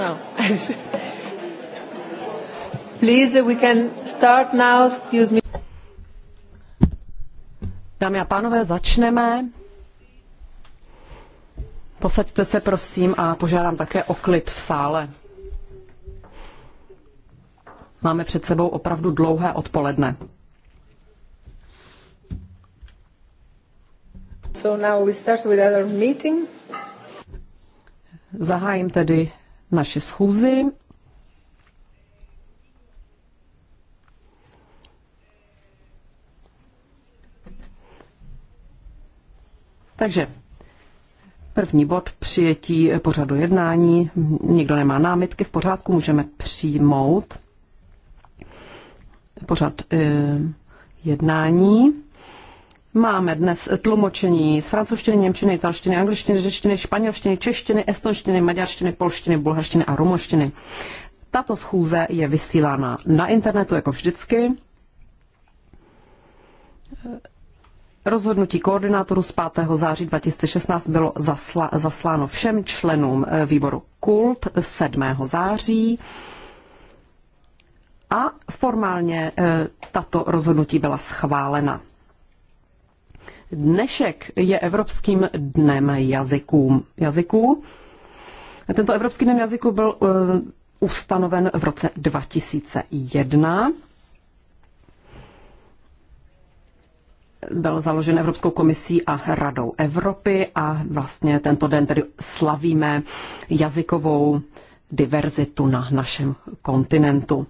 No. Please, we can start now. Excuse me. Dámy a pánové, začneme. Posaďte se prosím a požádám také o klid v sále. Máme před sebou opravdu dlouhé odpoledne. So now we start with our meeting. Zahájím tedy naši schůzi. Takže první bod přijetí pořadu jednání. Nikdo nemá námitky, v pořádku můžeme přijmout pořad eh, jednání. Máme dnes tlumočení z francouzštiny, němčiny, italštiny, angličtiny, řečtiny, španělštiny, češtiny, estonštiny, maďarštiny, polštiny, bulharštiny a rumoštiny. Tato schůze je vysílána na internetu jako vždycky. Rozhodnutí koordinátoru z 5. září 2016 bylo zasla, zasláno všem členům eh, výboru KULT 7. září a formálně eh, tato rozhodnutí byla schválena. Dnešek je Evropským dnem jazyků. jazyků. Tento Evropský den jazyků byl uh, ustanoven v roce 2001. Byl založen Evropskou komisí a Radou Evropy a vlastně tento den tedy slavíme jazykovou diverzitu na našem kontinentu.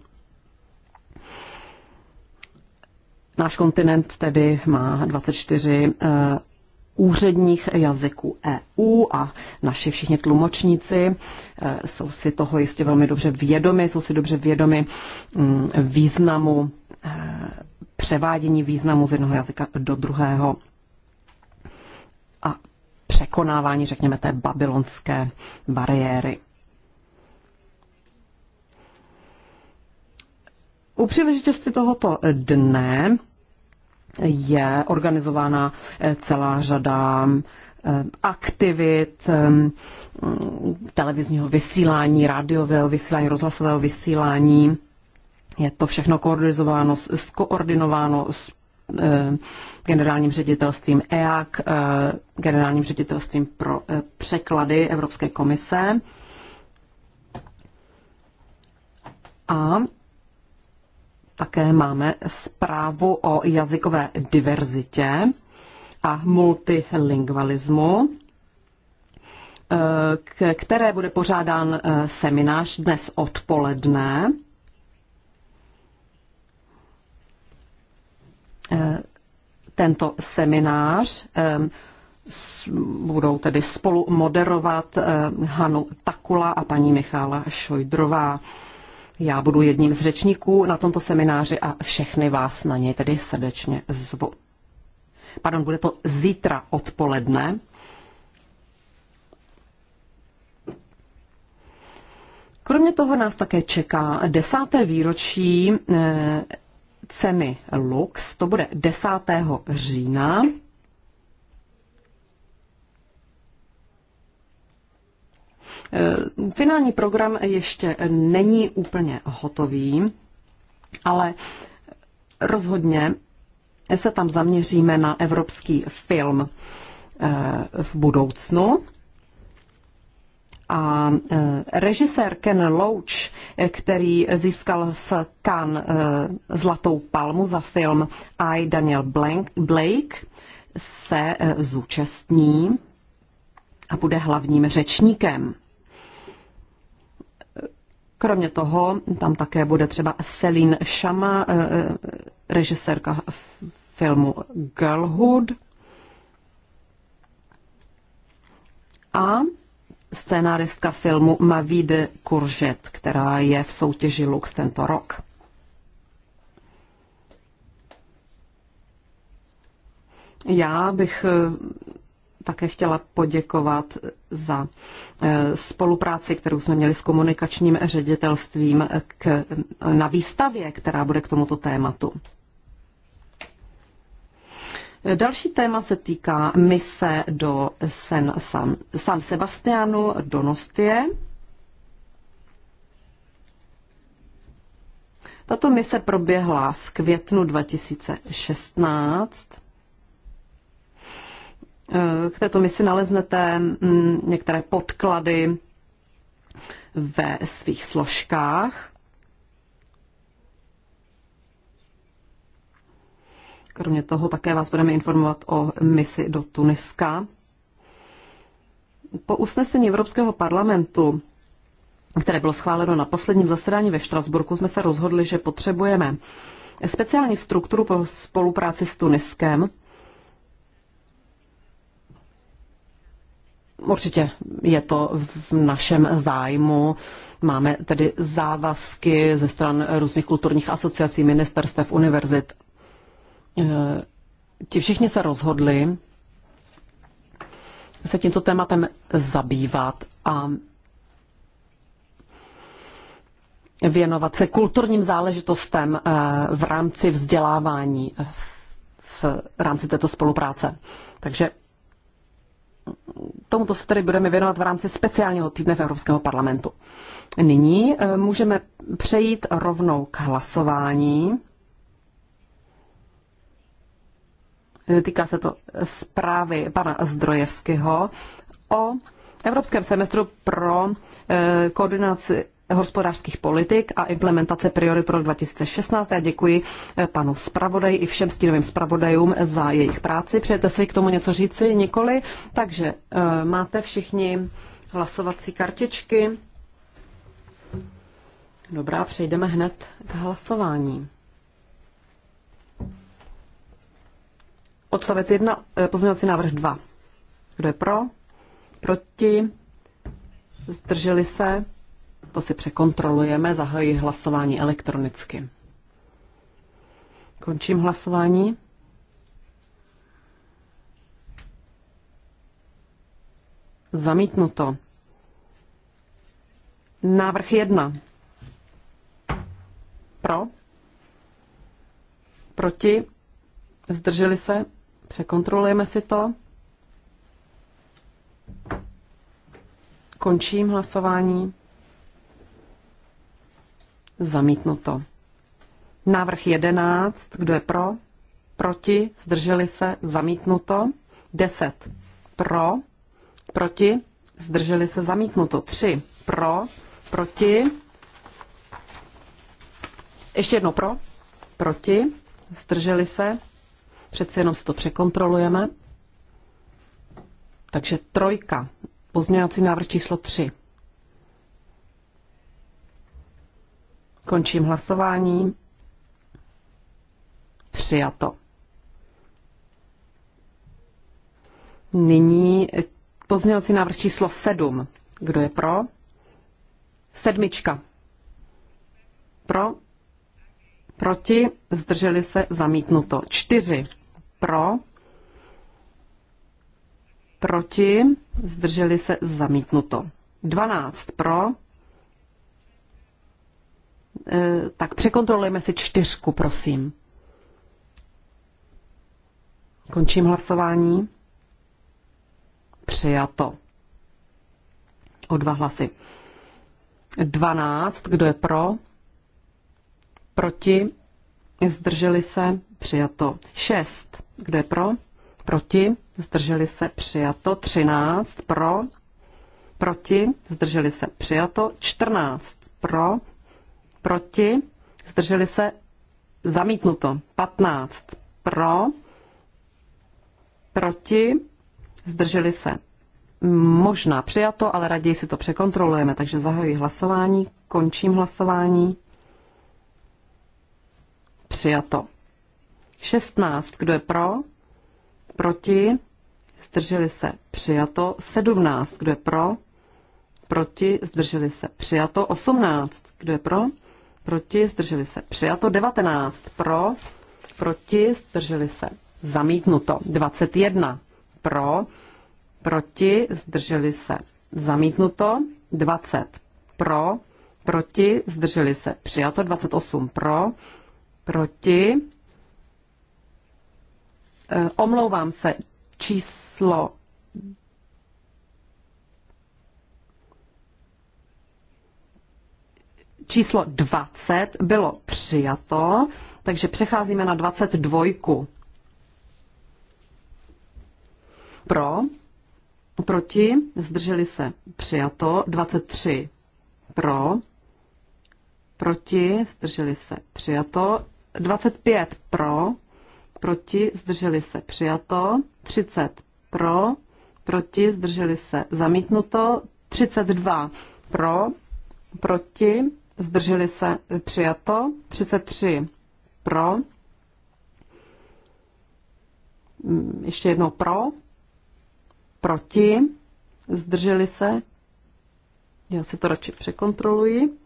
Náš kontinent tedy má 24 eh, úředních jazyků EU a naši všichni tlumočníci eh, jsou si toho jistě velmi dobře vědomi, jsou si dobře vědomi mm, významu eh, převádění významu z jednoho jazyka do druhého a překonávání, řekněme, té babylonské bariéry. U příležitosti tohoto dne je organizována eh, celá řada eh, aktivit eh, mm, televizního vysílání, rádiového vysílání, rozhlasového vysílání. Je to všechno koordinováno, skoordinováno s generálním ředitelstvím EAC, generálním ředitelstvím pro překlady Evropské komise. A také máme zprávu o jazykové diverzitě a multilingvalismu, k které bude pořádán eh, seminář dnes odpoledne. Eh, tento seminář eh, budou tedy spolu moderovat Hanu Takula a paní Michála Šojdrová. Já budu jedním z řečníků na tomto semináři a všechny vás na něj tedy srdečně zvu. Pardon, bude to zítra odpoledne. Kromě toho nás také čeká desáté výročí eh, ceny Lux. To bude 10. října. Eh, finální program ještě není úplně hotový, ale rozhodně se tam zaměříme na evropský film eh, v budoucnu. A eh, režisér Ken Loach, který získal v Cannes zlatou palmu za film I, Daniel Blake, se zúčastní a bude hlavním řečníkem. Kromě toho tam také bude třeba Celine Shama, eh, eh, režisérka filmu Girlhood. A scénáristka filmu Mavide Kuržet, která je v soutěži Lux tento rok. Já bych eh, také chtěla poděkovat za eh, spolupráci, kterou jsme měli s komunikačním ředitelstvím k, na výstavě, která bude k tomuto tématu. Další téma se týká mise do San, San, San Sebastianu do Nostie. Tato mise proběhla v květnu 2016 Eh, k této misi naleznete mm, některé podklady ve svých složkách. Kromě toho také vás budeme informovat o misi do Tuniska. Po usnesení Evropského parlamentu, které bylo schváleno na posledním zasedání ve Štrasburku, jsme se rozhodli, že potřebujeme speciální strukturu pro spolupráci s Tuniskem Určitě je to v našem zájmu. Máme tedy závazky ze stran různých kulturních asociací, ministerstev, univerzit. E, ti všichni se rozhodli se tímto tématem zabývat a věnovat se kulturním záležitostem e, v rámci vzdělávání, e, v rámci této spolupráce. Takže tomuto se tedy budeme věnovat v rámci speciálního týdne v Evropského parlamentu. Nyní e, můžeme přejít rovnou k hlasování. E, týká se to zprávy pana Zdrojevského o Evropském semestru pro e, koordinaci hospodářských politik a implementace priory pro 2016. Já děkuji eh, panu zpravodaji i všem stínovým zpravodajům za jejich práci. Přejete si k tomu něco říci? Nikoli. Takže eh, máte všichni hlasovací kartičky. Dobrá, přejdeme hned k hlasování. Odstavec 1, eh, pozměňovací návrh 2. Kdo je pro? Proti? Zdrželi se? To si překontrolujeme, zahají hlasování elektronicky. Končím hlasování. Zamítnuto. Návrh 1. Pro. Proti. Zdrželi se. Překontrolujeme si to. Končím hlasování. Zamítnuto. Návrh 11. Kdo je pro? Proti? Zdrželi se? Zamítnuto. 10. Pro? Proti? Zdrželi se? Zamítnuto. 3. Pro? Proti? Ještě jedno pro? Proti? Zdrželi se? Přeci jenom si to překontrolujeme. Takže trojka. Pozměňovací návrh číslo 3. Končím hlasování. Přijato. Nyní pozměňovací návrh číslo 7. Kdo je pro? Sedmička. Pro? Proti? Zdrželi se? Zamítnuto. Čtyři. Pro? Proti? Zdrželi se? Zamítnuto. Dvanáct. Pro? Eh, tak překontrolujeme si čtyřku, prosím. Končím hlasování. Přijato. O dva hlasy. 12. Kdo je pro? Proti? Zdrželi se? Přijato. 6. Kdo je pro? Proti? Zdrželi se? Přijato. 13. Pro? Proti? Zdrželi se? Přijato. 14. Pro? proti, zdrželi se, zamítnuto. 15 pro, proti, zdrželi se. Možná přijato, ale raději si to překontrolujeme, takže zahajuji hlasování, končím hlasování. Přijato. 16. Kdo je pro? Proti? Zdrželi se. Přijato. 17. Kdo je pro? Proti? Zdrželi se. Přijato. 18. Kdo je pro? proti, zdrželi se přijato, 19 pro, proti, zdrželi se zamítnuto, 21 pro, proti, zdrželi se zamítnuto, 20 pro, proti, zdrželi se přijato, 28 pro, proti, eh, omlouvám se, číslo číslo 20 bylo přijato, takže přecházíme na 22. Pro, proti, zdrželi se přijato, 23 pro, proti, zdrželi se přijato, 25 pro, proti, zdrželi se přijato, 30 pro, proti, zdrželi se zamítnuto, 32 pro, proti, zdrželi se přijato, 33 pro, mm, ještě jednou pro, proti, zdrželi se, já si to radši překontroluji.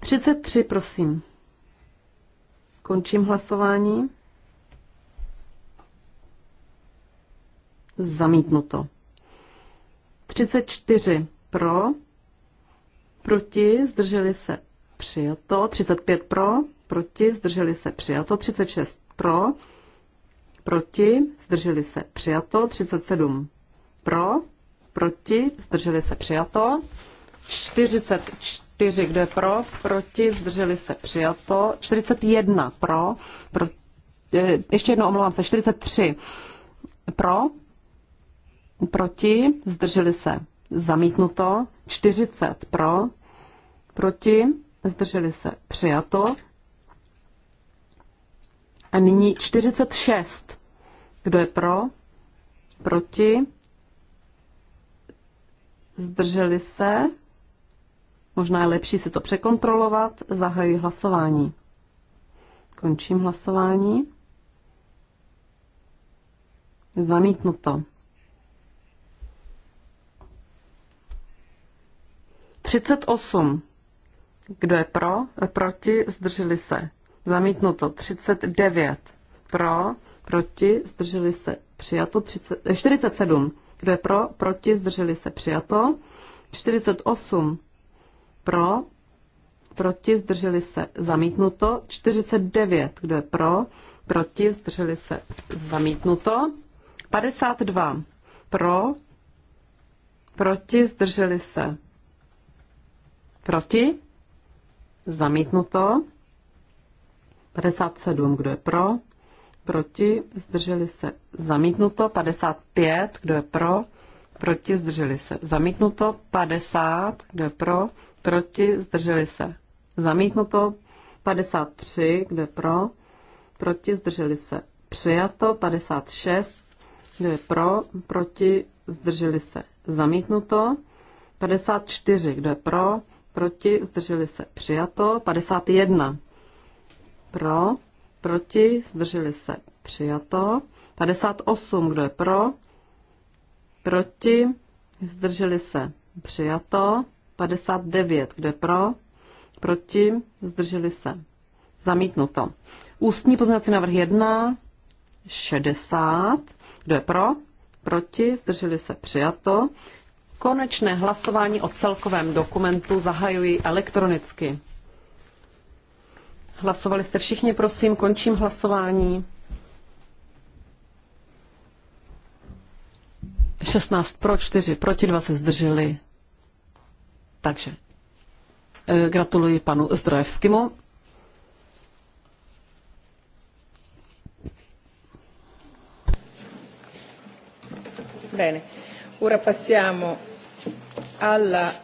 33, prosím. Končím hlasování. Zamítnuto. 34 pro, proti, zdrželi se přijato, 35 pro, proti, zdrželi se přijato, 36 pro, proti, zdrželi se přijato, 37 pro, proti, zdrželi se přijato, 44, kde pro, proti, zdrželi se přijato, 41 pro, pro eh, ještě jednou omlouvám se, 43 pro, proti, zdrželi se zamítnuto, 40 pro, proti, zdrželi se přijato. A nyní 46. Kdo je pro? Proti? Zdrželi se? Možná je lepší si to překontrolovat. Zahajuji hlasování. Končím hlasování. Zamítnuto. 38. Kdo je pro? Proti? Zdrželi se. Zamítnuto. 39. Pro? Proti? Zdrželi se. Přijato. 30, 47. Eh, Kdo je pro? Proti? Zdrželi se. Přijato. 48. Pro? Proti? Zdrželi se. Zamítnuto. 49. Kdo je pro? Proti? Zdrželi se. Zamítnuto. 52. Pro? Proti? Zdrželi se. Proti? Zamítnuto. 57, kdo je pro? Proti, zdrželi se. Zamítnuto. 55, kdo je pro? Proti, zdrželi se. Zamítnuto. 50, kdo je pro? Proti, zdrželi se. Zamítnuto. 53, kdo je pro? Proti, zdrželi se. Přijato. 56, kdo je pro? Proti, zdrželi se. Zamítnuto. 54, kdo je pro? proti, zdrželi se přijato. 51 pro, proti, zdrželi se přijato. 58, kdo je pro, proti, zdrželi se přijato. 59, kdo je pro, proti, zdrželi se zamítnuto. Ústní pozměňovací návrh 1, 60, kdo je pro, proti, zdrželi se přijato. Konečné hlasování o celkovém dokumentu zahajuji elektronicky. Hlasovali jste všichni, prosím, končím hlasování. 16 pro, 4 proti, 2 se zdrželi. Takže eh, gratuluji panu Zdrojevskému. Bene. Ora passiamo alla...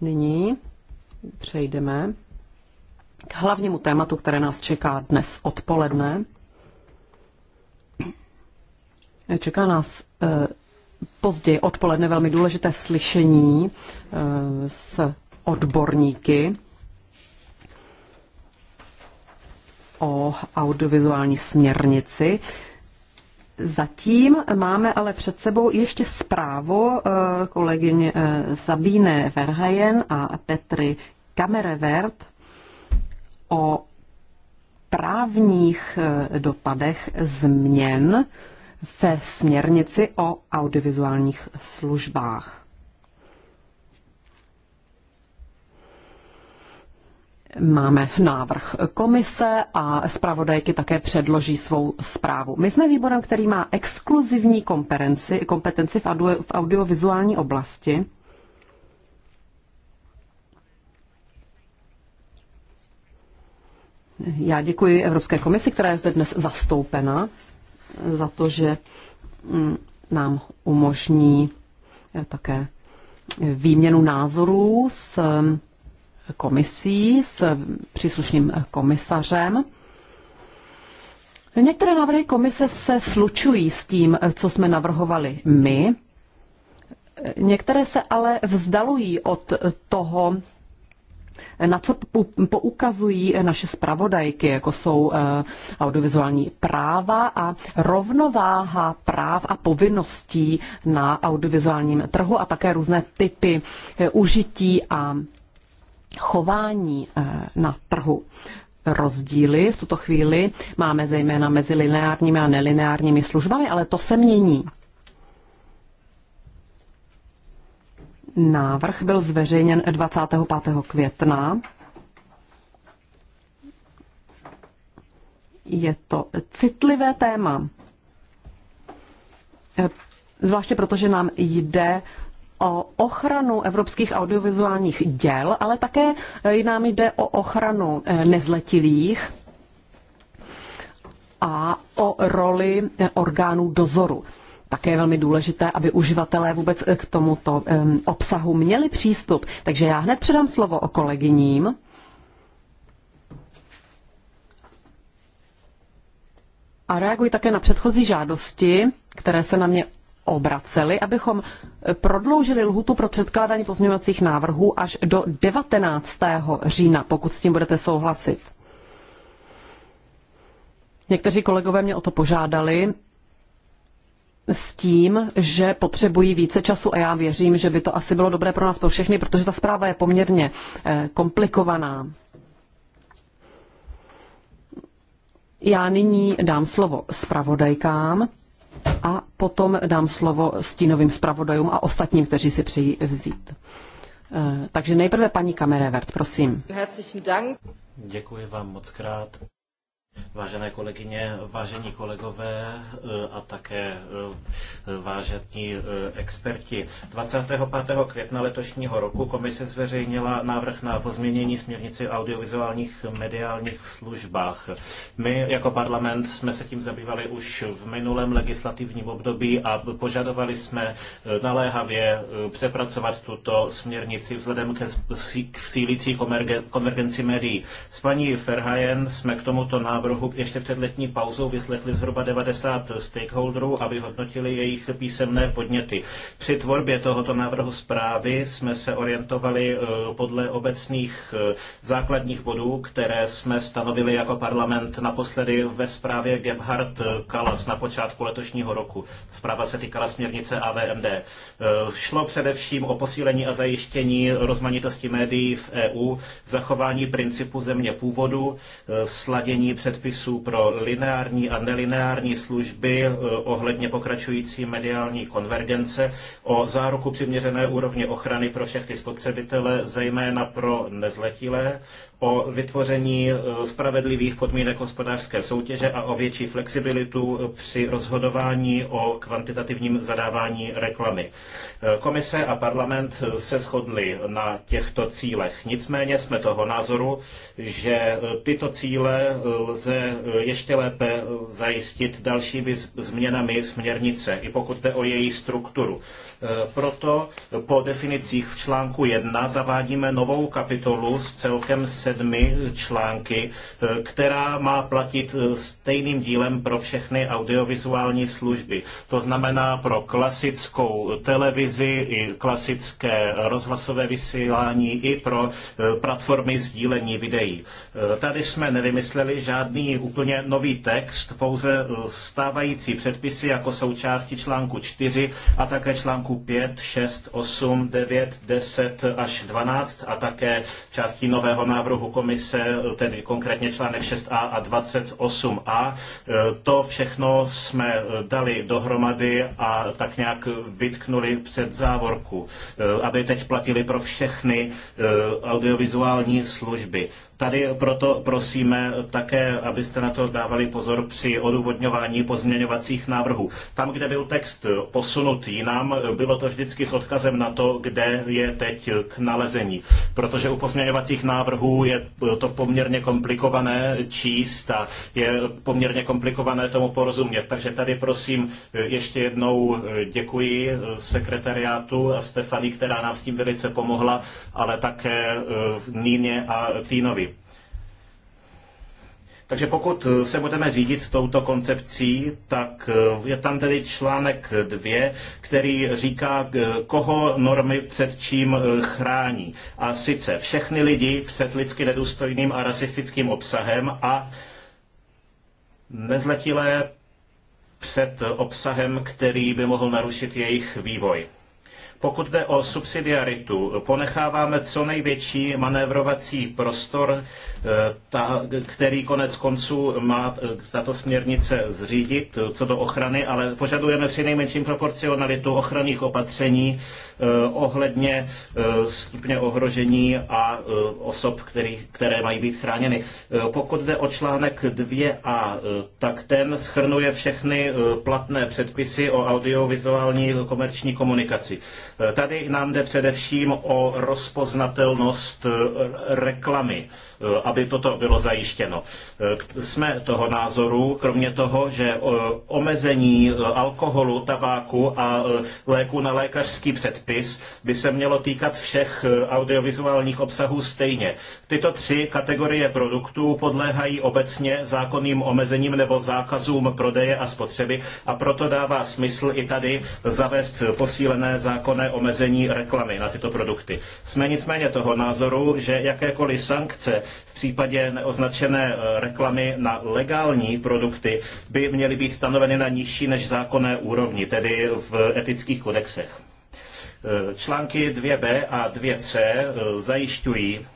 Nyní přejdeme k hlavnímu tématu, které nás čeká dnes odpoledne. Čeká nás eh, později odpoledne velmi důležité slyšení eh, s odborníky o audiovizuální směrnici. Zatím máme ale před sebou ještě zprávu eh, kolegyň eh, Sabine Verhajen a Petry Kamerevert o právních eh, dopadech změn ve směrnici o audiovizuálních službách. Máme návrh komise a zpravodajky také předloží svou zprávu. My jsme výborem, který má exkluzivní kompetenci, v, audio, v audiovizuální oblasti. Já děkuji Evropské komisi, která je zde dnes zastoupena, za to, že mm, nám umožní eh, také výměnu názorů s komisí, s příslušným komisařem. Některé návrhy komise se slučují s tím, co jsme navrhovali my. Některé se ale vzdalují od toho, na co poukazují naše zpravodajky, jako jsou eh, audiovizuální práva a rovnováha práv a povinností na audiovizuálním trhu a také různé typy eh, užití a chování eh, na trhu rozdíly v tuto chvíli máme zejména mezi lineárními a nelineárními službami, ale to se mění. Návrh byl zveřejněn 25. května. Je to citlivé téma, eh, zvláště protože nám jde o ochranu evropských audiovizuálních děl, ale také eh, nám jde o ochranu eh, nezletilých a o roli eh, orgánů dozoru. Také je velmi důležité, aby uživatelé vůbec k tomuto obsahu měli přístup. Takže já hned předám slovo o kolegyním. A reaguji také na předchozí žádosti, které se na mě obraceli, abychom prodloužili lhutu pro předkládání pozměňovacích návrhů až do 19. října, pokud s tím budete souhlasit. Někteří kolegové mě o to požádali s tím, že potřebují více času a já věřím, že by to asi bylo dobré pro nás pro všechny, protože ta zpráva je poměrně eh, komplikovaná. Já nyní dám slovo zpravodajkám a potom dám slovo stínovým zpravodajům a ostatním, kteří si přejí vzít. Eh, takže nejprve paní Kamerevert, prosím. Děkuji vám moc krát. Vážené kolegyně, vážení kolegové eh, a také eh, vážení eh, experti. 25. května letošního roku komise zveřejnila návrh na pozměnění směrnici audiovizuálních mediálních službách. My jako parlament jsme se tím zabývali už v minulém legislativním období a požadovali jsme naléhavě přepracovat tuto směrnici vzhledem ke sílící konvergenci médií. S paní Ferhajen jsme k tomuto návrhu návrhu ještě před letní pauzou vyslechli zhruba 90 stakeholderů a vyhodnotili jejich písemné podněty. Při tvorbě tohoto návrhu zprávy jsme se orientovali eh, podle obecných eh, základních bodů, které jsme stanovili jako parlament naposledy ve zprávě Gebhard eh, Kalas na počátku letošního roku. Zpráva se týkala směrnice AVMD. Šlo především o posílení a zajištění rozmanitosti médií v EU, zachování principu země původu, sladění před předpisů pro lineární a nelineární služby eh, ohledně pokračující mediální konvergence, o záruku přiměřené úrovně ochrany pro všechny spotřebitele, zejména pro nezletilé, o vytvoření eh, spravedlivých podmínek hospodářské soutěže a o větší flexibilitu eh, při rozhodování o kvantitativním zadávání reklamy. Eh, komise a parlament se shodly na těchto cílech. Nicméně jsme toho názoru, že tyto cíle lze ještě lépe zajistit dalšími změnami směrnice, i pokud jde o její strukturu. Eh, proto po definicích v článku 1 zavádíme novou kapitolu s celkem sedmi články, eh, která má platit eh, stejným dílem pro všechny audiovizuální služby. To znamená pro klasickou televizi i klasické rozhlasové vysílání i pro platformy sdílení videí. Tady jsme nevymysleli žádný úplně nový text, pouze stávající předpisy jako součásti článku 4 a také článku článku 5, 6, 8, 9, 10 až 12 a také částí nového návrhu komise, tedy konkrétně článek 6a a 28a. To všechno jsme dali dohromady a tak nějak vytknuli před závorku, aby teď platili pro všechny eh, audiovizuální služby. Tady proto prosíme také, abyste na to dávali pozor při odůvodňování pozměňovacích návrhů. Tam, kde byl text posunut jinam, bylo to vždycky s odkazem na to, kde je teď k nalezení. Protože u pozměňovacích návrhů je to poměrně komplikované číst a je poměrně komplikované tomu porozumět. Takže tady prosím ještě jednou děkuji sekretariátu a Stefany, která nám s tím velice pomohla, ale také Níně a Týnovi. Takže pokud se budeme řídit touto koncepcí, tak eh, je tam tedy článek 2, který říká, eh, koho normy před čím eh, chrání. A sice všechny lidi před lidsky nedůstojným a rasistickým obsahem a nezletilé před obsahem, který by mohl narušit jejich vývoj. Pokud jde o subsidiaritu, ponecháváme co největší manévrovací prostor, eh, ta, který konec konců má eh, tato směrnice zřídit eh, co do ochrany, ale požadujeme při nejmenším proporcionalitu ochranných opatření ohledně stupně ohrožení a osob, který, které mají být chráněny. Pokud jde o článek 2a, tak ten schrnuje všechny platné předpisy o audiovizuální komerční komunikaci. Tady nám jde především o rozpoznatelnost eh, reklamy Eh, aby toto bylo zajištěno. Eh, jsme toho názoru, kromě toho, že eh, omezení alkoholu, tabáku a léku na lékařský předpis by se mělo týkat všech audiovizuálních obsahů stejně. Tyto tři kategorie produktů podléhají obecně zákonným omezením nebo zákazům prodeje a spotřeby a proto dává smysl i tady zavést posílené zákonné omezení reklamy na tyto produkty. Jsme nicméně toho názoru, že jakékoliv sankce v případě neoznačené eh, reklamy na legální produkty by měly být stanoveny na nižší než zákonné úrovni, tedy v etických kodexech. Eh, články 2b a 2c eh, zajišťují,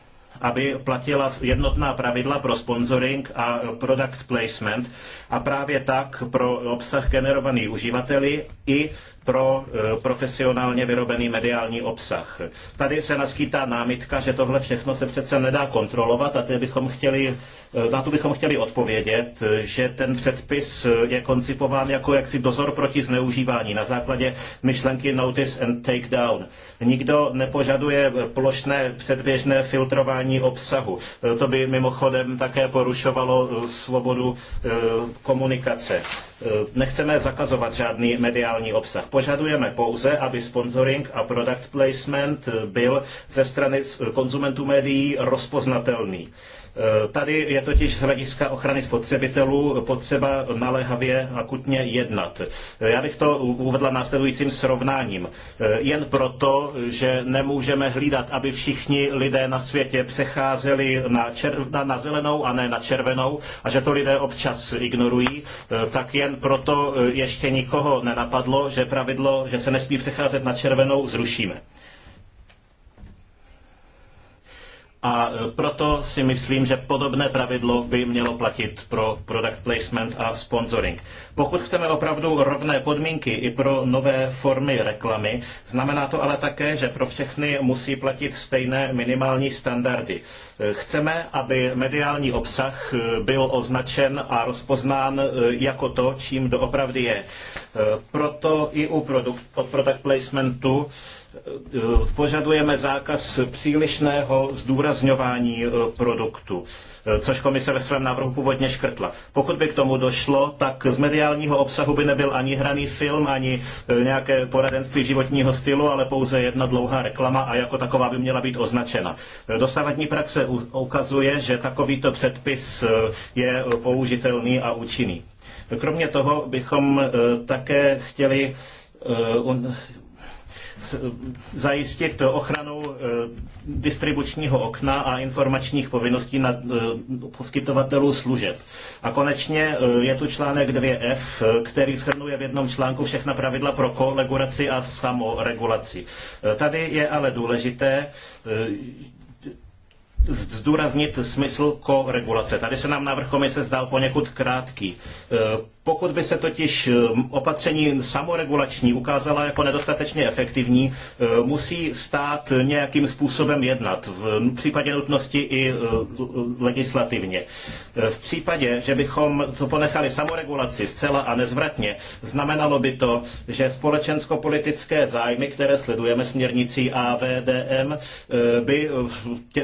aby platila jednotná pravidla pro sponsoring a product placement a právě tak pro obsah generovaný uživateli i pro e, profesionálně vyrobený mediální obsah. Tady se naskýtá námitka, že tohle všechno se přece nedá kontrolovat a ty bychom chtěli Eh, na to bychom chtěli odpovědět, eh, že ten předpis eh, je koncipován jako jaksi dozor proti zneužívání na základě myšlenky notice and take down. Nikdo nepožaduje plošné předběžné filtrování obsahu. To by mimochodem také porušovalo svobodu komunikace. Nechceme zakazovat žádný mediální obsah. Požadujeme pouze, aby sponsoring a product placement byl ze strany konzumentů médií rozpoznatelný. Eh, tady je totiž z hlediska ochrany spotřebitelů potřeba naléhavě akutně jednat. Eh, já bych to uvedla následujícím srovnáním. Eh, jen proto, že nemůžeme hlídat, aby všichni lidé na světě přecházeli na, na zelenou a ne na červenou a že to lidé občas ignorují, tak jen proto ještě nikoho nenapadlo, že pravidlo, že se nesmí přecházet na červenou, zrušíme. A e, proto si myslím, že podobné pravidlo by mělo platit pro product placement a sponsoring. Pokud chceme opravdu rovné podmínky i pro nové formy reklamy, znamená to ale také, že pro všechny musí platit stejné minimální standardy. E, chceme, aby mediální obsah e, byl označen a rozpoznán jako to, čím doopravdy je. Proto i u product, od product placementu Eh, požadujeme zákaz přílišného zdůrazňování eh, produktu, eh, což komise ve svém návrhu původně škrtla. Pokud by k tomu došlo, tak z mediálního obsahu by nebyl ani hraný film, ani nějaké poradenství životního stylu, ale pouze jedna dlouhá reklama a jako taková by měla být označena. Dosavadní praxe ukazuje, že takovýto předpis je použitelný a účinný. Kromě toho bychom také chtěli zajistit ochranu e, distribučního okna a informačních povinností na e, poskytovatelů služeb. A konečně e, je tu článek 2F, který shrnuje v jednom článku všechna pravidla pro koleguraci a samoregulaci. Tady je ale důležité, zdůraznit smysl koregulace. Tady se nám návrh komise zdál poněkud krátký. E, pokud by se totiž e, opatření samoregulační ukázala jako nedostatečně efektivní, e, musí stát nějakým způsobem jednat, v případě nutnosti i legislativně. V případě, že bychom to ponechali samoregulaci zcela a nezvratně, znamenalo by to, že společensko-politické zájmy, které sledujeme směrnicí AVDM, by,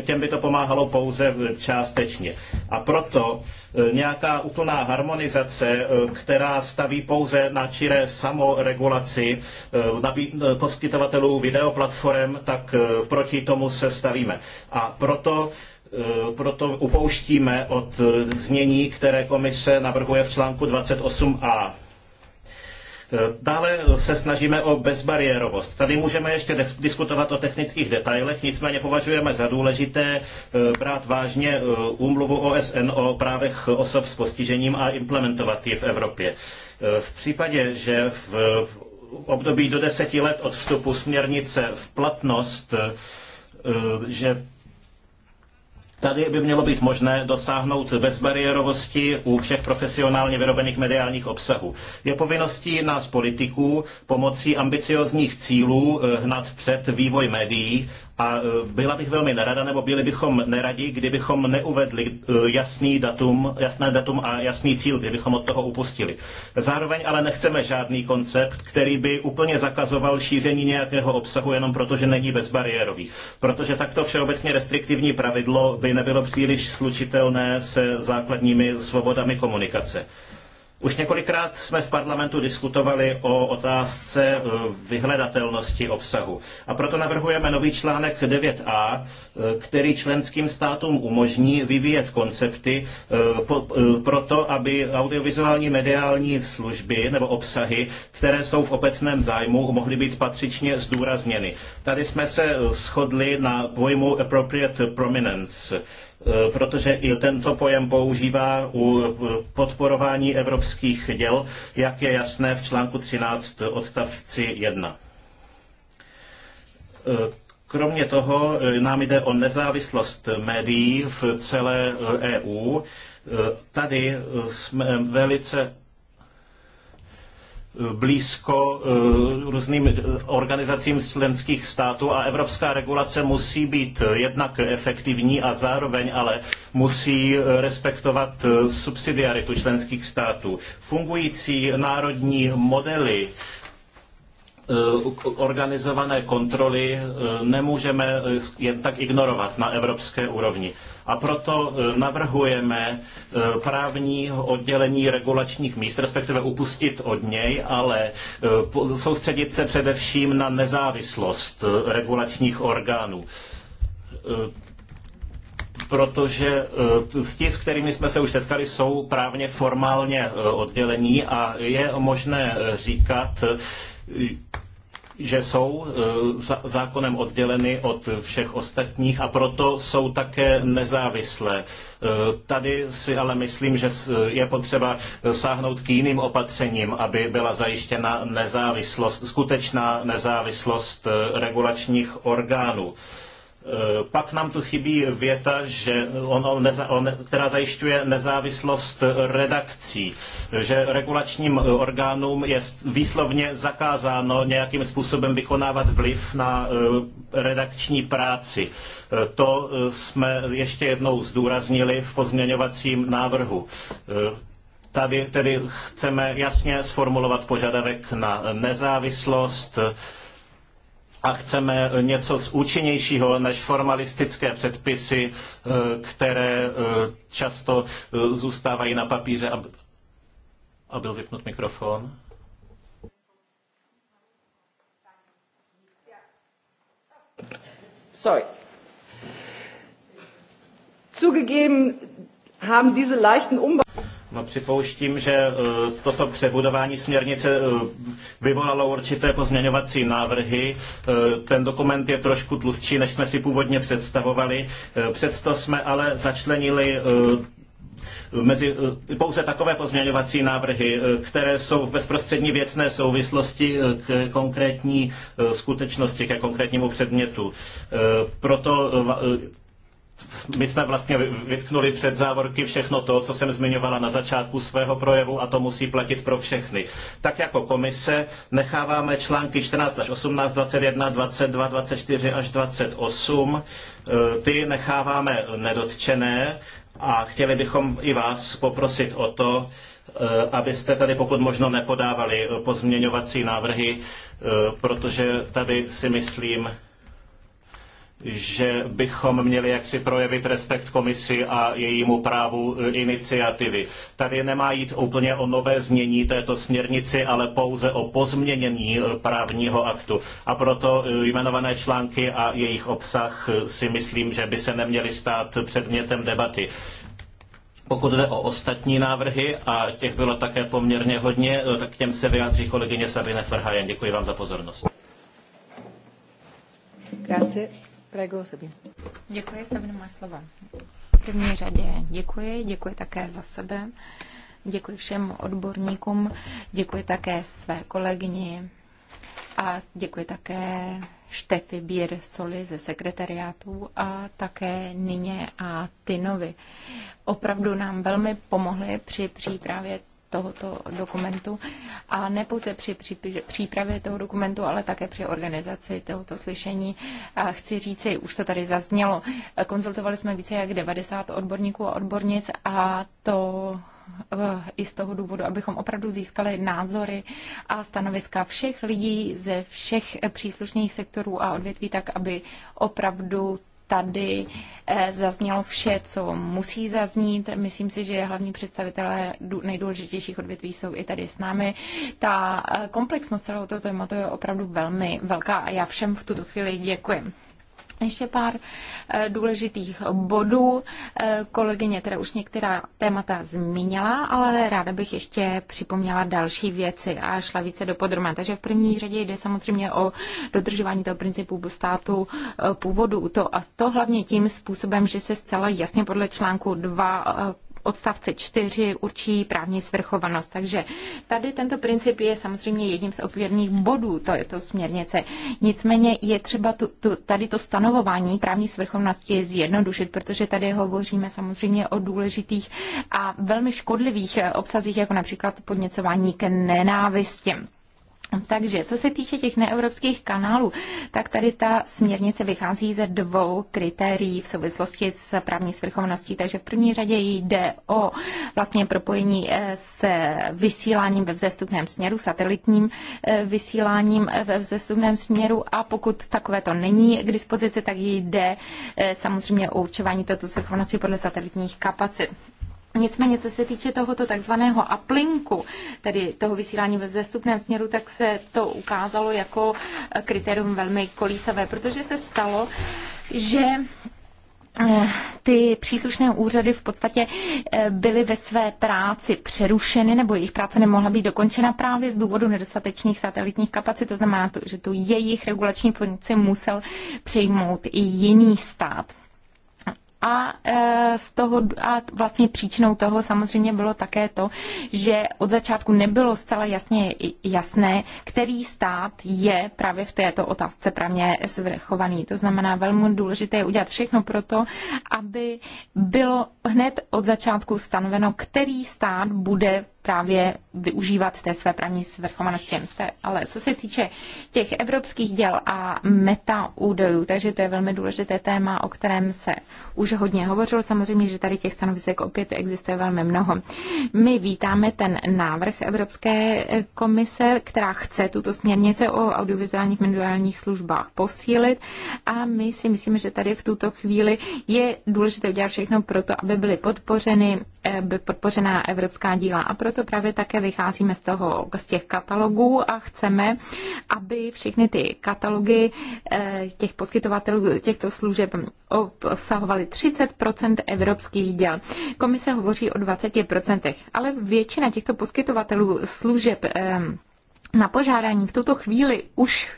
těm by to pomohlo pomáhalo pouze částečně. A proto e, nějaká úplná harmonizace, e, která staví pouze na čiré samoregulaci e, poskytovatelů videoplatform, tak proti tomu se stavíme. A proto proto upouštíme od znění, které komise navrhuje v článku 28a. Dále se snažíme o bezbariérovost. Tady můžeme ještě diskutovat o technických detailech, nicméně považujeme za důležité e, brát vážně e, úmluvu OSN o právech osob s postižením a implementovat ji v Evropě. E, v případě, že v období do deseti let od vstupu směrnice v platnost že Tady by mělo být možné dosáhnout bezbariérovosti u všech profesionálně vyrobených mediálních obsahů. Je povinností nás politiků pomocí ambiciózních cílů eh, hnat před vývoj médií, a e, byla bych velmi nerada, nebo byli bychom neradi, kdybychom neuvedli e, jasný datum, jasné datum a jasný cíl, kdybychom od toho upustili. Zároveň ale nechceme žádný koncept, který by úplně zakazoval šíření nějakého obsahu jenom proto, že není bezbariérový. Protože takto všeobecně restriktivní pravidlo by nebylo příliš slučitelné se základními svobodami komunikace. Už několikrát jsme v parlamentu diskutovali o otázce e, vyhledatelnosti obsahu. A proto navrhujeme nový článek 9a, e, který členským státům umožní vyvíjet koncepty e, pro to, aby audiovizuální mediální služby nebo obsahy, které jsou v obecném zájmu, mohly být patřičně zdůrazněny. Tady jsme se shodli na pojmu appropriate prominence Eh, protože i tento pojem používá u eh, podporování evropských děl, jak je jasné v článku 13 eh, odstavci 1. Kromě toho nám jde o nezávislost médií v celé EU. E tady jsme velice blízko eh, různým eh, organizacím členských států a evropská regulace musí být eh, jednak efektivní a zároveň ale musí respektovat subsidiaritu členských států. Fungující národní modely Eh, organizované kontroly eh, nemůžeme eh, jen tak ignorovat na evropské úrovni. A proto navrhujeme právní oddělení regulačních míst, respektive upustit od něj, ale soustředit se především na nezávislost regulačních orgánů protože ti, s kterými jsme se už setkali, jsou právně formálně oddělení a je možné říkat, že jsou e, zákonem odděleny od všech ostatních a proto jsou také nezávislé. E, tady si ale myslím, že je potřeba sáhnout k jiným opatřením, aby byla zajištěna nezávislost, skutečná nezávislost e, regulačních orgánů. Eh, pak nám tu chybí věta, že ono neza, on, která zajišťuje nezávislost redakcí, že regulačním orgánům je výslovně zakázáno nějakým způsobem vykonávat vliv na eh, redakční práci. Eh, to jsme ještě jednou zdůraznili v pozměňovacím návrhu. Tady tedy chceme jasně sformulovat požadavek na nezávislost, a chceme něco z účinnějšího než formalistické předpisy, eh, které eh, často eh, zůstávají na papíře. A byl vypnut mikrofon. Sorry. Zugegeben haben diese leichten Umbauten. No připouštím, že e, toto přebudování směrnice e, vyvolalo určité pozměňovací návrhy. E, ten dokument je trošku tlustší, než jsme si původně představovali. Přesto jsme ale začlenili mezi pouze takové pozměňovací návrhy, které jsou v bezprostřední věcné souvislosti k konkrétní skutečnosti, ke konkrétnímu předmětu. Proto my jsme vlastně vytknuli před závorky všechno to, co jsem zmiňovala na začátku svého projevu a to musí platit pro všechny. Tak jako komise necháváme články 14 až 18, 21, 22, 24 až 28, e, ty necháváme nedotčené a chtěli bychom i vás poprosit o to, e, abyste tady pokud možno nepodávali pozměňovací návrhy, e, protože tady si myslím, že bychom měli jaksi projevit respekt komisi a jejímu právu e, iniciativy. Tady nemá jít úplně o nové znění této směrnici, ale pouze o pozměnění e, právního aktu. A proto e, jmenované články a jejich obsah si myslím, že by se neměly stát předmětem debaty. Pokud jde o ostatní návrhy, a těch bylo také poměrně hodně, tak k těm se vyjádří kolegyně Sabine Ferhajen. Děkuji vám za pozornost. Grazie. Prego, Sabine. Děkuji, Sabine, má slova. V první řadě děkuji, děkuji také za sebe. Děkuji všem odborníkům, děkuji také své kolegyni a děkuji také Štefy Bír Soli ze sekretariátu a také Nině a Tinovi. Opravdu nám velmi pomohli při přípravě tohoto dokumentu a ne pouze při přípravě toho dokumentu, ale také při organizaci tohoto slyšení. A chci říci, už to tady zaznělo, konzultovali jsme více jak 90 odborníků a odbornic a to eh, i z toho důvodu, abychom opravdu získali názory a stanoviska všech lidí ze všech příslušných sektorů a odvětví, tak aby opravdu tady eh, zaznělo vše, co musí zaznít. Myslím si, že hlavní představitelé nejdůležitějších odvětví jsou i tady s námi. Ta eh, komplexnost celého toho tématu je opravdu velmi velká a já všem v tuto chvíli děkuji. Ještě pár eh, důležitých bodů. Eh, kolegyně teda už některá témata zmínila, ale ráda bych ještě připomněla další věci a šla více do podrobna. Takže v první řadě jde samozřejmě o dodržování toho principu státu eh, původu. To, a to hlavně tím způsobem, že se zcela jasně podle článku 2 odstavce 4 určí právní svrchovanost. Takže tady tento princip je samozřejmě jedním z opěrných bodů to je to směrnice. Nicméně je třeba tu, tu, tady to stanovování právní svrchovnosti zjednodušit, protože tady hovoříme samozřejmě o důležitých a velmi škodlivých obsazích, jako například podněcování k nenávisti. Takže co se týče těch neevropských kanálů, tak tady ta směrnice vychází ze dvou kritérií v souvislosti s právní svrchovaností. Takže v první řadě jde o vlastně propojení eh, s vysíláním ve vzestupném směru, satelitním eh, vysíláním eh, ve vzestupném směru a pokud takové to není k dispozici, tak jde samozřejmě o určování této svrchovanosti podle satelitních kapacit. Nicméně, co se týče tohoto takzvaného uplinku, tedy toho vysílání ve vzestupném směru, tak se to ukázalo jako kritérium velmi kolísavé, protože se stalo, že eh, ty příslušné úřady v podstatě eh, byly ve své práci přerušeny, nebo jejich práce nemohla být dokončena právě z důvodu nedostatečných satelitních kapacit. To znamená, že tu jejich regulační funkci musel přejmout i jiný stát a, e, z toho, a vlastně příčinou toho samozřejmě bylo také to, že od začátku nebylo zcela jasně jasné, který stát je právě v této otázce právně svrchovaný. To znamená, velmi důležité je udělat všechno pro to, aby bylo hned od začátku stanoveno, který stát bude právě využívat té své právní svrchovanosti. Ale co se týče těch evropských děl a meta údajů, takže to je velmi důležité téma, o kterém se už hodně hovořilo. Samozřejmě, že tady těch stanovisek opět existuje velmi mnoho. My vítáme ten návrh Evropské komise, která chce tuto směrnice o audiovizuálních mediálních službách posílit a my si myslíme, že tady v tuto chvíli je důležité udělat všechno pro to, aby byly podpořeny, eh, by podpořená evropská díla a proto proto právě také vycházíme z toho, z těch katalogů a chceme, aby všechny ty katalogy eh, těch poskytovatelů těchto služeb obsahovaly 30% evropských děl. Komise hovoří o 20%, ale většina těchto poskytovatelů služeb eh, na požádání v tuto chvíli už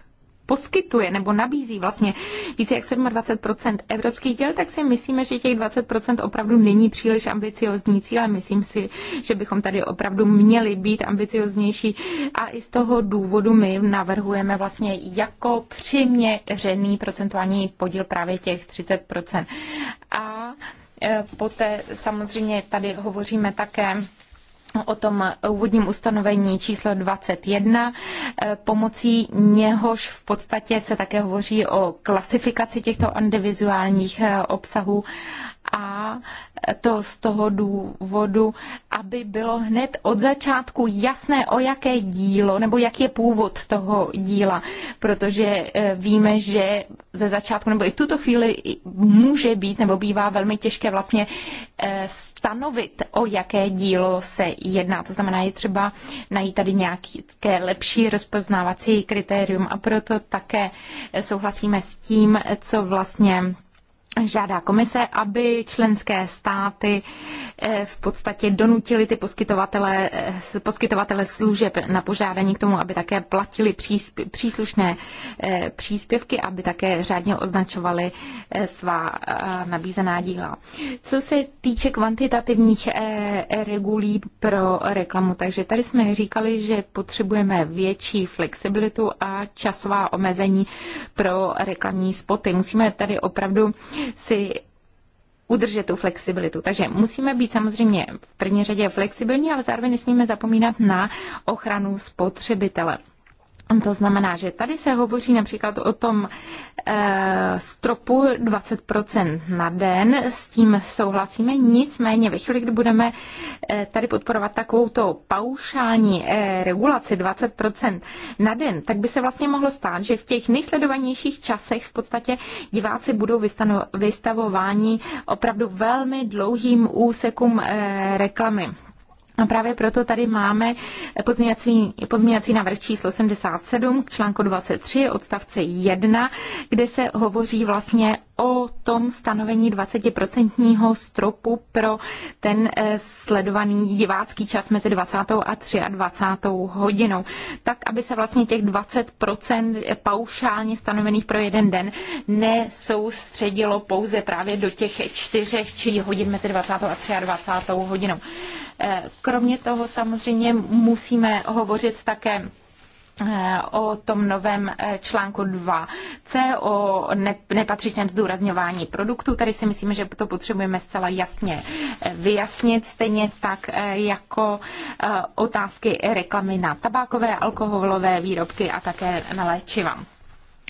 poskytuje nebo nabízí vlastně více jak 27 evropských děl, tak si myslíme, že těch 20 opravdu není příliš ambiciozní cíl myslím si, že bychom tady opravdu měli být ambicioznější a i z toho důvodu my navrhujeme vlastně jako přiměřený procentuální podíl právě těch 30 A e, poté samozřejmě tady hovoříme také o tom úvodním ustanovení číslo 21, eh, pomocí něhož v podstatě se také hovoří o klasifikaci těchto individuálních eh, obsahů a to z toho důvodu, aby bylo hned od začátku jasné, o jaké dílo nebo jaký je původ toho díla, protože eh, víme, že ze začátku nebo i v tuto chvíli může být nebo bývá velmi těžké vlastně stanovit, o jaké dílo se jedná. To znamená, je třeba najít tady nějaké lepší rozpoznávací kritérium a proto také souhlasíme s tím, co vlastně žádá komise, aby členské státy eh, v podstatě donutili ty poskytovatele, eh, poskytovatele služeb na požádání k tomu, aby také platili příslušné eh, příspěvky, aby také řádně označovali svá nabízená díla. Co se týče kvantitativních regulí pro reklamu, takže tady jsme říkali, že potřebujeme větší flexibilitu a časová omezení pro reklamní spoty. Musíme tady opravdu si udržet tu flexibilitu. Takže musíme být samozřejmě v první řadě flexibilní, ale zároveň nesmíme zapomínat na ochranu spotřebitele. To znamená, že tady se hovoří například o tom e, stropu 20% na den, s tím souhlasíme, nicméně ve chvíli, kdy budeme e, tady podporovat takovouto paušální e, regulaci 20% na den, tak by se vlastně mohlo stát, že v těch nejsledovanějších časech v podstatě diváci budou vystavováni opravdu velmi dlouhým úsekům e, reklamy. A právě proto tady máme pozměňací, pozměňací návrh číslo 77 k článku 23 odstavce 1, kde se hovoří vlastně o tom stanovení 20% stropu pro ten eh, sledovaný divácký čas mezi 20. a 23. hodinou. Tak, aby se vlastně těch 20% paušálně stanovených pro jeden den nesoustředilo pouze právě do těch čtyřech, či hodin mezi 20. a 23. hodinou. Eh, kromě toho samozřejmě musíme hovořit také eh, o tom novém eh, článku 2c, o nepatřičném zdůrazňování produktů. Tady si myslím, že to potřebujeme zcela jasně vyjasnit, stejně tak jako otázky reklamy na tabákové, alkoholové výrobky a také na léčiva.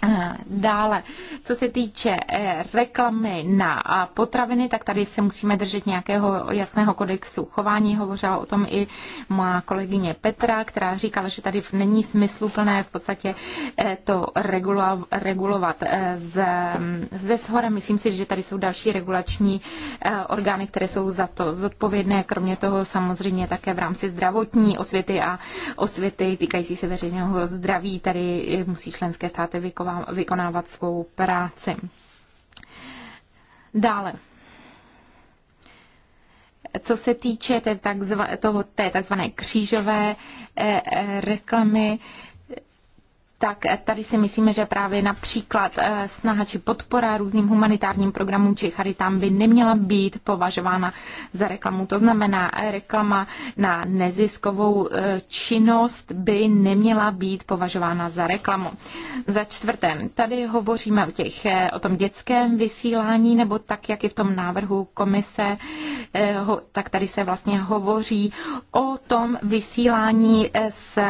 Eh, dále, co se týče eh, reklamy na eh, potraviny, tak tady se musíme držet nějakého jasného kodexu chování. Hovořila o tom i má kolegyně Petra, která říkala, že tady není smysluplné v podstatě to regulovat ze shora. Myslím si, že tady jsou další regulační orgány, které jsou za to zodpovědné. Kromě toho samozřejmě také v rámci zdravotní osvěty a osvěty týkající se veřejného zdraví. Tady musí členské státy vykovat vykonávat svou práci. Dále. Co se týče té takzvané křížové eh, eh, reklamy, tak tady si myslíme, že právě například eh, snaha či podpora různým humanitárním programům či charitám by neměla být považována za reklamu. To znamená, reklama na neziskovou eh, činnost by neměla být považována za reklamu. Za čtvrté, tady hovoříme o, těch, eh, o tom dětském vysílání, nebo tak, jak je v tom návrhu komise, tak tady se vlastně hovoří o tom vysílání se,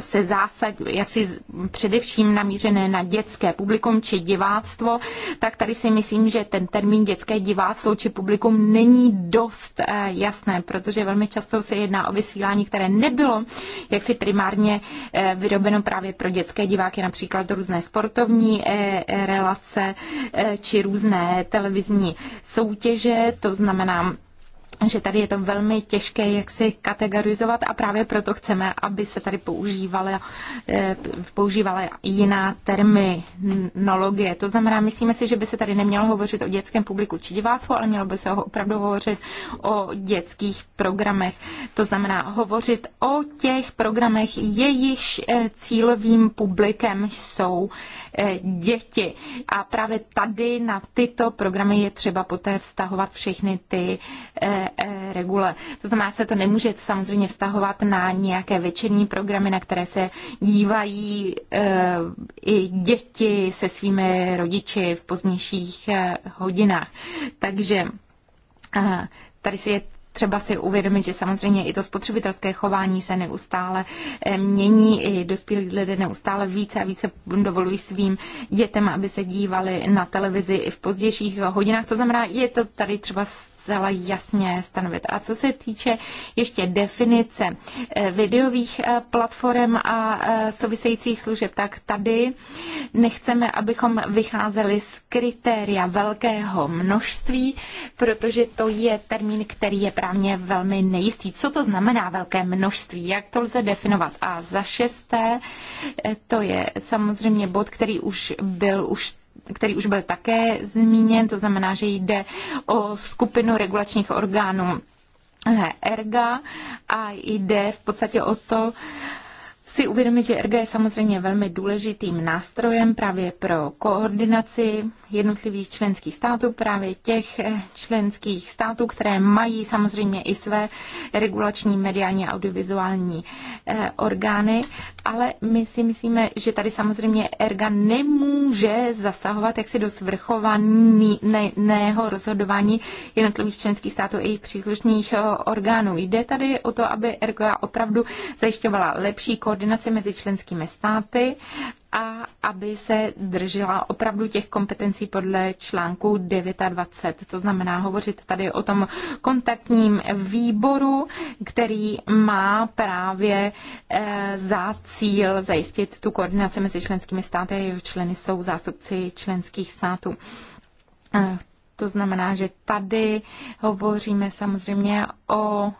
se zásad, jak si především namířené na dětské publikum či diváctvo, tak tady si myslím, že ten termín dětské diváctvo či publikum není dost eh, jasné, protože velmi často se jedná o vysílání, které nebylo jaksi primárně eh, vyrobeno právě pro dětské diváky, například různé sportovní eh, relace či různé televizní soutěže, to znamená že tady je to velmi těžké, jak si kategorizovat a právě proto chceme, aby se tady používaly, eh, používaly jiná terminologie. To znamená, myslíme si, že by se tady nemělo hovořit o dětském publiku či diváctvu, ale mělo by se opravdu hovořit o dětských programech. To znamená hovořit o těch programech, jejichž eh, cílovým publikem jsou Eh, děti. A právě tady na tyto programy je třeba poté vztahovat všechny ty eh, eh, regule. To znamená, se to nemůže samozřejmě vztahovat na nějaké večerní programy, na které se dívají i děti se svými rodiči v pozdnějších hodinách. Takže tady si je třeba si uvědomit, že samozřejmě i to spotřebitelské chování se neustále eh, mění, i dospělí lidé neustále více a více dovolují svým dětem, aby se dívali na televizi i v pozdějších hodinách. To znamená, je to tady třeba zcela jasně stanovit. A co se týče ještě definice eh, videových eh, platform a eh, souvisejících služeb, tak tady nechceme, abychom vycházeli z kritéria velkého množství, protože to je termín, který je právně velmi nejistý. Co to znamená velké množství? Jak to lze definovat? A za šesté, to je samozřejmě bod, který už byl už který už byl také zmíněn, to znamená, že jde o skupinu regulačních orgánů eh, ERGA a jde v podstatě o to, si uvědomit, že RG je samozřejmě velmi důležitým nástrojem právě pro koordinaci jednotlivých členských států, právě těch členských států, které mají samozřejmě i své regulační mediální a audiovizuální eh, orgány, ale my si myslíme, že tady samozřejmě ERGA nemůže zasahovat jaksi do svrchovaného rozhodování jednotlivých členských států i příslušných eh, orgánů. Jde tady o to, aby ERGA opravdu zajišťovala lepší koordinaci koordinace mezi členskými státy a aby se držela opravdu těch kompetencí podle článku 29. To znamená hovořit tady o tom kontaktním výboru, který má právě eh, za cíl zajistit tu koordinaci mezi členskými státy a jeho členy jsou zástupci členských států. Eh, to znamená, že tady hovoříme samozřejmě o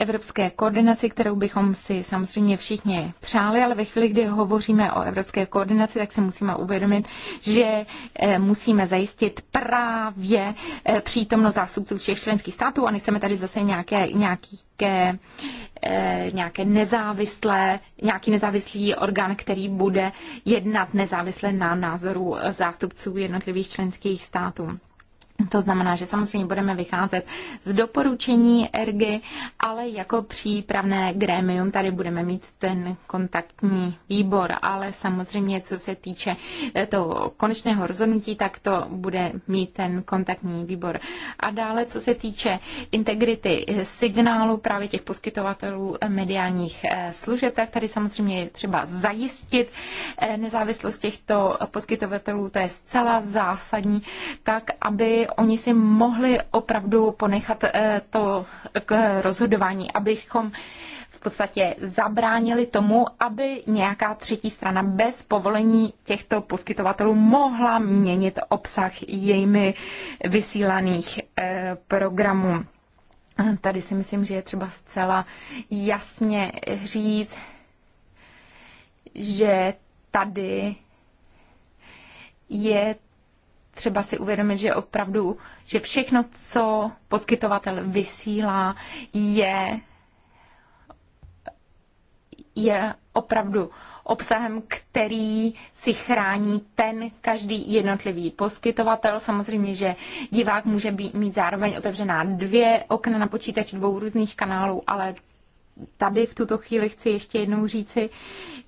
evropské koordinaci, kterou bychom si samozřejmě všichni přáli, ale ve chvíli, kdy hovoříme o evropské koordinaci, tak si musíme uvědomit, že eh, musíme zajistit právě eh, přítomnost zástupců všech členských států a nechceme tady zase nějaké, nějaký nějaké, eh, nějaké nezávislé, nějaký nezávislý orgán, který bude jednat nezávisle na názoru zástupců jednotlivých členských států. To znamená, že samozřejmě budeme vycházet z doporučení ERGY, ale jako přípravné grémium tady budeme mít ten kontaktní výbor, ale samozřejmě, co se týče eh, toho konečného rozhodnutí, tak to bude mít ten kontaktní výbor. A dále, co se týče integrity eh, signálu právě těch poskytovatelů eh, mediálních služeb, tak tady samozřejmě je třeba zajistit nezávislost těchto poskytovatelů, to je zcela zásadní, tak aby oni si mohli opravdu ponechat eh, to k eh, rozhodování, abychom v podstatě zabránili tomu, aby nějaká třetí strana bez povolení těchto poskytovatelů mohla měnit obsah jejimi vysílaných eh, programů. Tady si myslím, že je třeba zcela jasně říct, že tady je třeba si uvědomit, že opravdu, že všechno, co poskytovatel vysílá, je, je opravdu obsahem, který si chrání ten každý jednotlivý poskytovatel. Samozřejmě, že divák může být, mít zároveň otevřená dvě okna na počítači dvou různých kanálů, ale tady v tuto chvíli chci ještě jednou říci,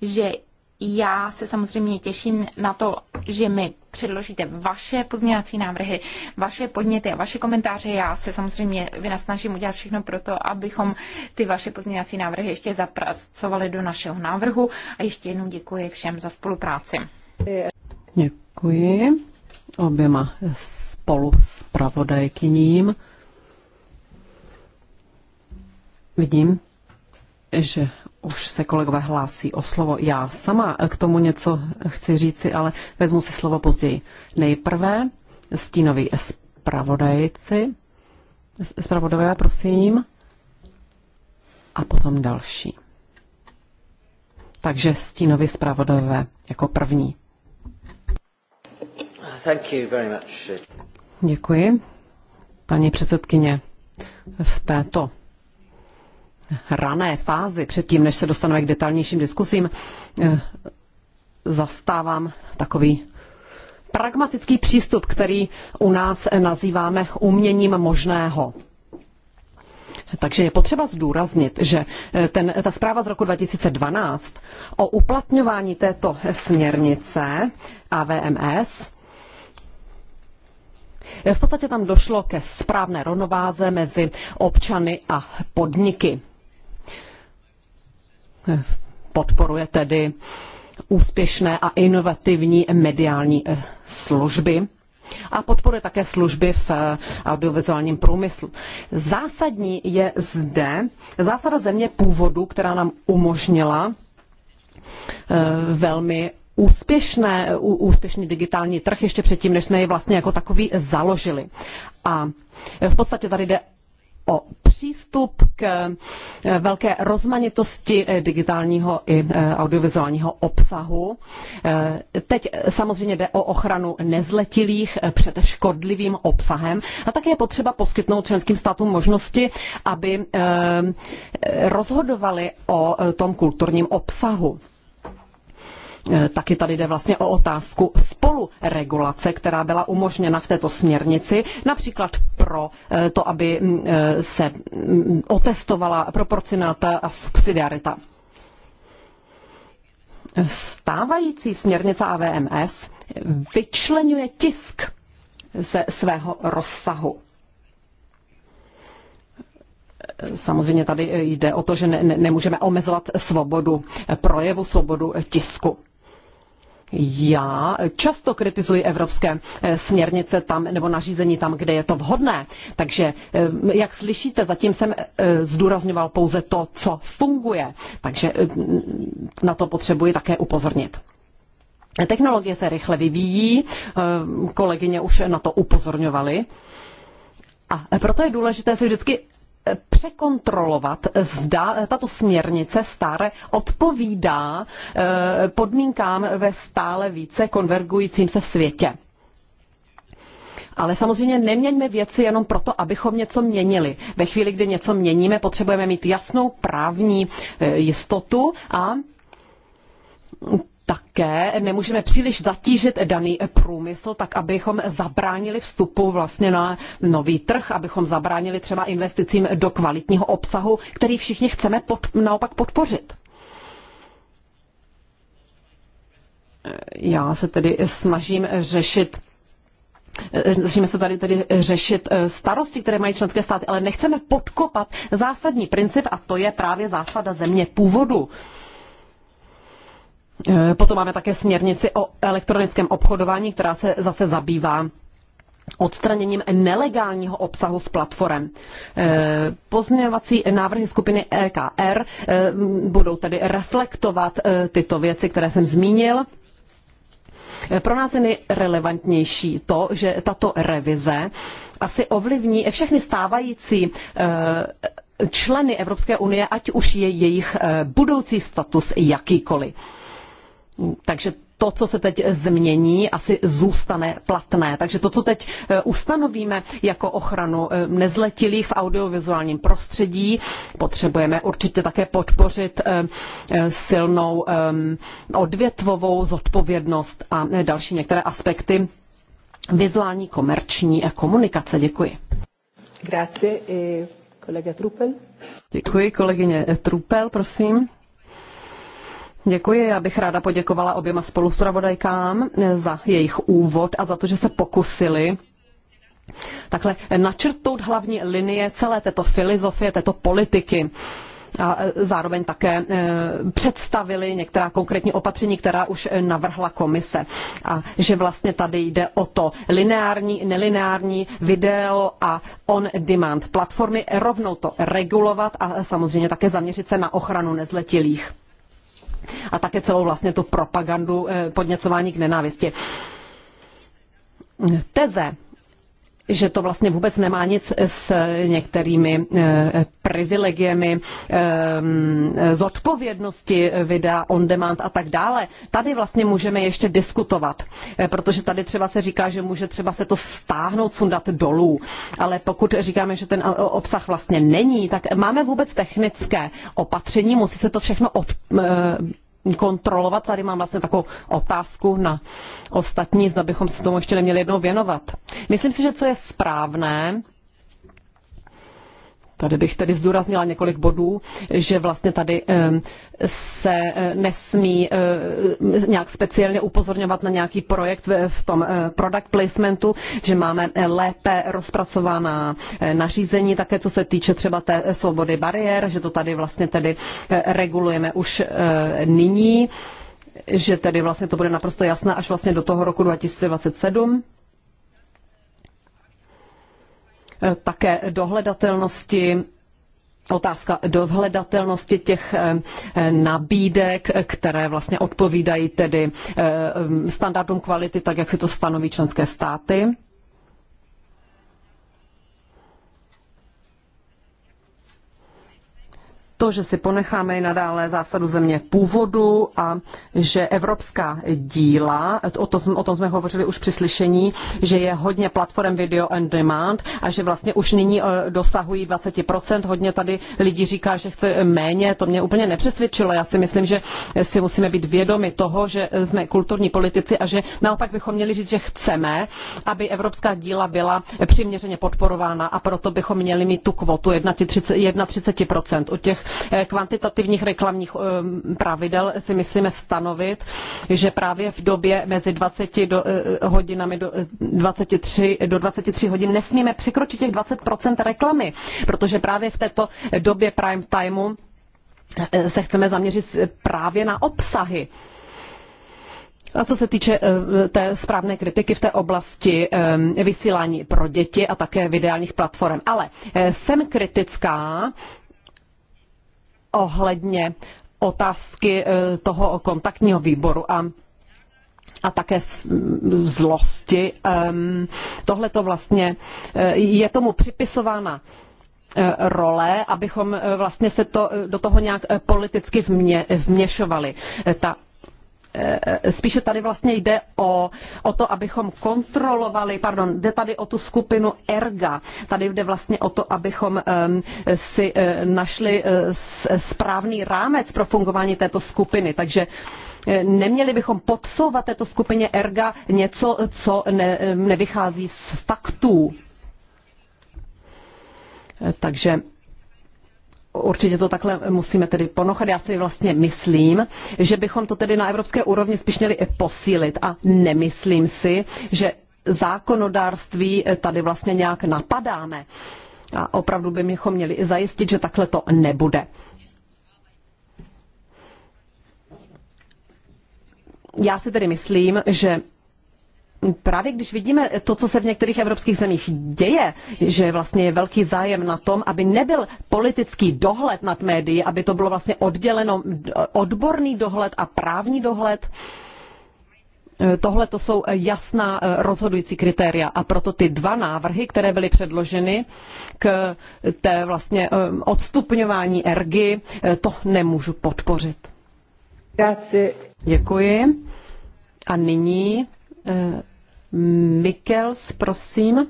že já se samozřejmě těším na to, že mi předložíte vaše pozměňovací návrhy, vaše podněty a vaše komentáře. Já se samozřejmě vynasnažím udělat všechno pro to, abychom ty vaše pozměňovací návrhy ještě zapracovali do našeho návrhu. A ještě jednou děkuji všem za spolupráci. Děkuji oběma spolu s pravodajkyním. Vidím, že už se kolegové hlásí o slovo. Já sama k tomu něco chci říci, ale vezmu si slovo později. Nejprve stínový zpravodajci. Zpravodajové, prosím. A potom další. Takže stínový zpravodajové jako první. Thank you very much. Děkuji. Paní předsedkyně, v této rané fázi, předtím, než se dostaneme k detailnějším diskusím, eh, zastávám takový pragmatický přístup, který u nás nazýváme uměním možného. Takže je potřeba zdůraznit, že eh, ten, ta zpráva z roku 2012 o uplatňování této směrnice AVMS eh, v podstatě tam došlo ke správné rovnováze mezi občany a podniky podporuje tedy úspěšné a inovativní mediální eh, služby a podporuje také služby v eh, audiovizuálním průmyslu. Zásadní je zde zásada země původu, která nám umožnila eh, velmi úspěšné, úspěšný digitální trh ještě předtím, než jsme je vlastně jako takový založili. A v podstatě tady jde o přístup k eh, velké rozmanitosti eh, digitálního i eh, audiovizuálního obsahu. Teď samozřejmě jde o ochranu nezletilých před škodlivým obsahem a také je potřeba poskytnout členským státům možnosti, aby rozhodovali o tom kulturním obsahu. E, taky tady jde vlastně o otázku spoluregulace, která byla umožněna v této směrnici, například pro e, to, aby e, se otestovala proporcionalita a subsidiarita. Stávající směrnice AVMS vyčlenuje tisk ze svého rozsahu. Samozřejmě tady jde o to, že ne, ne, nemůžeme omezovat svobodu projevu, svobodu tisku. Já často kritizuji evropské eh, směrnice tam nebo nařízení tam, kde je to vhodné. Takže, eh, jak slyšíte, zatím jsem eh, zdůrazňoval pouze to, co funguje. Takže na to potřebuji také upozornit. Technologie se rychle vyvíjí, kolegyně už na to upozorňovaly. A proto je důležité si vždycky překontrolovat, zda tato směrnice staré odpovídá eh, podmínkám ve stále více konvergujícím se světě. Ale samozřejmě neměňme věci jenom proto, abychom něco měnili. Ve chvíli, kdy něco měníme, potřebujeme mít jasnou právní eh, jistotu a také nemůžeme příliš zatížit daný průmysl, tak abychom zabránili vstupu vlastně na nový trh, abychom zabránili třeba investicím do kvalitního obsahu, který všichni chceme pod, naopak podpořit. Já se tedy snažím řešit Snažíme se tady tedy řešit eh, starosti, které mají členské státy, ale nechceme podkopat zásadní princip a to je právě zásada země původu. Eh, potom máme také směrnici o elektronickém obchodování, která se zase zabývá odstraněním nelegálního obsahu s platform. Eh, pozměňovací návrhy skupiny EKR eh, budou tedy reflektovat tyto věci, které jsem zmínil. Pro nás je nejrelevantnější to, že tato revize asi ovlivní všechny stávající členy Evropské unie, ať už je jejich budoucí status jakýkoliv. Takže to, co se teď změní, asi zůstane platné. Takže to, co teď e, ustanovíme jako ochranu e, nezletilých v audiovizuálním prostředí, potřebujeme určitě také podpořit e, silnou odvětvovou zodpovědnost a další některé aspekty vizuální komerční komunikace. Děkuji. Grazie. Kolega Trupel. Děkuji, kolegyně Trupel, prosím. Děkuji, já bych ráda poděkovala oběma spolupravodajkám eh, za jejich úvod a za to, že se pokusili takhle načrtnout hlavní linie celé této filozofie, této politiky a eh, zároveň také eh, představili některá konkrétní opatření, která už navrhla komise. A že vlastně tady jde o to lineární, nelineární video a on-demand platformy, rovnou to regulovat a samozřejmě také zaměřit se na ochranu nezletilých a také celou vlastně tu propagandu eh, podněcování k nenávisti. Teze že to vlastně vůbec nemá nic s některými eh, privilegiemi eh, eh, zodpovědnosti videa on demand a tak dále. Tady vlastně můžeme ještě diskutovat, protože tady třeba se říká, že může třeba se to stáhnout, sundat dolů, ale pokud říkáme, že ten obsah vlastně není, tak máme vůbec technické opatření, musí se to všechno od, kontrolovat. Tady mám vlastně takovou otázku na ostatní, zda bychom se tomu ještě neměli jednou věnovat. Myslím si, že co je správné, Tady bych tedy zdůraznila několik bodů, že vlastně tady ehm, se eh, nesmí eh, nějak speciálně upozorňovat na nějaký projekt v tom eh, product placementu, že máme lépe rozpracovaná nařízení, také co se týče třeba té svobody bariér, že to tady vlastně tedy regulujeme už nyní, že tedy vlastně to bude naprosto jasné až vlastně do toho roku 2027 Eh, také dohledatelnosti otázka dohledatelnosti těch eh, eh, nabídek, které vlastně odpovídají tedy standardům kvality, tak jak si to stanoví členské státy. to, že si ponecháme i nadále zásadu země původu a že evropská díla, o, to, o tom jsme hovořili už při slyšení, že je hodně platform video and demand a že vlastně už nyní eh, dosahují 20%. Hodně tady lidí říká, že chce méně, to mě úplně nepřesvědčilo. Já si myslím, že si musíme být vědomi toho, že jsme kulturní politici a že naopak bychom měli říct, že chceme, aby evropská díla byla přiměřeně podporována a proto bychom měli mít tu kvotu 31%, 31% u těch Eh, kvantitativních reklamních eh, pravidel si myslíme stanovit, že právě v době mezi 20 do, eh, hodinami do 23, do 23 hodin nesmíme překročit těch 20% reklamy, protože právě v této době prime timeu se chceme zaměřit právě na obsahy. A co se týče té správné kritiky v té oblasti vysílání pro děti a také videálních platform. Ale jsem kritická ohledně otázky eh, toho kontaktního výboru a a také v mm, zlosti. Ehm, Tohle to vlastně eh, je tomu připisována eh, role, abychom vlastně se to, do toho nějak politicky vměšovali. Ta Eh, spíše tady vlastně jde o, o to, abychom kontrolovali, pardon, jde tady o tu skupinu erga. Tady jde vlastně o to, abychom ehm, si eh, našli eh, správný rámec pro fungování této skupiny. Takže neměli bychom podsouvat této skupině erga něco, co ne, nevychází z faktů. Takže Určitě to takhle musíme tedy ponochat. Já si vlastně myslím, že bychom to tedy na evropské úrovni spíš měli posílit a nemyslím si, že zákonodárství tady vlastně nějak napadáme. A opravdu bychom měli i zajistit, že takhle to nebude. Já si tedy myslím, že právě když vidíme to, co se v některých evropských zemích děje, že vlastně je velký zájem na tom, aby nebyl politický dohled nad médií, aby to bylo vlastně odděleno odborný dohled a právní dohled, eh, Tohle to jsou eh, jasná eh, rozhodující kritéria a proto ty dva návrhy, které byly předloženy k té vlastně odstupňování ergy, to nemůžu podpořit. Děkuji. A nyní Mikels, prosím.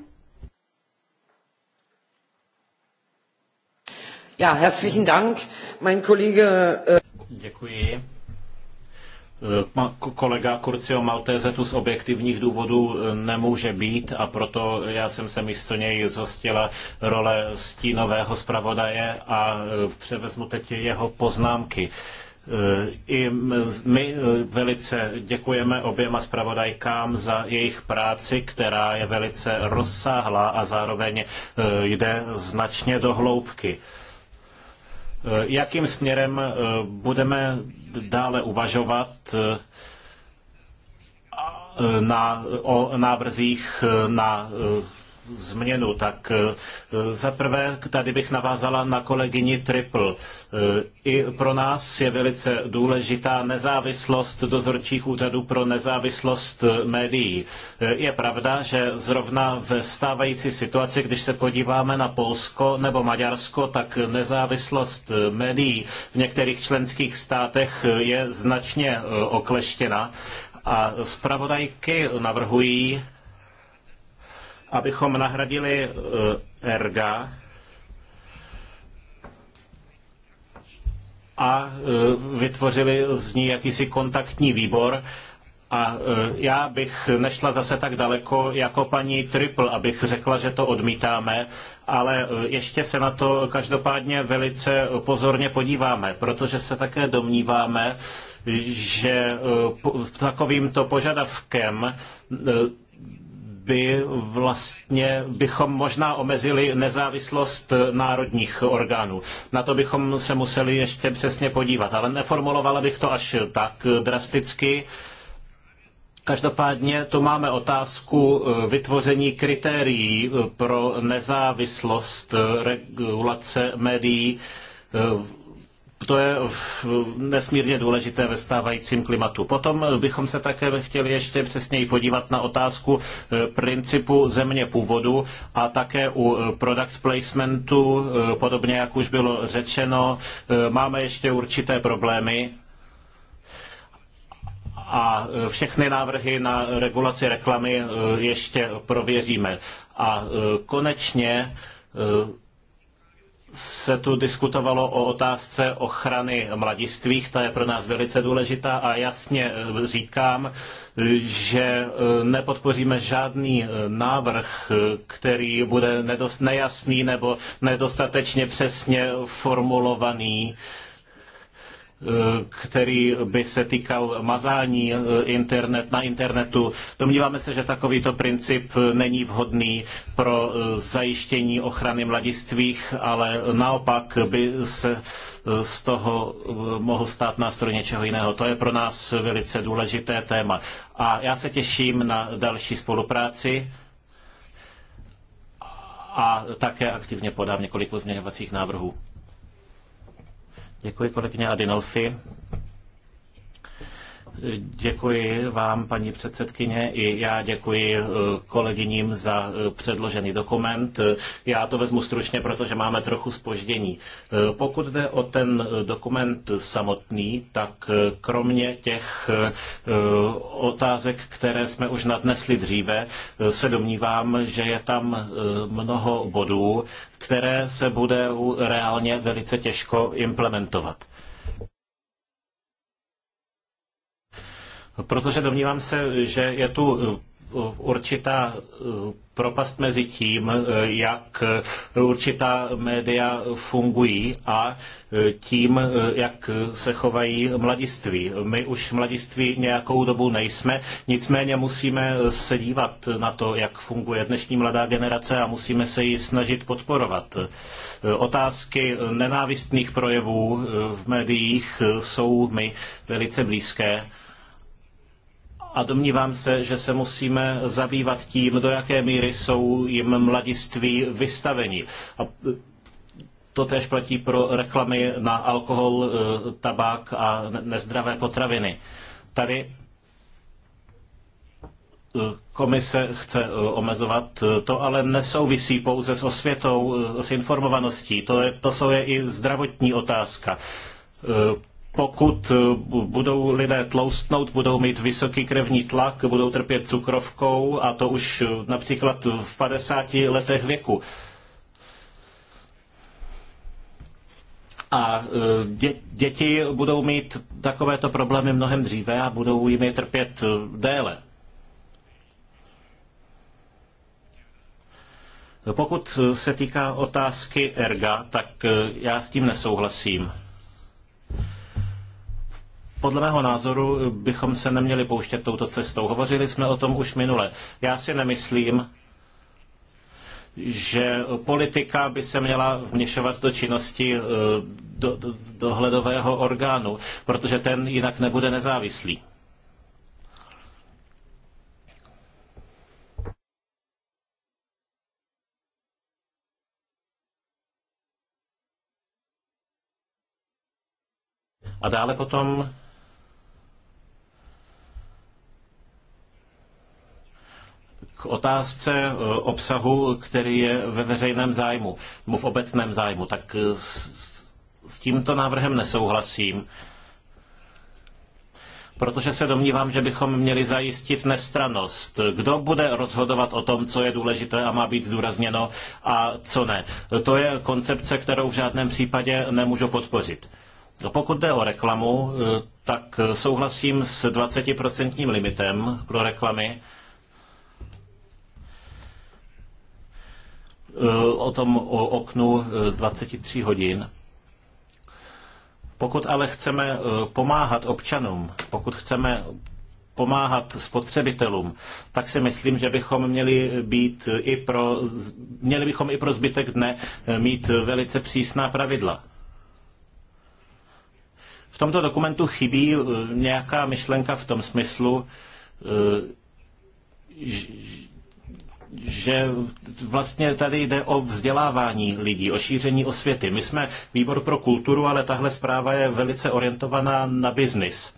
Ja, herzlichen Dank, mein Kollege. Äh, Děkuji. Äh, kolega Kurcio Maltese tu z objektivních důvodů äh, nemůže být a proto já jsem se místo něj zhostila role stínového zpravodaje a převezmu teď jeho poznámky. I my eh, velice děkujeme oběma zpravodajkám za jejich práci, která je velice rozsáhlá a zároveň eh, jde značně do hloubky. Eh, jakým směrem budeme dále uvažovat na, o návrzích na změnu, tak eh, zaprvé tady bych navázala na kolegyni Triple. Eh, I pro nás je velice důležitá nezávislost dozorčích úřadů pro nezávislost eh, médií. Je pravda, že zrovna v stávající situaci, když se podíváme na Polsko nebo Maďarsko, tak nezávislost médií v některých členských státech je značně okleštěna. A zpravodajky navrhují, abychom nahradili erga eh, a eh, vytvořili z ní jakýsi kontaktní výbor, a eh, já bych nešla zase tak daleko jako paní Triple, abych řekla, že to odmítáme, ale ještě se na to každopádně velice pozorně podíváme, protože se také domníváme, že takovýmto požadavkem by vlastně bychom možná omezili nezávislost národních orgánů. Na to bychom se museli ještě přesně podívat, ale neformulovala bych to až tak drasticky. Každopádně tu máme otázku eh, vytvoření kritérií eh, pro nezávislost eh, regulace médií to je nesmírně důležité ve stávajícím klimatu. Potom bychom se také chtěli ještě přesněji podívat na otázku e, principu země původu a také u e, product placementu, e, podobně jak už bylo řečeno, máme ještě určité problémy a všechny návrhy na regulaci reklamy ještě prověříme. A konečně se tu diskutovalo o otázce ochrany mladistvých, ta je pro nás velice důležitá a jasně eh, říkám, že eh, nepodpoříme žádný eh, návrh, který bude nedost nejasný nebo nedostatečně přesně formulovaný který by se týkal mazání eh, internet na internetu. Domníváme se, že takovýto princip eh, není vhodný pro eh, zajištění ochrany mladistvých, ale naopak by se z toho mohl stát nástroj něčeho jiného. To je pro nás velice důležité téma. A já se těším na další spolupráci a také aktivně podám několik pozměňovacích návrhů. Děkuji kolegyně Adinolfi. Děkuji vám, paní předsedkyně, i já děkuji eh, kolegyním za eh, předložený dokument. Já to vezmu stručně, protože máme trochu spoždění. Eh, pokud jde o ten dokument samotný, tak kromě těch otázek, které jsme už nadnesli dříve, se domnívám, že je tam mnoho bodů, které se bude reálně velice těžko implementovat. Protože domnívám se, že je tu eh, určitá eh, propast mezi tím, eh, jak určitá média fungují a tím, jak se chovají mladiství. My už mladiství nějakou dobu nejsme, nicméně musíme se dívat na to, jak funguje dnešní mladá generace a musíme se ji snažit podporovat. Otázky nenávistných projevů v médiích jsou mi velice blízké a domnívám se, že se musíme zabývat tím, do jaké míry jsou jim mladiství vystaveni. A to též platí pro reklamy na alkohol, eh, tabák a nezdravé potraviny. Tady eh, komise chce eh, omezovat, to ale nesouvisí pouze s osvětou, s informovaností, to, je, to jsou je i zdravotní otázka pokud eh, budou lidé tloustnout, budou mít vysoký krevní tlak, budou trpět cukrovkou a to už eh, například v 50 letech věku. A eh, dě, děti budou mít takovéto problémy mnohem dříve a budou jim je trpět déle. Pokud se týká otázky erga, tak já s tím nesouhlasím. Podle mého názoru bychom se neměli pouštět touto cestou. Hovořili jsme o tom už minule. Já si nemyslím, že politika by se měla vměšovat do činnosti eh, do, do, dohledového orgánu, protože ten jinak nebude nezávislý. A dále potom otázce e, obsahu, který je ve veřejném zájmu, nebo v obecném zájmu, tak e, s, s tímto návrhem nesouhlasím protože se domnívám, že bychom měli zajistit nestranost. Kdo bude rozhodovat o tom, co je důležité a má být zdůrazněno a co ne? To je koncepce, kterou v žádném případě nemůžu podpořit. Pokud jde o reklamu, e, tak souhlasím s 20% limitem pro reklamy. Eh, o tom o oknu 23 eh, hodin. Pokud ale chceme eh, pomáhat občanům, pokud chceme pomáhat spotřebitelům, tak si myslím, že bychom měli být i pro, měli bychom i pro zbytek dne mít velice přísná pravidla. V tomto dokumentu chybí nějaká myšlenka v tom smyslu, že vlastně tady jde o vzdělávání lidí, o šíření osvěty. My jsme výbor pro kulturu, ale tahle zpráva je velice orientovaná na biznis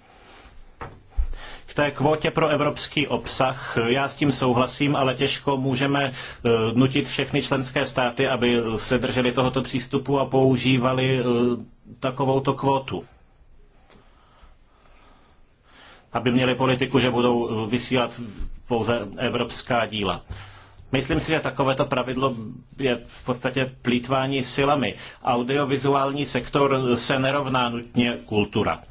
té kvótě pro evropský obsah. Já s tím souhlasím, ale těžko můžeme eh, nutit všechny členské státy, aby se drželi tohoto přístupu a používali eh, takovouto kvótu. Aby měli politiku, že budou eh, vysílat pouze evropská díla. Myslím si, že takovéto pravidlo je v podstatě plítvání silami. Audiovizuální sektor se nerovná nutně kultura.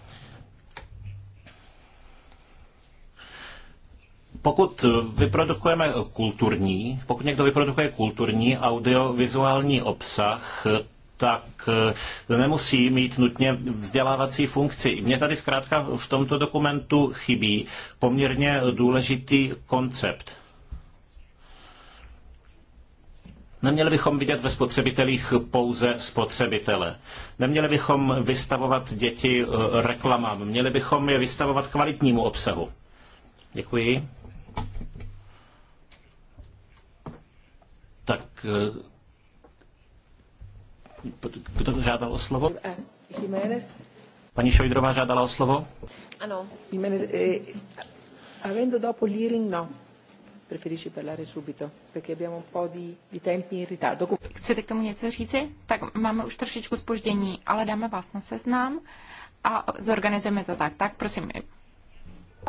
pokud vyprodukujeme kulturní, pokud někdo vyprodukuje kulturní audiovizuální obsah, tak eh, nemusí mít nutně vzdělávací funkci. Mně tady zkrátka v tomto dokumentu chybí poměrně důležitý koncept. Neměli bychom vidět ve spotřebitelích pouze spotřebitele. Neměli bychom vystavovat děti eh, reklamám. Měli bychom je vystavovat kvalitnímu obsahu. Děkuji. Tak eh, kdo žádal o slovo? Eh, Paní Šojdrová žádala o slovo? Ano. avendo dopo l'hearing no preferisci parlare subito, perché abbiamo un po' di, di tempi in ritardo. Chcete k tomu něco říci? Tak máme už trošičku spoždění, ale dáme vás na seznam a zorganizujeme to tak. Tak prosím,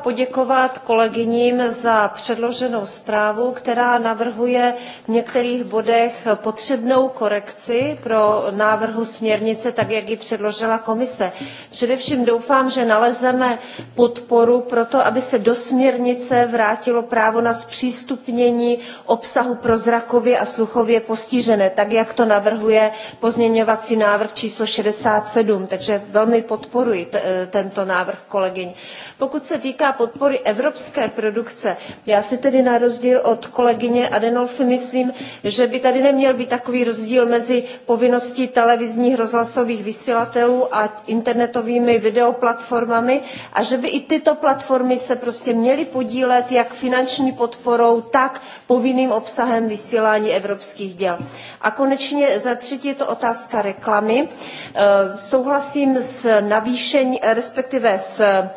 poděkovat kolegyním za předloženou zprávu, která navrhuje v některých bodech potřebnou korekci pro návrhu směrnice, tak jak ji předložila komise. Především doufám, že nalezeme podporu pro to, aby se do směrnice vrátilo právo na zpřístupnění obsahu pro zrakově a sluchově postižené, tak jak to navrhuje pozměňovací návrh číslo 67. Takže velmi podporuji tento návrh kolegyň. Pokud se týká týká podpory evropské produkce, já si tedy na rozdíl od kolegyně Adenolfy myslím, že by tady neměl být takový rozdíl mezi povinností televizních rozhlasových vysílatelů a internetovými videoplatformami a že by i tyto platformy se prostě měly podílet jak finanční podporou, tak povinným obsahem vysílání evropských děl. A konečně za třetí je to otázka reklamy. E, souhlasím s navýšení, respektive s e,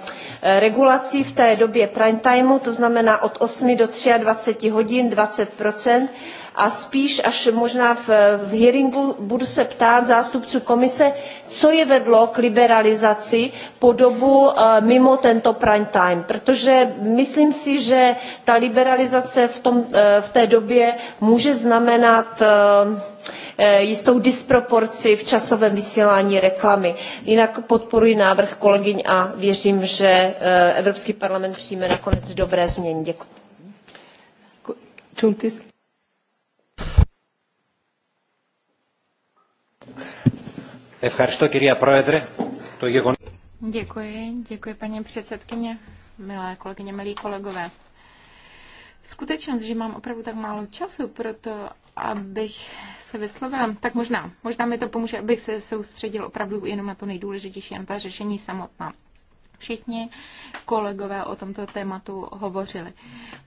regulací v té době prime timeu, to znamená od 8 do 23 hodin 20 a spíš až možná v, v hearingu budu se ptát zástupců komise, co je vedlo k liberalizaci po dobu eh, mimo tento prime time, protože myslím si, že ta liberalizace v, tom, eh, v té době může znamenat eh, jistou disproporci v časovém vysílání reklamy. Jinak podporuji návrh kolegyň a věřím, že Evropský parlament přijme nakonec dobré znění. Děkuji. Čuntis. Děkuji, děkuji paní předsedkyně, milé kolegyně, milí kolegové. Skutečnost, že mám opravdu tak málo času pro to, abych se vyslovila, tak možná, možná mi to pomůže, abych se soustředil opravdu jenom na to nejdůležitější, na ta řešení samotná všichni kolegové o tomto tématu hovořili.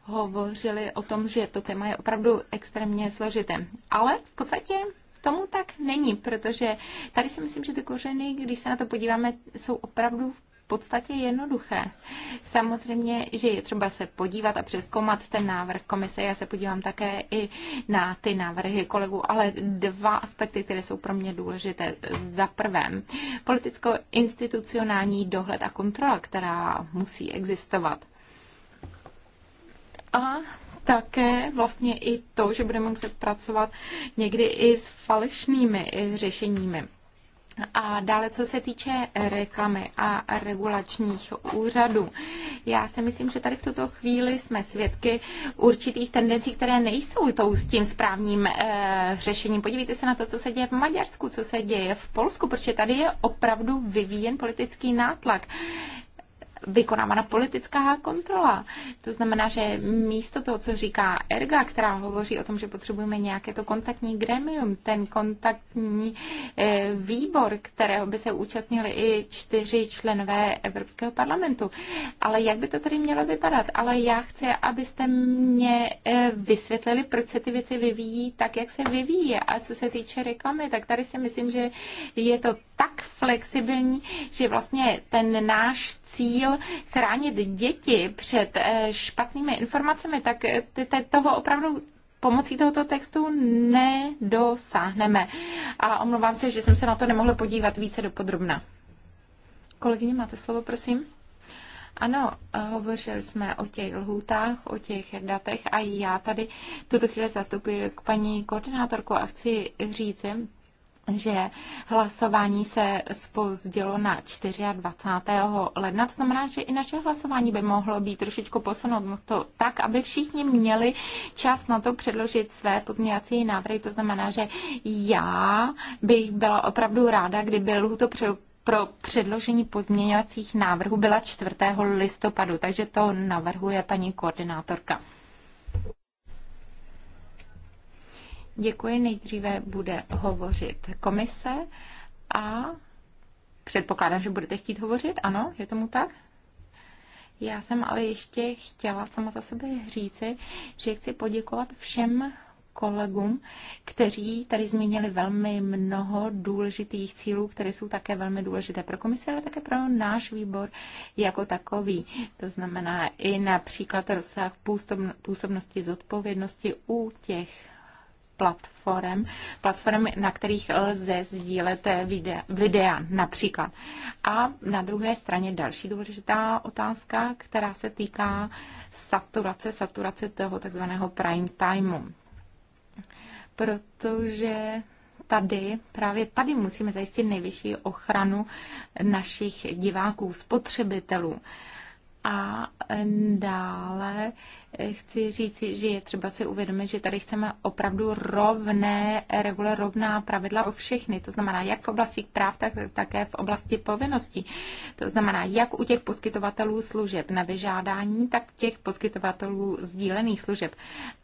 Hovořili o tom, že to téma je opravdu extrémně složité. Ale v podstatě tomu tak není, protože tady si myslím, že ty kořeny, když se na to podíváme, jsou opravdu podstatě jednoduché. Samozřejmě, že je třeba se podívat a přeskoumat ten návrh komise. Já se podívám také i na ty návrhy kolegů, ale dva aspekty, které jsou pro mě důležité. Za prvé, politicko-institucionální dohled a kontrola, která musí existovat. A také vlastně i to, že budeme muset pracovat někdy i s falešnými řešeními. A dále, co se týče reklamy a regulačních úřadů, já si myslím, že tady v tuto chvíli jsme svědky určitých tendencí, které nejsou tou s tím správným e, řešením. Podívejte se na to, co se děje v Maďarsku, co se děje v Polsku, protože tady je opravdu vyvíjen politický nátlak vykonávána politická kontrola. To znamená, že místo toho, co říká Erga, která hovoří o tom, že potřebujeme nějaké to kontaktní gremium, ten kontaktní eh, výbor, kterého by se účastnili i čtyři členové Evropského parlamentu. Ale jak by to tedy mělo vypadat? Ale já chci, abyste mě eh, vysvětlili, proč se ty věci vyvíjí tak, jak se vyvíjí. A co se týče reklamy, tak tady si myslím, že je to tak flexibilní, že vlastně ten náš cíl chránit děti před eh, špatnými informacemi, tak eh, toho opravdu pomocí tohoto textu nedosáhneme. A omlouvám se, že jsem se na to nemohla podívat více do podrobna. Kolegyně, máte slovo, prosím. Ano, hovořili jsme o těch lhůtách, o těch datech a já tady tuto chvíli zastupuji k paní koordinátorku a chci říct, že hlasování se spozdilo na 24. ledna. To znamená, že i naše hlasování by mohlo být trošičku posunuto tak, aby všichni měli čas na to předložit své pozměňovací návrhy. To znamená, že já bych byla opravdu ráda, kdyby lhuto pro předložení pozměňovacích návrhů byla 4. listopadu, takže to navrhuje paní koordinátorka. Děkuji. Nejdříve bude hovořit komise a předpokládám, že budete chtít hovořit. Ano, je tomu tak? Já jsem ale ještě chtěla sama za sebe říci, že chci poděkovat všem kolegům, kteří tady zmínili velmi mnoho důležitých cílů, které jsou také velmi důležité pro komisi, ale také pro náš výbor jako takový. To znamená i například rozsah působnosti, zodpovědnosti u těch platform, platform, na kterých lze sdílet eh, videa, videa například. A na druhé straně další důležitá otázka, která se týká saturace, saturace toho takzvaného prime timeu. Protože tady, právě tady musíme zajistit nejvyšší ochranu našich diváků, spotřebitelů. A eh, dále chci říct, že je třeba si uvědomit, že tady chceme opravdu rovné regule, rovná pravidla pro všechny. To znamená, jak v oblasti práv, tak také v oblasti povinností. To znamená, jak u těch poskytovatelů služeb na vyžádání, tak těch poskytovatelů sdílených služeb.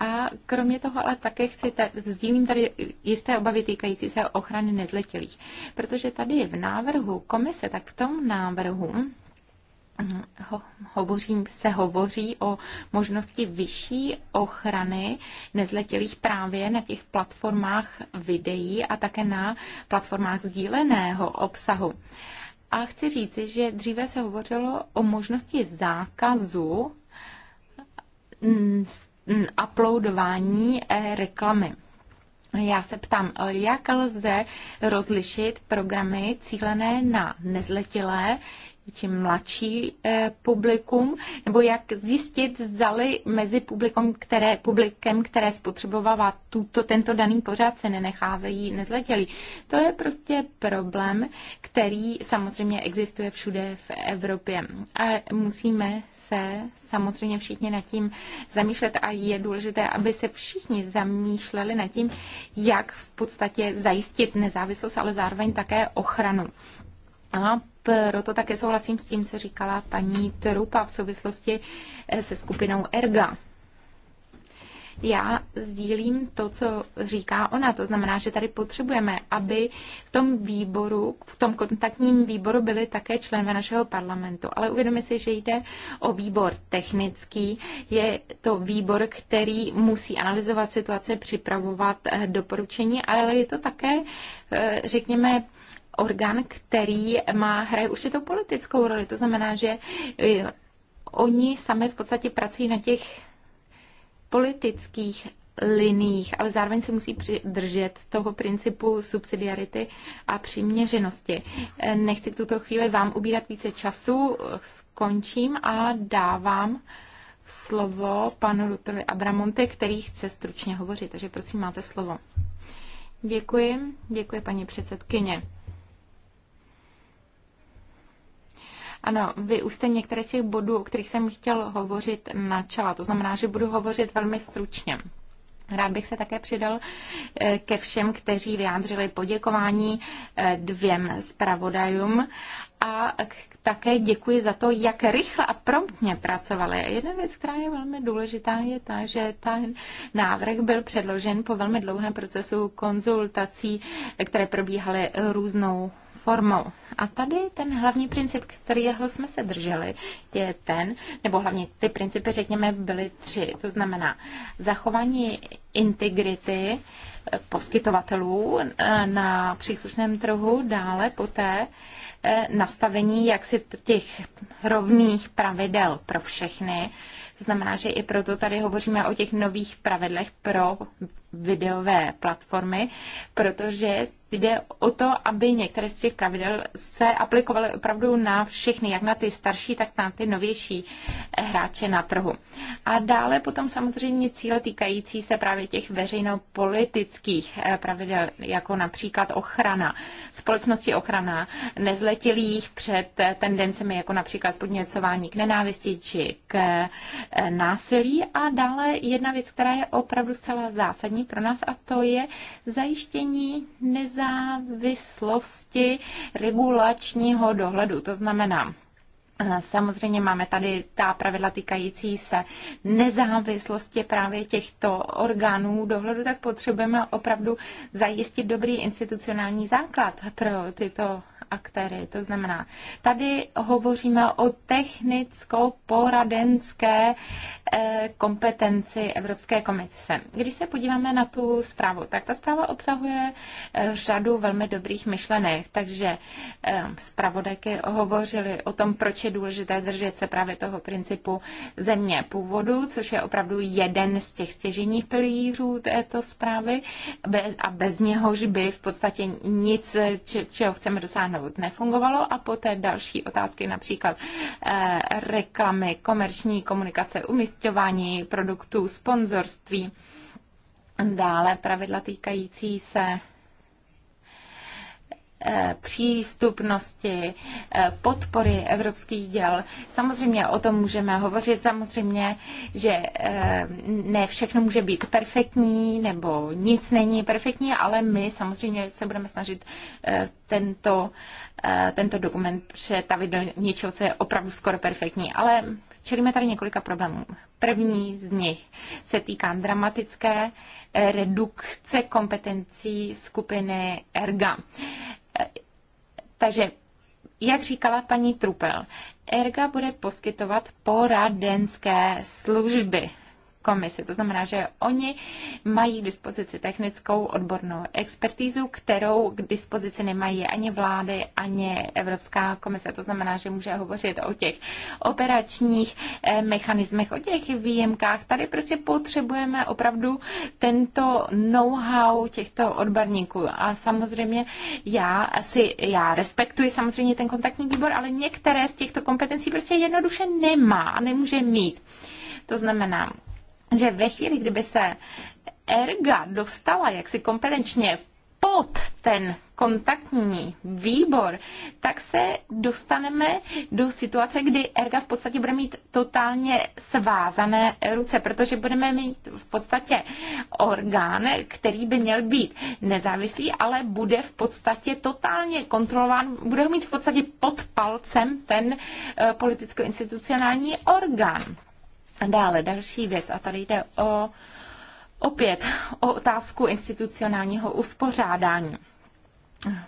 A kromě toho ale také chci, tak, sdílím tady jisté obavy týkající se ochrany nezletilých. Protože tady v návrhu komise, tak v tom návrhu, ho, hovořím, se hovoří o možnosti vyšší ochrany nezletilých právě na těch platformách videí a také na platformách sdíleného obsahu. A chci říci, že dříve se hovořilo o možnosti zákazu uploadování e, reklamy. Já se ptám, jak lze rozlišit programy cílené na nezletilé, či mladší eh, publikum, nebo jak zjistit, zdali mezi publikum, které, publikem, které spotřebovává tuto, tento daný pořád, se nenecházejí nezletělí. To je prostě problém, který samozřejmě existuje všude v Evropě. A musíme se samozřejmě všichni nad tím zamýšlet a je důležité, aby se všichni zamýšleli nad tím, jak v podstatě zajistit nezávislost, ale zároveň také ochranu. A proto také souhlasím s tím, co říkala paní Trupa v souvislosti eh, se skupinou Erga. Já sdílím to, co říká ona. To znamená, že tady potřebujeme, aby v tom výboru, v tom kontaktním výboru byly také členové našeho parlamentu. Ale uvědomi si, že jde o výbor technický. Je to výbor, který musí analyzovat situace, připravovat eh, doporučení, ale je to také, eh, řekněme, orgán, který má, hraje určitou politickou roli. To znamená, že eh, oni sami v podstatě pracují na těch politických liních, ale zároveň se musí držet toho principu subsidiarity a přiměřenosti. Eh, nechci v tuto chvíli vám ubírat více času, eh, skončím a dávám slovo panu doktorovi Abramonte, který chce stručně hovořit, takže prosím, máte slovo. Děkuji, děkuji paní předsedkyně. Ano, vy už jste některé z těch bodů, o kterých jsem chtěl hovořit, načala. To znamená, že budu hovořit velmi stručně. Rád bych se také přidal eh, ke všem, kteří vyjádřili poděkování eh, dvěm zpravodajům a také děkuji za to, jak rychle a promptně pracovali. Jedna věc, která je velmi důležitá, je ta, že ten návrh byl předložen po velmi dlouhém procesu konzultací, eh, které probíhaly různou formou. A tady ten hlavní princip, jeho jsme se drželi, je ten, nebo hlavně ty principy, řekněme, byly tři. To znamená zachování integrity eh, poskytovatelů eh, na příslušném trhu, dále poté eh, nastavení jaksi těch rovných pravidel pro všechny, to znamená, že i proto tady hovoříme o těch nových pravidlech pro videové platformy, protože jde o to, aby některé z těch pravidel se aplikovaly opravdu na všechny, jak na ty starší, tak na ty novější hráče na trhu. A dále potom samozřejmě cíle týkající se právě těch veřejnopolitických eh, pravidel, jako například ochrana společnosti, ochrana nezletilých před eh, tendencemi, jako například podněcování k nenávisti či k Eh, násilí. A dále jedna věc, která je opravdu zcela zásadní pro nás, a to je zajištění nezávislosti regulačního dohledu. To znamená, eh, Samozřejmě máme tady ta pravidla týkající se nezávislosti právě těchto orgánů dohledu, tak potřebujeme opravdu zajistit dobrý institucionální základ pro tyto aktéry. To znamená, tady hovoříme o technicko-poradenské eh, kompetenci Evropské komise. Když se podíváme na tu zprávu, tak ta zpráva obsahuje eh, řadu velmi dobrých myšlenek, takže eh, zpravodajky hovořili o tom, proč je důležité držet se právě toho principu země původu, což je opravdu jeden z těch stěžení pilířů této zprávy a bez něhož by v podstatě nic, čeho chceme dosáhnout, opravdu nefungovalo. A poté další otázky, například eh, reklamy, komerční komunikace, umistování produktů, sponzorství. Dále pravidla týkající se eh, přístupnosti, eh, podpory evropských děl. Samozřejmě o tom můžeme hovořit, samozřejmě, že ne všechno může být perfektní, nebo nic není perfektní, ale my samozřejmě se budeme snažit tento, eh, tento dokument přetavit do něčeho, co je opravdu skoro perfektní. Ale čelíme tady několika problémů. První z nich se týká dramatické eh, redukce kompetencí skupiny ERGA. Eh, takže jak říkala paní Trupel, ERGA bude poskytovat poradenské služby komisi. To znamená, že oni mají k dispozici technickou odbornou expertízu, kterou k dispozici nemají ani vlády, ani Evropská komise. To znamená, že může hovořit o těch operačních eh, mechanismech, o těch výjimkách. Tady prostě potřebujeme opravdu tento know-how těchto odborníků. A samozřejmě já si, já respektuji samozřejmě ten kontaktní výbor, ale některé z těchto kompetencí prostě jednoduše nemá a nemůže mít. To znamená, že ve chvíli, kdyby se erga dostala jaksi kompetenčně pod ten kontaktní výbor, tak se dostaneme do situace, kdy erga v podstatě bude mít totálně svázané ruce, protože budeme mít v podstatě orgán, který by měl být nezávislý, ale bude v podstatě totálně kontrolován, bude ho mít v podstatě pod palcem ten eh, politicko-institucionální orgán. Dále další věc, a tady jde o opět o otázku institucionálního uspořádání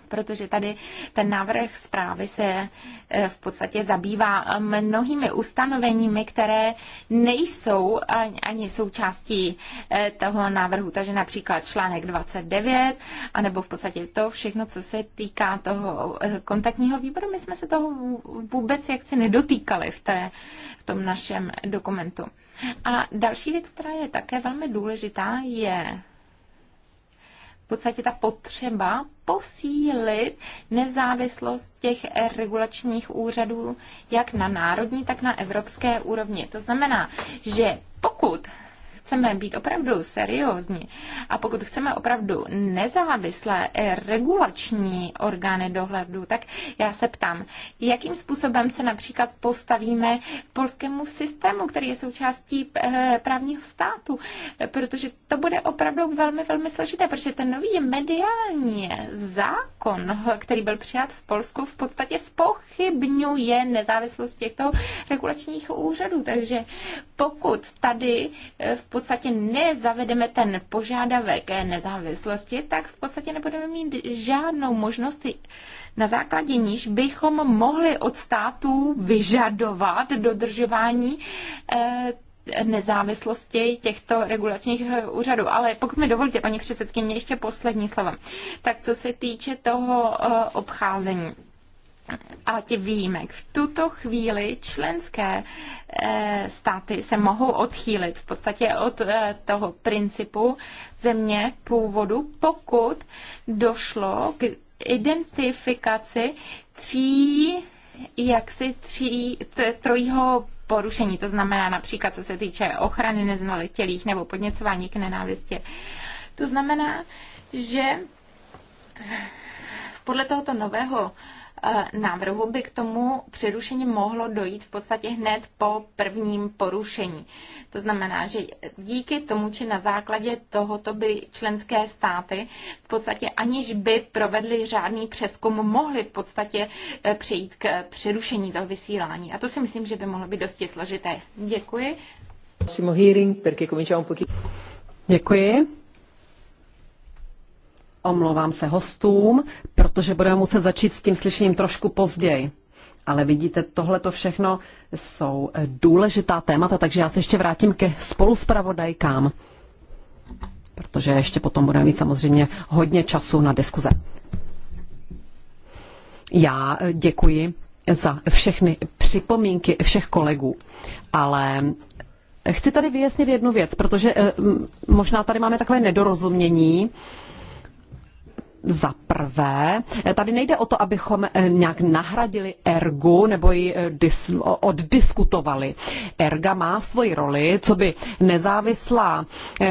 protože tady ten návrh zprávy se eh, v podstatě zabývá eh, mnohými ustanoveními, které nejsou ani součástí eh, toho návrhu. Takže například článek 29, anebo v podstatě to všechno, co se týká toho kontaktního výboru, my jsme se toho vůbec jaksi nedotýkali v, té, v tom našem dokumentu. A další věc, která je také velmi důležitá, je podstatě ta potřeba posílit nezávislost těch regulačních úřadů jak na národní, tak na evropské úrovni. To znamená, že pokud chceme být opravdu seriózní a pokud chceme opravdu nezávislé eh, regulační orgány dohledu, tak já se ptám, jakým způsobem se například postavíme k polskému systému, který je součástí eh, právního státu, eh, protože to bude opravdu velmi, velmi složité, protože ten nový mediální zákon, který byl přijat v Polsku, v podstatě spochybňuje nezávislost těchto regulačních úřadů. Takže pokud tady v podstatě podstatě nezavedeme ten požádavek nezávislosti, tak v podstatě nebudeme mít žádnou možnost, na základě níž bychom mohli od států vyžadovat dodržování eh, nezávislosti těchto regulačních eh, úřadů. Ale pokud mi dovolíte, paní předsedkyně, ještě poslední slova. Tak co se týče toho eh, obcházení ale těch výjimek. V tuto chvíli členské eh, státy se mohou odchýlit v podstatě od eh, toho principu země původu, pokud došlo k identifikaci tří, jaksi tří, trojího porušení, to znamená například co se týče ochrany neznaletělých nebo podněcování k nenávistě. To znamená, že podle tohoto nového Eh, návrhu by k tomu přerušení mohlo dojít v podstatě hned po prvním porušení. To znamená, že díky tomu, či na základě tohoto by členské státy v podstatě aniž by provedli řádný přeskum, mohly v podstatě eh, přejít k přerušení toho vysílání. A to si myslím, že by mohlo být dosti složité. Děkuji. Děkuji. Omlouvám se hostům, protože budeme muset začít s tím slyšením trošku později. Ale vidíte, tohle to všechno jsou eh, důležitá témata, takže já se ještě vrátím ke spoluspravodajkám, protože ještě potom budeme mít samozřejmě hodně času na diskuze. Já eh, děkuji za všechny připomínky všech kolegů, ale eh, chci tady vyjasnit jednu věc, protože možná tady máme takové nedorozumění za prvé, eh, tady nejde o to, abychom eh, nějak nahradili ergu nebo ji eh, dis, oddiskutovali. Erga má svoji roli, co by nezávislá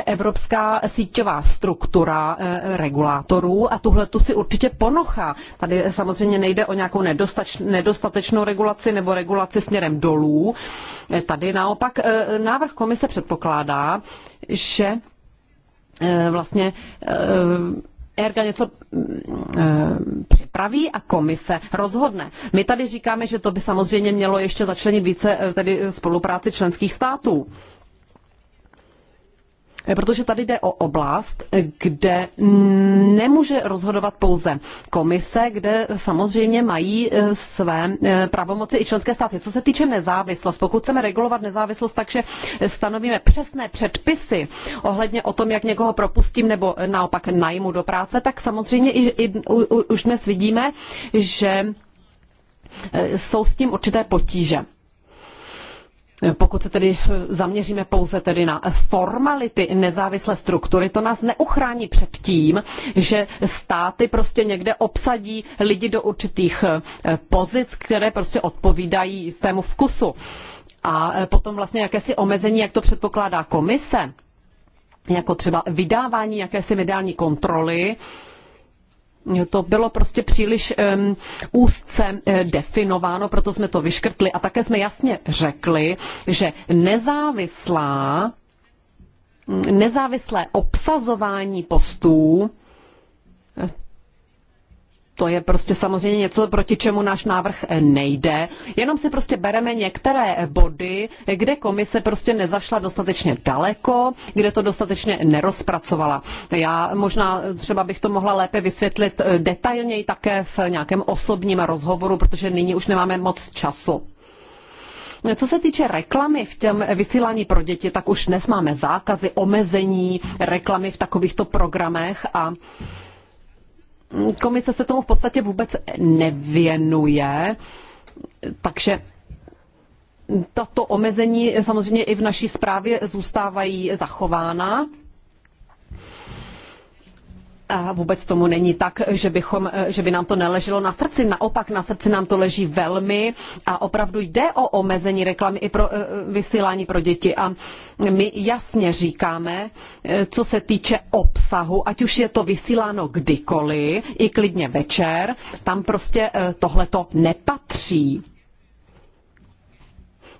evropská síťová struktura regulátorů a tuhle tu si určitě ponocha. Tady samozřejmě nejde o nějakou nedostač, nedostatečnou regulaci nebo regulaci směrem dolů. Tady naopak návrh komise předpokládá, že vlastně ERGA něco mm, eh, připraví a komise rozhodne. My tady říkáme, že to by samozřejmě mělo ještě začlenit více eh, tedy eh, spolupráci členských států. Eh, protože tady jde o oblast, eh, kde nemůže rozhodovat pouze komise, kde samozřejmě mají eh, své pravomoci i členské státy. Co se týče nezávislost, pokud chceme regulovat nezávislost, takže stanovíme přesné předpisy ohledně o tom, jak někoho propustím nebo naopak najmu do práce, tak samozřejmě i, i u, už dnes vidíme, že jsou s tím určité potíže. Pokud se tedy zaměříme pouze tedy na formality nezávislé struktury, to nás neuchrání před tím, že státy prostě někde obsadí lidi do určitých eh, pozic, které prostě odpovídají jistému vkusu. A eh, potom vlastně jakési omezení, jak to předpokládá komise, jako třeba vydávání jakési mediální kontroly, to bylo prostě příliš um, úzce eh, definováno, proto jsme to vyškrtli a také jsme jasně řekli, že nezávislá, nezávislé obsazování postů to je prostě samozřejmě něco, proti čemu náš návrh eh, nejde. Jenom si prostě bereme některé eh, body, kde komise prostě nezašla dostatečně daleko, kde to dostatečně nerozpracovala. Já možná eh, třeba bych to mohla lépe vysvětlit detailněji také v nějakém osobním rozhovoru, protože nyní už nemáme moc času. Co se týče reklamy v těm vysílání pro děti, tak už dnes máme zákazy, omezení reklamy v takovýchto programech a komise se tomu v podstatě vůbec nevěnuje, takže tato omezení samozřejmě i v naší zprávě zůstávají zachována. A vůbec tomu není tak, že, bychom, že by nám to neleželo na srdci. Naopak na srdci nám to leží velmi a opravdu jde o omezení reklamy i pro e, vysílání pro děti. A my jasně říkáme, e, co se týče obsahu, ať už je to vysíláno kdykoliv, i klidně večer, tam prostě e, tohle to nepatří.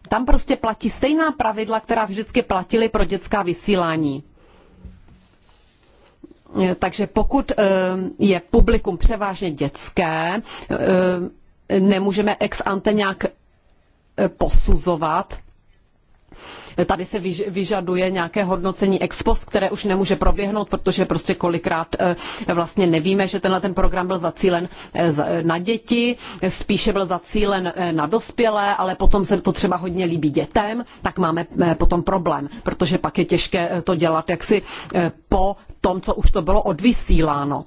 Tam prostě platí stejná pravidla, která vždycky platily pro dětská vysílání. Takže pokud eh, je publikum převážně dětské, eh, nemůžeme ex ante nějak eh, posuzovat, tady se vyžaduje nějaké hodnocení ex post, které už nemůže proběhnout, protože prostě kolikrát eh, vlastně nevíme, že tenhle ten program byl zacílen eh, na děti, spíše byl zacílen eh, na dospělé, ale potom se to třeba hodně líbí dětem, tak máme potom problém, protože pak je těžké to dělat jaksi po tom, co už to bylo odvysíláno.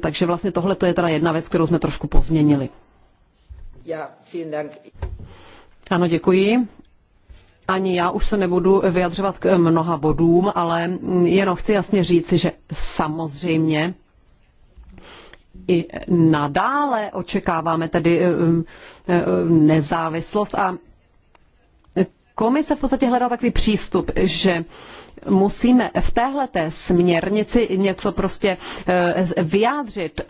Takže vlastně tohle to je teda jedna věc, kterou jsme trošku pozměnili. vielen Dank. Ano, děkuji ani já už se nebudu vyjadřovat k mnoha bodům, ale jenom chci jasně říci, že samozřejmě i nadále očekáváme tedy eh, eh, nezávislost a komise v podstatě hledá takový přístup, že musíme v téhle té směrnici něco prostě eh, vyjádřit.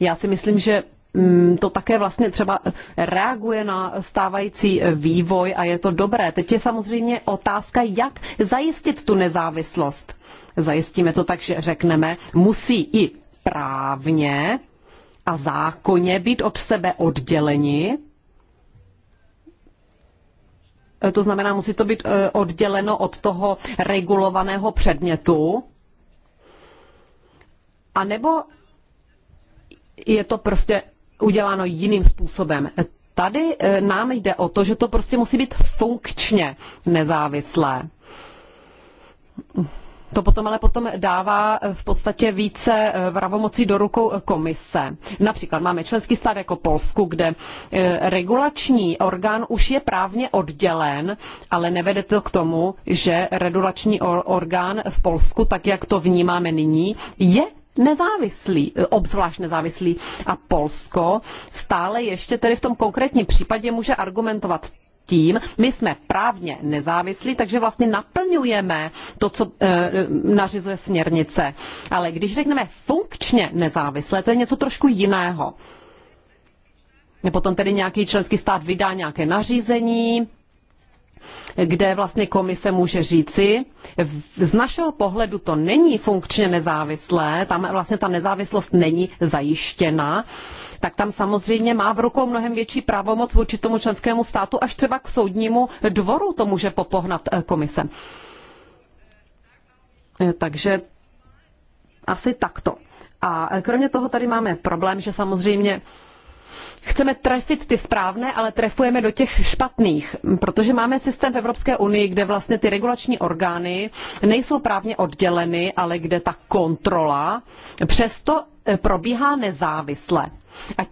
Já si myslím, že Mm, to také vlastně třeba reaguje na stávající vývoj a je to dobré. Teď je samozřejmě otázka, jak zajistit tu nezávislost. Zajistíme to tak, že řekneme, musí i právně a zákonně být od sebe odděleni. To znamená, musí to být e, odděleno od toho regulovaného předmětu. A nebo je to prostě uděláno jiným způsobem. Tady e, nám jde o to, že to prostě musí být funkčně nezávislé. To potom ale potom dává e, v podstatě více e, pravomocí do rukou komise. Například máme členský stát jako Polsku, kde regulační orgán už je právně oddělen, ale nevede to k tomu, že regulační orgán v Polsku, tak jak to vnímáme nyní, je nezávislí, obzvlášť nezávislí. A Polsko stále ještě tedy v tom konkrétním případě může argumentovat tím, my jsme právně nezávislí, takže vlastně naplňujeme to, co e, nařizuje směrnice. Ale když řekneme funkčně nezávislé, to je něco trošku jiného. Potom tedy nějaký členský stát vydá nějaké nařízení, kde vlastně komise může říci, z našeho pohledu to není funkčně nezávislé, tam vlastně ta nezávislost není zajištěna, tak tam samozřejmě má v rukou mnohem větší pravomoc vůči tomu členskému státu, až třeba k soudnímu dvoru to může popohnat eh, komise. Eh, takže asi takto. A eh, kromě toho tady máme problém, že samozřejmě chceme trefit ty správné, ale trefujeme do těch špatných, protože máme systém v Evropské unii, kde vlastně ty regulační orgány nejsou právně odděleny, ale kde ta kontrola přesto eh, probíhá nezávisle. A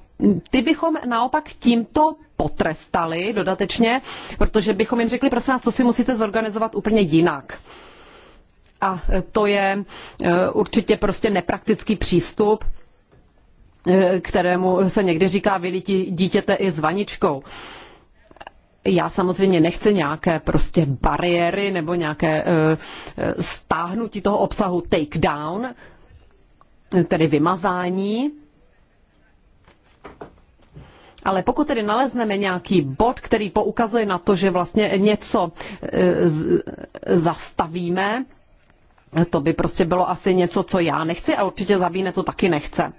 ty bychom naopak tímto potrestali dodatečně, protože bychom jim řekli, prosím vás, to si musíte zorganizovat úplně jinak. A to je eh, určitě prostě nepraktický přístup E, kterému se někdy říká vylítí dítěte i s vaničkou. Já samozřejmě nechci nějaké prostě bariéry nebo nějaké e, e, stáhnutí toho obsahu take down, tedy vymazání. Ale pokud tedy nalezneme nějaký bod, který poukazuje na to, že vlastně něco zastavíme, to by prostě bylo asi něco, co já nechci a určitě Zabíne to taky nechce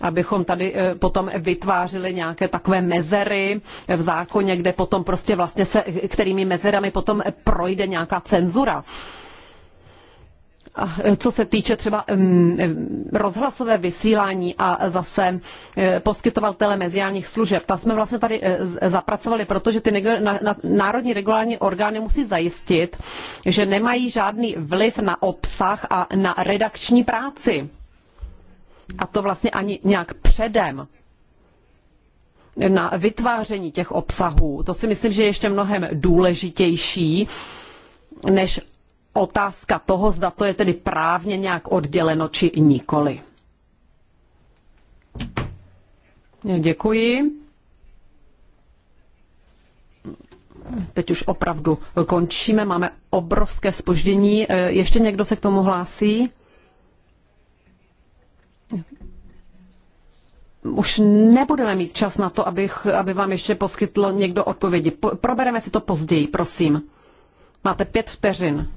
abychom tady eh, potom vytvářeli nějaké takové mezery v zákoně, kde potom prostě vlastně se, kterými mezerami potom projde nějaká cenzura. Eh, co se týče třeba mm, eh, rozhlasové vysílání a zase poskytovatele mediálních služeb, ta jsme vlastně tady zapracovali, protože ty národní regulární orgány musí zajistit, že nemají žádný vliv na obsah a na redakční práci a to vlastně ani nějak předem na vytváření těch obsahů. To si myslím, že je ještě mnohem důležitější než otázka toho, zda to je tedy právně nějak odděleno či nikoli. Děkuji. Teď už opravdu končíme, máme obrovské spoždění. E, ještě někdo se k tomu hlásí? už nebudeme mít čas na to, abych, aby vám ještě poskytlo někdo odpovědi. Probereme si to později, prosím. Máte pět vteřin.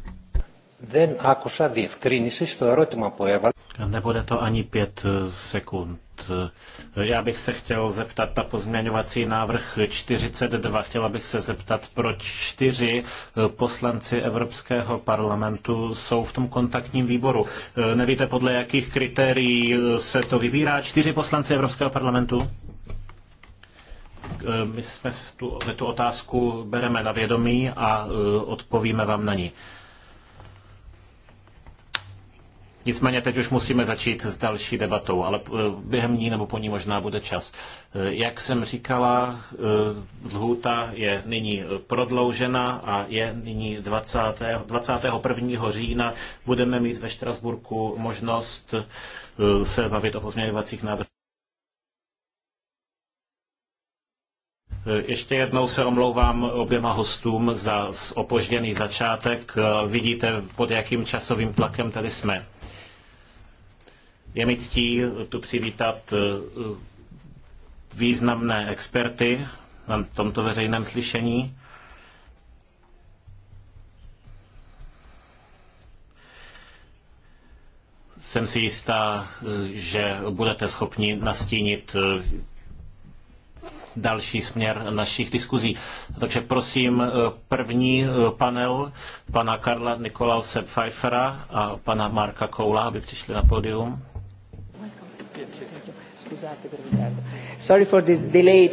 Δεν άκουσα διευκρίνηση στο ερώτημα που έβαλα. Nebude to ani pět eh, sekund. Eh, já bych se chtěl zeptat na pozměňovací návrh 42. Chtěla bych se zeptat, proč čtyři eh, poslanci Evropského parlamentu jsou v tom kontaktním výboru. Nevíte, podle jakých kritérií se to vybírá? Čtyři poslanci Evropského parlamentu? My jsme tu, tu otázku bereme na vědomí a odpovíme vám na ní. Nicméně teď už musíme začít s další debatou, ale eh, během ní nebo po ní možná bude čas. Eh, jak jsem říkala, eh, lhůta je nyní prodloužena a je nyní 20, 21. října. Budeme mít ve Štrasburku možnost se bavit o pozměňovacích návrhů. Ještě jednou se omlouvám oběma hostům za opožděný začátek. Vidíte, pod jakým časovým tlakem tady jsme. Je mi ctí tu přivítat eh, významné experty na tomto veřejném slyšení. Jsem si jistá, eh, že budete schopni nastínit eh, další směr našich diskuzí. Takže prosím první panel pana Karla Nikolause Pfeiffera a pana Marka Koula, aby přišli na pódium. Sorry for this delay,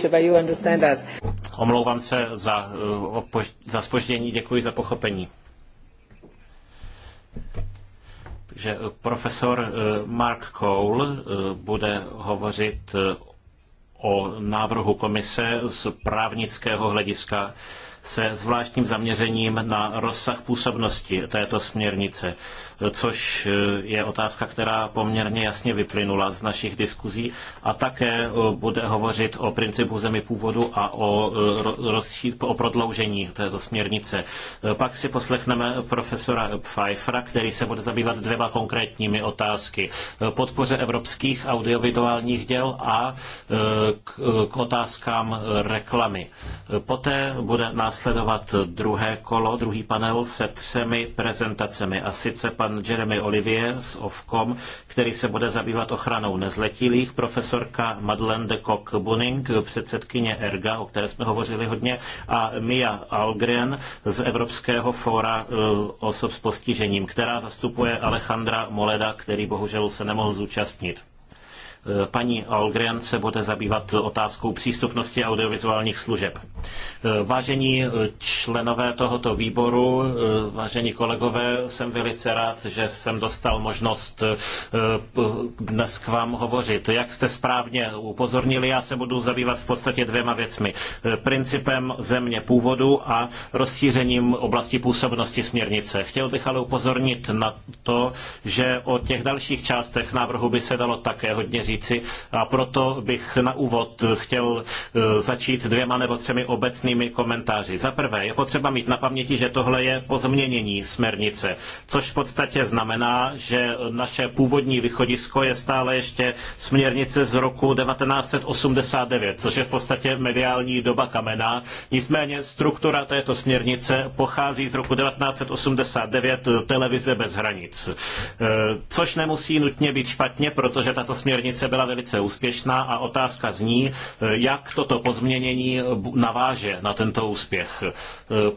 Omlouvám se za, eh, za spoždění, děkuji za pochopení. Takže eh, profesor eh, Mark Cole bude hovořit o návrhu komise z právnického hlediska se zvláštním zaměřením na rozsah působnosti této směrnice což eh, je otázka, která poměrně jasně vyplynula z našich diskuzí a také eh, bude hovořit o principu zemi původu a o, eh, rozší, o prodloužení této směrnice. Pak si poslechneme profesora Pfeiffera, který se bude zabývat dvěma konkrétními otázky. Podpoře evropských audiovizuálních děl a k otázkám reklamy. Poté bude následovat druhé kolo, druhý panel se třemi prezentacemi a sice pan pan Jeremy Olivier z OFCOM, který se bude zabývat ochranou nezletilých, profesorka Madeleine de Kock Buning, předsedkyně ERGA, o které jsme hovořili hodně, a Mia Algren z Evropského fóra eh, osob s postižením, která zastupuje Alejandra Moleda, který bohužel se nemohl zúčastnit. Eh, paní Algren se bude zabývat otázkou přístupnosti audiovizuálních služeb. Eh, vážení eh, členové tohoto výboru, vážení kolegové, jsem velice rád, že jsem dostal možnost dnes k vám hovořit. Jak jste správně upozornili, já se budu zabývat v podstatě dvěma věcmi. Principem země původu a rozšířením oblasti působnosti směrnice. Chtěl bych ale upozornit na to, že o těch dalších částech návrhu by se dalo také hodně říct říci. A proto bych na úvod chtěl e, začít dvěma nebo třemi obecnými komentáři. Za prvé, je potřeba mít na paměti, že tohle je pozměnění směrnice, což v podstatě znamená, že naše původní východisko je stále ještě směrnice z roku 1989, což je v podstatě mediální doba kamená. Nicméně struktura této směrnice pochází z roku 1989 televize bez hranic. E, což nemusí nutně být špatně, protože tato směrnice práce byla velice úspěšná a otázka zní, eh, jak toto pozměnění naváže na tento úspěch. Eh,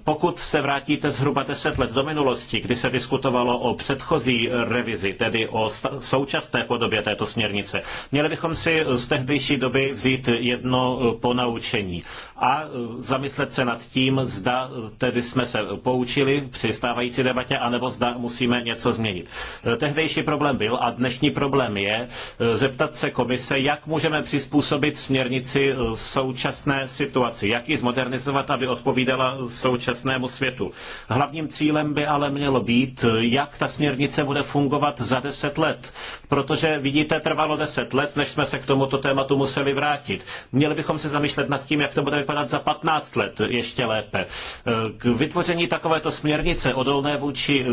pokud se vrátíte zhruba 10 let do minulosti, kdy se diskutovalo o předchozí revizi, tedy o současné podobě této směrnice, měli bychom si z tehdejší doby vzít jedno eh, ponaučení a zamyslet se nad tím, zda tedy jsme se poučili při stávající debatě, anebo zda musíme něco změnit. Tehdejší problém byl a dnešní problém je zeptat zástupce komise, jak můžeme přizpůsobit směrnici eh, současné situaci, jak ji zmodernizovat, aby odpovídala současnému světu. Hlavním cílem by ale mělo být, eh, jak ta směrnice bude fungovat za deset let, protože vidíte, trvalo deset let, než jsme se k tomuto tématu museli vrátit. Měli bychom se zamýšlet nad tím, jak to bude vypadat za 15 let eh, ještě lépe. K vytvoření takovéto směrnice odolné vůči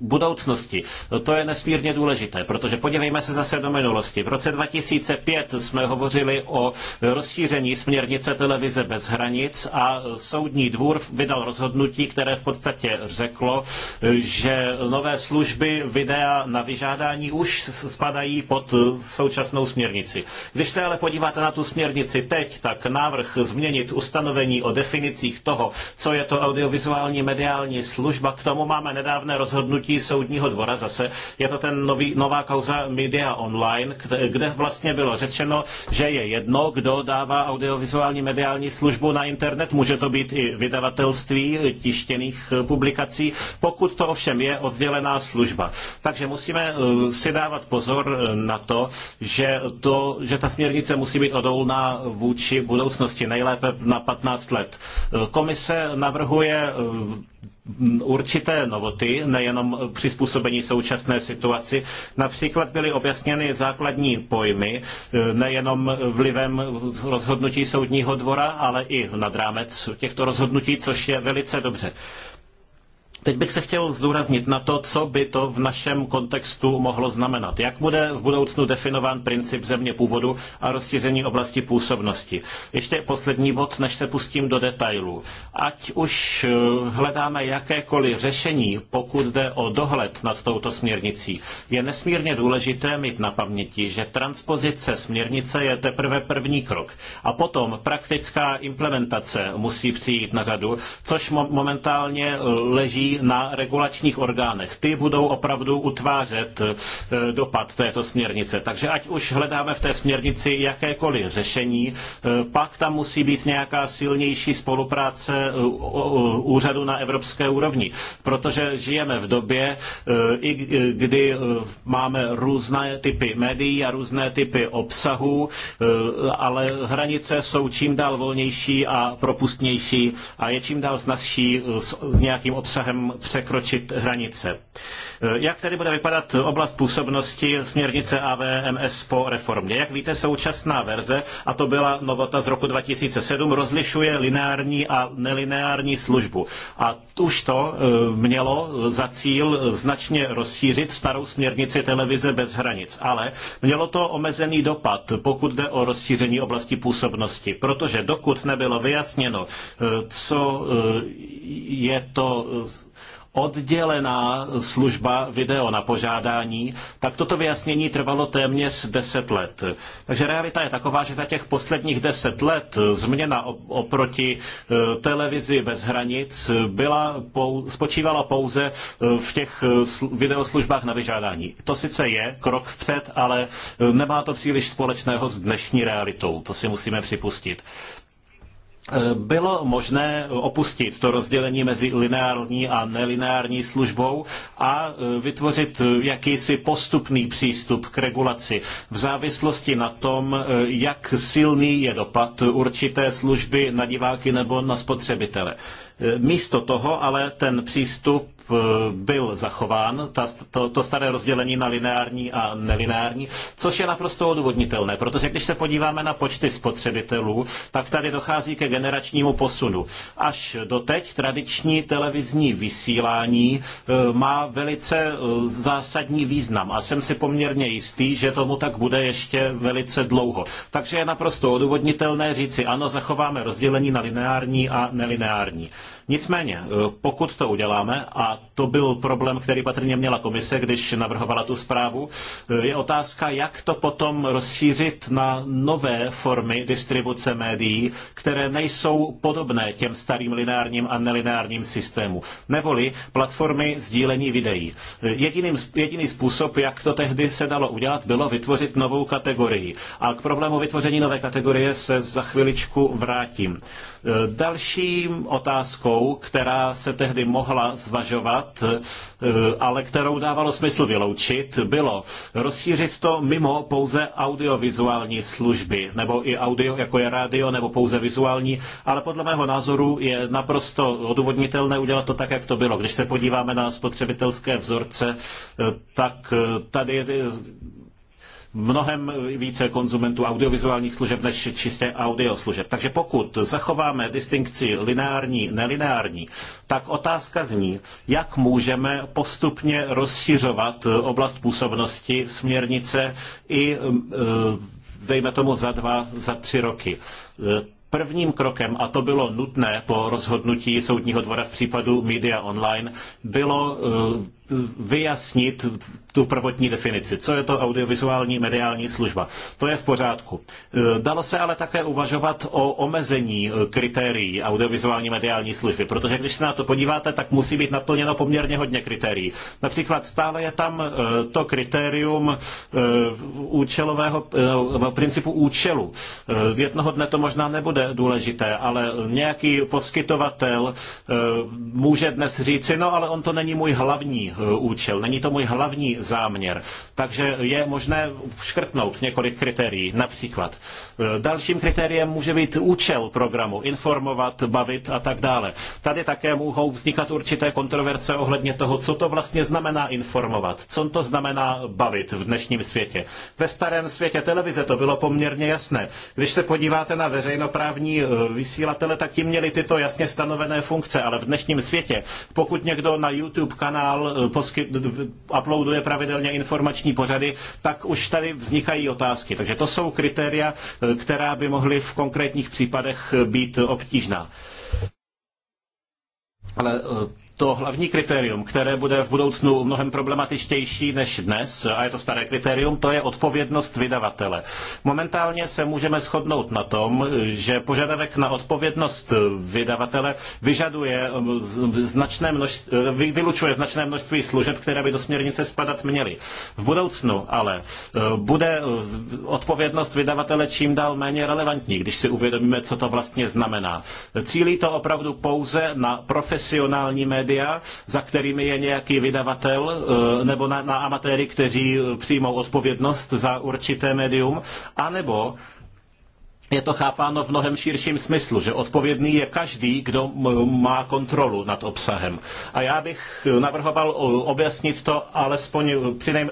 budoucnosti, to je nesmírně důležité, protože podívejme se zase do minulosti. V roce 2005 jsme hovořili o rozšíření směrnice televize bez hranic a soudní dvůr vydal rozhodnutí, které v podstatě řeklo, že nové služby videa na vyžádání už spadají pod současnou směrnici. Když se ale podíváte na tu směrnici teď, tak návrh změnit ustanovení o definicích toho, co je to audiovizuální mediální služba, k tomu máme nedávné rozhodnutí soudního dvora zase. Je to ten nový, nová kauza Media Online, kde vlastně bylo řečeno, že je jedno, kdo dává audiovizuální mediální službu na internet, může to být i vydavatelství tištěných eh, publikací, pokud to ovšem je oddělená služba. Takže musíme eh, si dávat pozor eh, na to, že, to, že ta směrnice musí být odolná vůči budoucnosti, nejlépe na 15 let. Komise navrhuje určité novoty, nejenom přizpůsobení současné situaci. Například byly objasněny základní pojmy, e, nejenom vlivem rozhodnutí soudního dvora, ale i nad rámec těchto rozhodnutí, což je velice dobře. Teď bych se chtěl zdůraznit na to, co by to v našem kontextu mohlo znamenat. Jak bude v budoucnu definován princip země původu a rozšíření oblasti působnosti. Ještě poslední bod, než se pustím do detailů. Ať už eh, hledáme jakékoliv řešení, pokud jde o dohled nad touto směrnicí, je nesmírně důležité mít na paměti, že transpozice směrnice je teprve první krok. A potom praktická implementace musí přijít na řadu, což momentálně eh, leží na regulačních orgánech. Ty budou opravdu utvářet e, dopad této směrnice. Takže ať už hledáme v té směrnici jakékoliv řešení, e, pak tam musí být nějaká silnější spolupráce úřadu na evropské úrovni. Protože žijeme v době, e, kdy máme různé typy médií a různé typy obsahu, ale hranice jsou čím dál volnější a propustnější a je čím dál snazší s nějakým obsahem překročit hranice. Eh, jak tedy bude vypadat oblast působnosti směrnice AVMS po reformě? Jak víte, současná verze, a to byla novota z roku 2007, rozlišuje lineární a nelineární službu. A už to eh, mělo za cíl značně rozšířit starou směrnici televize bez hranic. Ale mělo to omezený dopad, pokud jde o rozšíření oblasti působnosti, protože dokud nebylo vyjasněno, eh, co je to oddělená služba video na požádání, tak toto vyjasnění trvalo téměř 10 let. Takže realita je taková, že za těch posledních 10 let změna oproti e, televizi bez hranic byla, spočívala pouze e, v těch e, videoslužbách na vyžádání. To sice je krok vpřed, ale nemá to příliš společného s dnešní realitou. To si musíme připustit. Eh, bylo možné opustit to rozdělení mezi lineární a nelineární službou a eh, vytvořit eh, jakýsi postupný přístup k regulaci v závislosti na tom, jak silný je dopad určité služby na diváky nebo na spotřebitele. Místo toho ale ten přístup eh, byl zachován, ta, to, to staré rozdělení na lineární a nelineární, což je naprosto odůvodnitelné, protože když se podíváme na počty spotřebitelů, tak tady dochází ke generačnímu posunu. Až doteď tradiční televizní vysílání eh, má velice eh, zásadní význam a jsem si poměrně jistý, že tomu tak bude ještě velice dlouho. Takže je naprosto odůvodnitelné říci, ano, zachováme rozdělení na lineární a nelineární. Nicméně, eh, pokud to uděláme, a to byl problém, který patrně měla komise, když navrhovala tu zprávu, eh, je otázka, jak to potom rozšířit na nové formy distribuce médií, které nejsou podobné těm starým lineárním a nelineárním systémům, neboli platformy sdílení videí. Eh, jediným, jediný způsob, jak to tehdy se dalo udělat, bylo vytvořit novou kategorii. A k problému vytvoření nové kategorie se za chviličku vrátím. Dalším otázkou cestou, která se tehdy mohla zvažovat, eh, ale kterou dávalo smysl vyloučit, bylo rozšířit to mimo pouze audiovizuální služby, nebo i audio, jako je rádio, nebo pouze vizuální, ale podle mého názoru je naprosto odůvodnitelné udělat to tak, jak to bylo. Když se podíváme na spotřebitelské vzorce, eh, tak eh, tady mnohem více konzumentů audiovizuálních služeb než čistě audioslužeb. Takže pokud zachováme distinkci lineární, nelineární, tak otázka zní, jak můžeme postupně rozšiřovat eh, oblast působnosti směrnice i eh, dejme tomu za dva, za tři roky eh, prvním krokem, a to bylo nutné po rozhodnutí Soudního dvora v případu Media Online, bylo vyjasnit tu prvotní definici, co je to audiovizuální mediální služba. To je v pořádku. E, dalo se ale také uvažovat o omezení e, kritérií audiovizuální mediální služby, protože když se na to podíváte, tak musí být naplněno poměrně hodně kritérií. Například stále je tam e, to kritérium účelového, principu účelu. Jednoho dne to možná nebude důležité, ale nějaký poskytovatel může dnes říci, no ale on to není můj hlavní Eh, účel, není to můj hlavní záměr. Takže je možné škrtnout několik kritérií, například. Eh, dalším kritériem může být účel programu, informovat, bavit a tak dále. Tady také mohou vznikat určité kontroverze ohledně toho, co to vlastně znamená informovat, co to znamená bavit v dnešním světě. Ve starém světě televize to bylo poměrně jasné. Když se podíváte na veřejnoprávní eh, vysílatele, tak ti měli tyto jasně stanovené funkce, ale v dnešním světě, pokud někdo na YouTube kanál poskyt, uploaduje pravidelně informační pořady, tak už tady vznikají otázky. Takže to jsou kritéria, e, která by mohly v konkrétních případech e, být obtížná. Ale e, to hlavní kritérium, které bude v budoucnu mnohem problematičtější než dnes, a je to staré kritérium, to je odpovědnost vydavatele. Momentálně se můžeme shodnout na tom, že požadavek na odpovědnost vydavatele vyžaduje um, značné množství, uh, vylučuje značné množství služeb, které by do směrnice spadat měly. V budoucnu ale uh, bude uh, odpovědnost vydavatele čím dál méně relevantní, když si uvědomíme, co to vlastně znamená. Cílí to opravdu pouze na profesionální média média, za kterými je nějaký vydavatel eh, nebo na, na amatéry, kteří eh, přijmou odpovědnost za určité médium, anebo je to chápáno v mnohem širším smyslu, že odpovědný je každý, kdo má kontrolu nad obsahem. A já bych eh, navrhoval objasnit to alespoň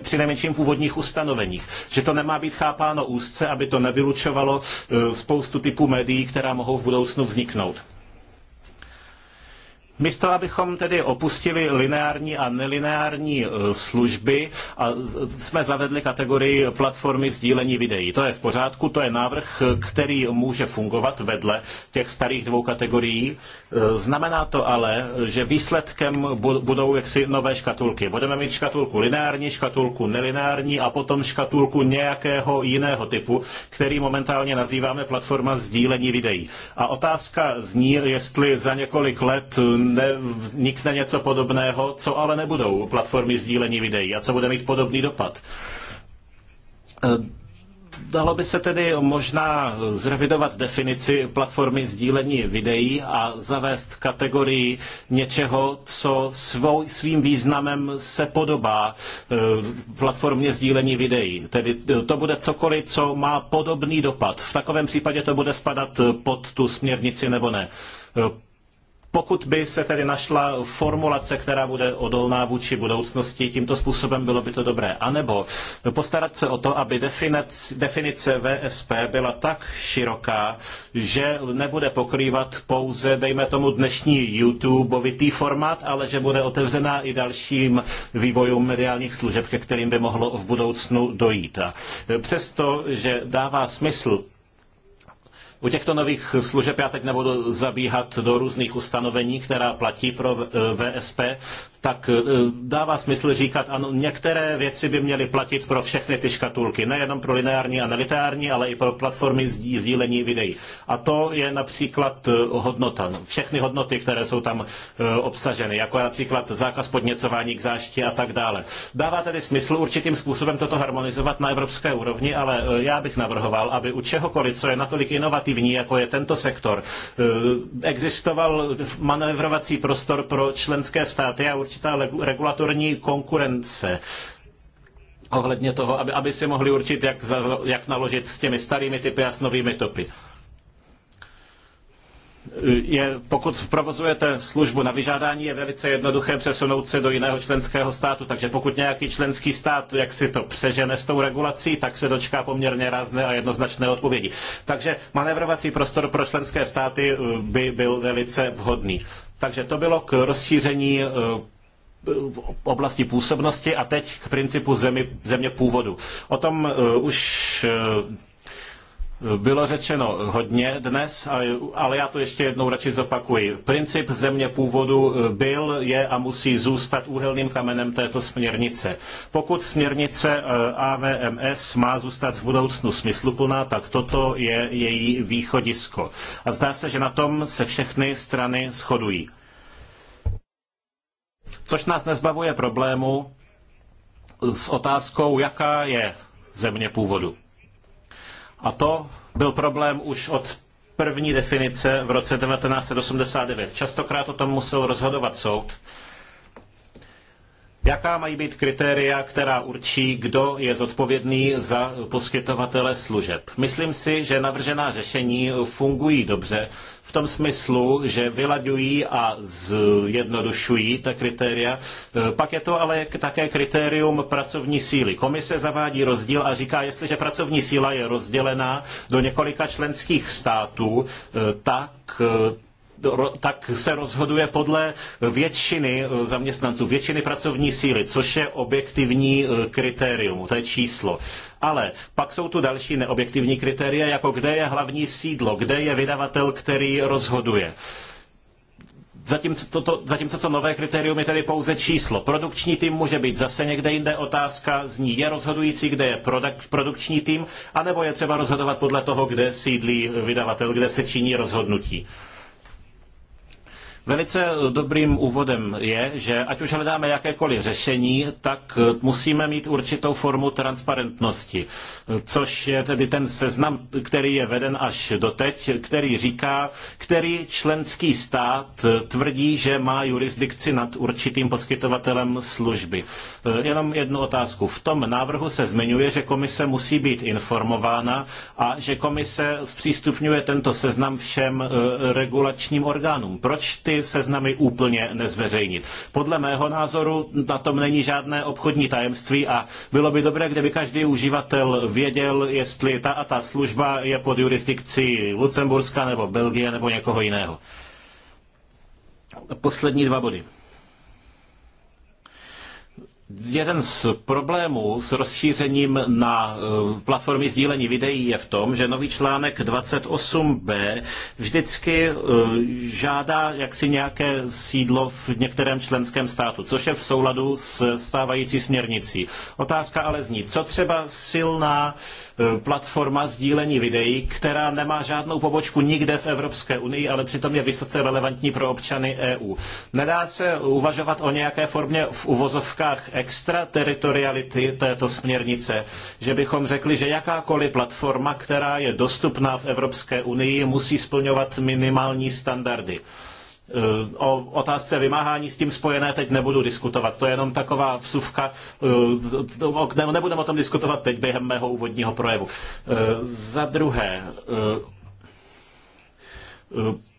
při nejmenším v úvodních ustanoveních, že to nemá být chápáno úzce, aby to nevylučovalo spoustu typů médií, která mohou v budoucnu vzniknout. Místo, abychom tedy opustili lineární a nelineární e, služby a jsme zavedli kategorii platformy sdílení videí. To je v pořádku, to je návrh, e, který může fungovat vedle těch starých dvou kategorií. E, znamená to ale, že výsledkem budou jaksi nové škatulky. Budeme mít škatulku lineární, škatulku nelineární a potom škatulku nějakého jiného typu, který momentálně nazýváme platforma sdílení videí. A otázka zní, jestli za několik let nevznikne něco podobného, co ale nebudou platformy sdílení videí a co bude mít podobný dopad. E, dalo by se tedy možná zrevidovat definici platformy sdílení videí a zavést kategorii něčeho, co svou, svým významem se podobá e, platformě sdílení videí. Tedy e, to bude cokoliv, co má podobný dopad. V takovém případě to bude spadat pod tu směrnici nebo ne. Pokud by se tedy našla formulace, která bude odolná vůči budoucnosti, tímto způsobem bylo by to dobré. A nebo postarat se o to, aby definice VSP byla tak široká, že nebude pokrývat pouze, dejme tomu, dnešní YouTubeovitý formát, ale že bude otevřená i dalším vývojům mediálních služeb, ke kterým by mohlo v budoucnu dojít. A přesto, že dává smysl u těchto nových služeb já teď nebudu zabíhat do různých ustanovení, která platí pro VSP. Eh, tak e, dává smysl říkat, ano, některé věci by měly platit pro všechny ty škatulky, nejenom pro lineární a nelineární, ale i pro platformy sdílení videí. A to je například e, hodnota, všechny hodnoty, které jsou tam e, obsaženy, jako je například zákaz podněcování k zášti a tak dále. Dává tedy smysl určitým způsobem toto harmonizovat na evropské úrovni, ale já bych navrhoval, aby u čehokoliv, co je natolik inovativní, jako je tento sektor, existoval manévrovací prostor pro členské státy a určitě určitá regulatorní konkurence ohledně toho, aby, aby si mohli určit, jak, za, jak naložit s těmi starými typy a s novými typy. Je, pokud provozujete službu na vyžádání, je velice jednoduché přesunout se do jiného členského státu. Takže pokud nějaký členský stát, jak si to přežene s tou regulací, tak se dočká poměrně rázné a jednoznačné odpovědi. Takže manévrovací prostor pro členské státy eh, by byl velice vhodný. Takže to bylo k rozšíření eh, oblasti působnosti a teď k principu zemi, země původu. O tom eh, už eh, bylo řečeno hodně dnes, ale já to ještě jednou radši zopakuji. Princip země původu eh, byl, je a musí zůstat úhelným kamenem této směrnice. Pokud směrnice AVMS má zůstat v budoucnu smysluplná, tak toto je její východisko. A zdá se, že na tom se všechny strany shodují. Což nás nezbavuje problému s otázkou, jaká je země původu. A to byl problém už od první definice v roce 1989. Častokrát o tom musel rozhodovat soud Jaká mají být kritéria, která určí, kdo je zodpovědný za poskytovatele služeb? Myslím si, že navržená řešení fungují dobře v tom smyslu, že vylaďují a zjednodušují ta kritéria. Pak je to ale také kritérium pracovní síly. Komise zavádí rozdíl a říká, jestliže pracovní síla je rozdělená do několika členských států, eh, tak eh, tak se rozhoduje podle většiny eh, zaměstnanců, většiny pracovní síly, což je objektivní eh, kritérium, to je číslo. Ale pak jsou tu další neobjektivní kritéria, jako kde je hlavní sídlo, kde je vydavatel, který rozhoduje. Zatímco to, to, zatímco to nové kritérium je tedy pouze číslo. Produkční tým může být zase někde jinde. Otázka zní, je rozhodující, kde je produk, produkční tým, anebo je třeba rozhodovat podle toho, kde sídlí vydavatel, kde se činí rozhodnutí. Uh, Velice dobrým úvodem je, že ať už hledáme jakékoliv řešení, tak musíme mít určitou formu transparentnosti, což je tedy ten seznam, který je veden až doteď, který říká, který členský stát tvrdí, že má jurisdikci nad určitým poskytovatelem služby. Jenom jednu otázku. V tom návrhu se zmiňuje, že komise musí být informována a že komise zpřístupňuje tento seznam všem eh, regulačním orgánům. Proč ty ty seznamy úplně nezveřejnit. Podle mého názoru na tom není žádné obchodní tajemství a bylo by dobré, kdyby každý uživatel věděl, jestli ta a ta služba je pod jurisdikcí Lucemburska nebo Belgie nebo někoho jiného. Poslední dva body. Jeden z problémů s rozšířením na eh, platformy sdílení videí je v tom, že nový článek 28b vždycky eh, žádá jaksi nějaké sídlo v některém členském státu, což je v souladu s stávající směrnicí. Otázka ale zní, co třeba silná eh, platforma sdílení videí, která nemá žádnou pobočku nikde v Evropské unii, ale přitom je vysoce relevantní pro občany EU. Nedá se uvažovat o nějaké formě v uvozovkách extrateritoriality této směrnice, že bychom řekli, že jakákoliv platforma, která je dostupná v Evropské unii, musí splňovat minimální standardy. E, o otázce vymáhání s tím spojené teď nebudu diskutovat. To je jenom taková vsuvka. E, nebudeme o tom diskutovat teď během mého úvodního projevu. E, za druhé,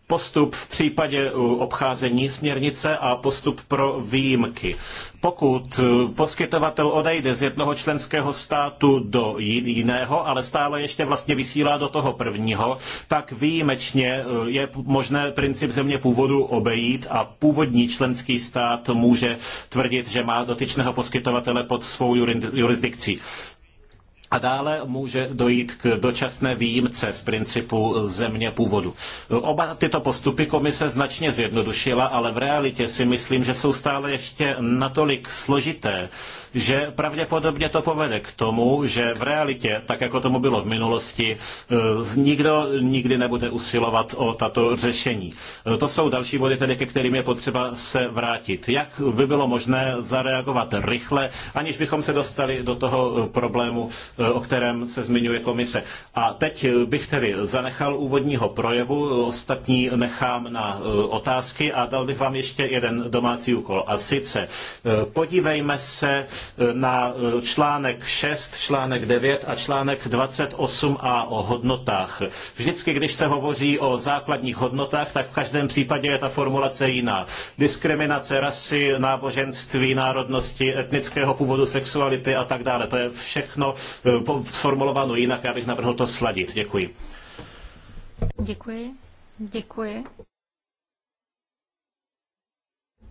postup v případě obcházení směrnice a postup pro výjimky. Pokud e, poskytovatel odejde z jednoho členského státu do jiného, ale stále ještě vlastně vysílá do toho prvního, tak výjimečně e, je možné princip země původu obejít a původní členský stát může tvrdit, že má dotyčného poskytovatele pod svou jurisdikcí. A dále může dojít k dočasné výjimce z principu země původu. Oba tyto postupy komise značně zjednodušila, ale v realitě si myslím, že jsou stále ještě natolik složité, že pravděpodobně to povede k tomu, že v realitě, tak jako tomu bylo v minulosti, e, nikdo nikdy nebude usilovat o tato řešení. E, to jsou další body, tedy, ke kterým je potřeba se vrátit. Jak by bylo možné zareagovat rychle, aniž bychom se dostali do toho problému e, o kterém se zmiňuje komise. A teď bych tedy zanechal úvodního projevu, ostatní nechám na e, otázky a dal bych vám ještě jeden domácí úkol. A sice e, podívejme se e, na článek 6, článek 9 a článek 28a o hodnotách. Vždycky, když se hovoří o základních hodnotách, tak v každém případě je ta formulace jiná. Diskriminace rasy, náboženství, národnosti, etnického původu, sexuality a tak dále. To je všechno sformulováno jinak, já bych navrhl to sladit. Děkuji. Děkuji. Děkuji.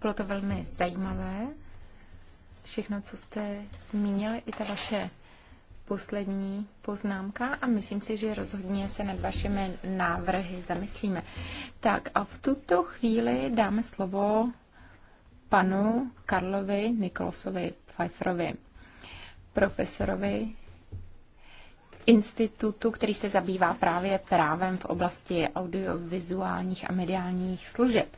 Bylo to velmi zajímavé. Všechno, co jste zmínili, i ta vaše poslední poznámka a myslím si, že rozhodně se nad vašimi návrhy zamyslíme. Tak a v tuto chvíli dáme slovo panu Karlovi Nikolosovi Pfeifferovi, profesorovi institutu, který se zabývá právě právem v oblasti audiovizuálních a mediálních služeb.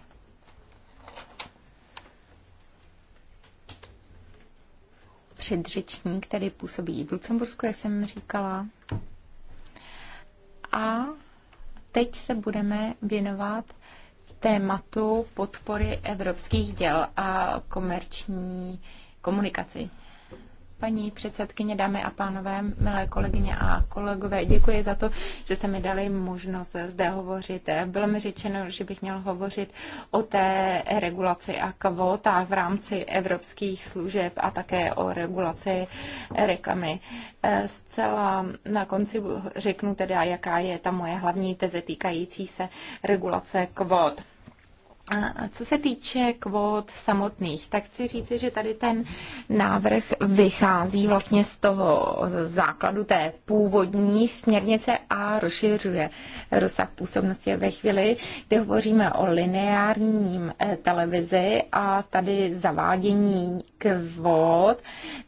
Předřečník, který působí v Lucembursku, jak jsem říkala. A teď se budeme věnovat tématu podpory evropských děl a komerční komunikaci. Paní předsedkyně, dámy a pánové, milé kolegyně a kolegové, děkuji za to, že jste mi dali možnost zde hovořit. Bylo mi řečeno, že bych měl hovořit o té regulaci a kvótách v rámci evropských služeb a také o regulaci reklamy. Zcela na konci řeknu teda, jaká je ta moje hlavní teze týkající se regulace kvót co se týče kvót samotných, tak chci říci, že tady ten návrh vychází vlastně z toho základu té původní směrnice a rozšiřuje rozsah působnosti ve chvíli, kdy hovoříme o lineárním eh, televizi a tady zavádění kvót,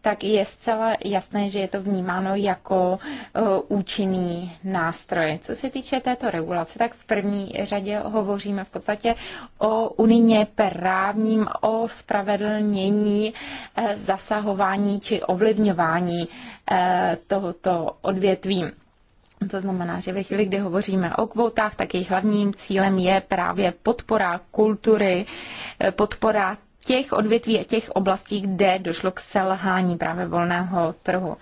tak je zcela jasné, že je to vnímáno jako eh, účinný nástroj. Co se týče této regulace, tak v první řadě hovoříme v podstatě o o unijně právním o spravedlnění eh, zasahování či ovlivňování eh, tohoto odvětví. To znamená, že ve chvíli, kdy hovoříme o kvótách, tak jejich hlavním cílem je právě podpora kultury, eh, podpora těch odvětví a těch oblastí, kde došlo k selhání právě volného trhu.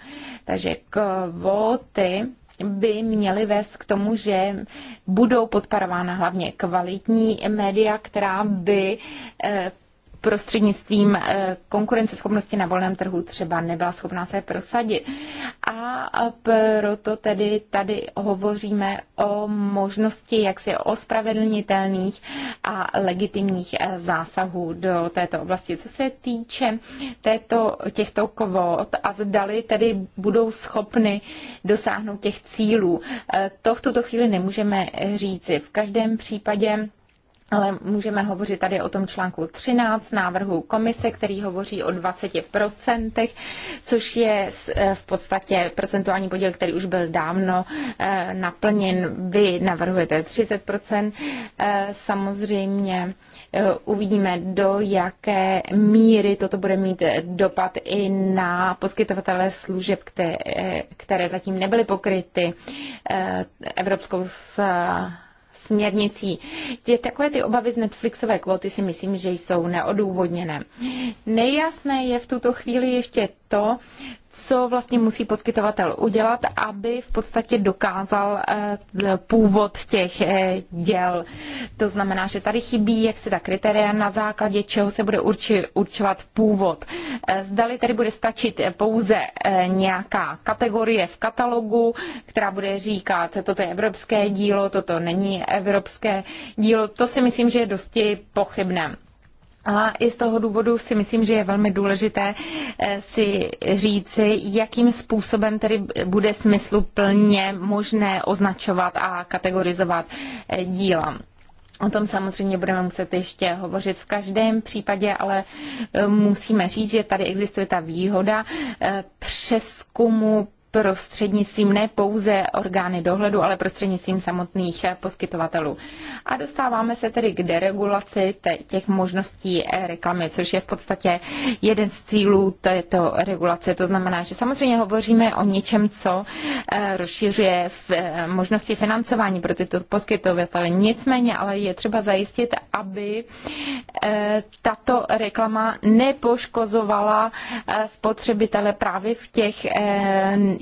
Takže kvóty by měly vést k tomu, že budou podporována hlavně kvalitní média, která by eh, prostřednictvím eh, konkurenceschopnosti na volném trhu třeba nebyla schopná se prosadit. A proto tedy tady hovoříme o možnosti jaksi ospravedlnitelných a legitimních eh, zásahů do této oblasti. Co se týče této, těchto kvót a zdali tedy budou schopny dosáhnout těch cílů, eh, to v tuto chvíli nemůžeme říci. V každém případě ale můžeme hovořit tady o tom článku 13 návrhu komise, který hovoří o 20%, což je eh, v podstatě procentuální podíl, který už byl dávno eh, naplněn. Vy navrhujete 30%. Eh, samozřejmě uvidíme, do jaké míry toto bude mít dopad i na poskytovatele služeb, které zatím nebyly pokryty Evropskou směrnicí. Ty, takové ty obavy z Netflixové kvóty si myslím, že jsou neodůvodněné. Nejasné je v tuto chvíli ještě to, co vlastně musí poskytovatel udělat, aby v podstatě dokázal eh, původ těch eh, děl. To znamená, že tady chybí jak se ta kritéria, na základě čeho se bude urči, určovat původ. Eh, zdali tady bude stačit pouze nějaká kategorie v katalogu, která bude říkat, toto je evropské dílo, toto není evropské dílo. To si myslím, že je dosti pochybné. A i z toho důvodu si myslím, že je velmi důležité eh, si říci, jakým způsobem tedy bude smysluplně možné označovat a kategorizovat eh, díla. O tom samozřejmě budeme muset ještě hovořit v každém případě, ale eh, musíme říct, že tady existuje ta výhoda přeskumu prostřednictvím ne pouze orgány dohledu, ale prostřednictvím samotných eh, poskytovatelů. A dostáváme se tedy k deregulaci těch možností eh, reklamy, což je v podstatě jeden z cílů této regulace. To znamená, že samozřejmě hovoříme o něčem, co eh, rozšiřuje možnosti financování pro tyto poskytovatele. Nicméně ale je třeba zajistit, aby tato reklama nepoškozovala spotřebitele právě v těch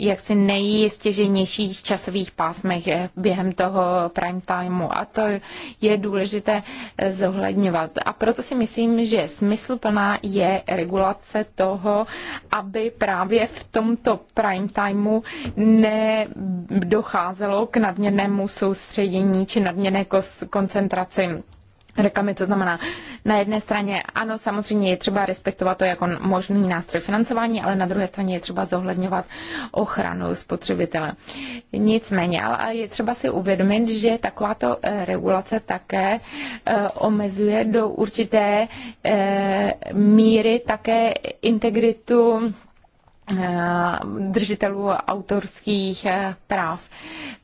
jaksi nejistěženějších časových pásmech eh, během toho prime timeu a to je důležité eh, zohledňovat. A proto si myslím, že smysluplná je regulace toho, aby právě v tomto prime timeu nedocházelo k nadměrnému soustředění či nadměrné koncentraci reklamy. To znamená, na jedné straně ano, samozřejmě je třeba respektovat to jako možný nástroj financování, ale na druhé straně je třeba zohledňovat ochranu spotřebitele. Nicméně, ale je třeba si uvědomit, že takováto eh, regulace také eh, omezuje do určité eh, míry také integritu držitelů autorských práv.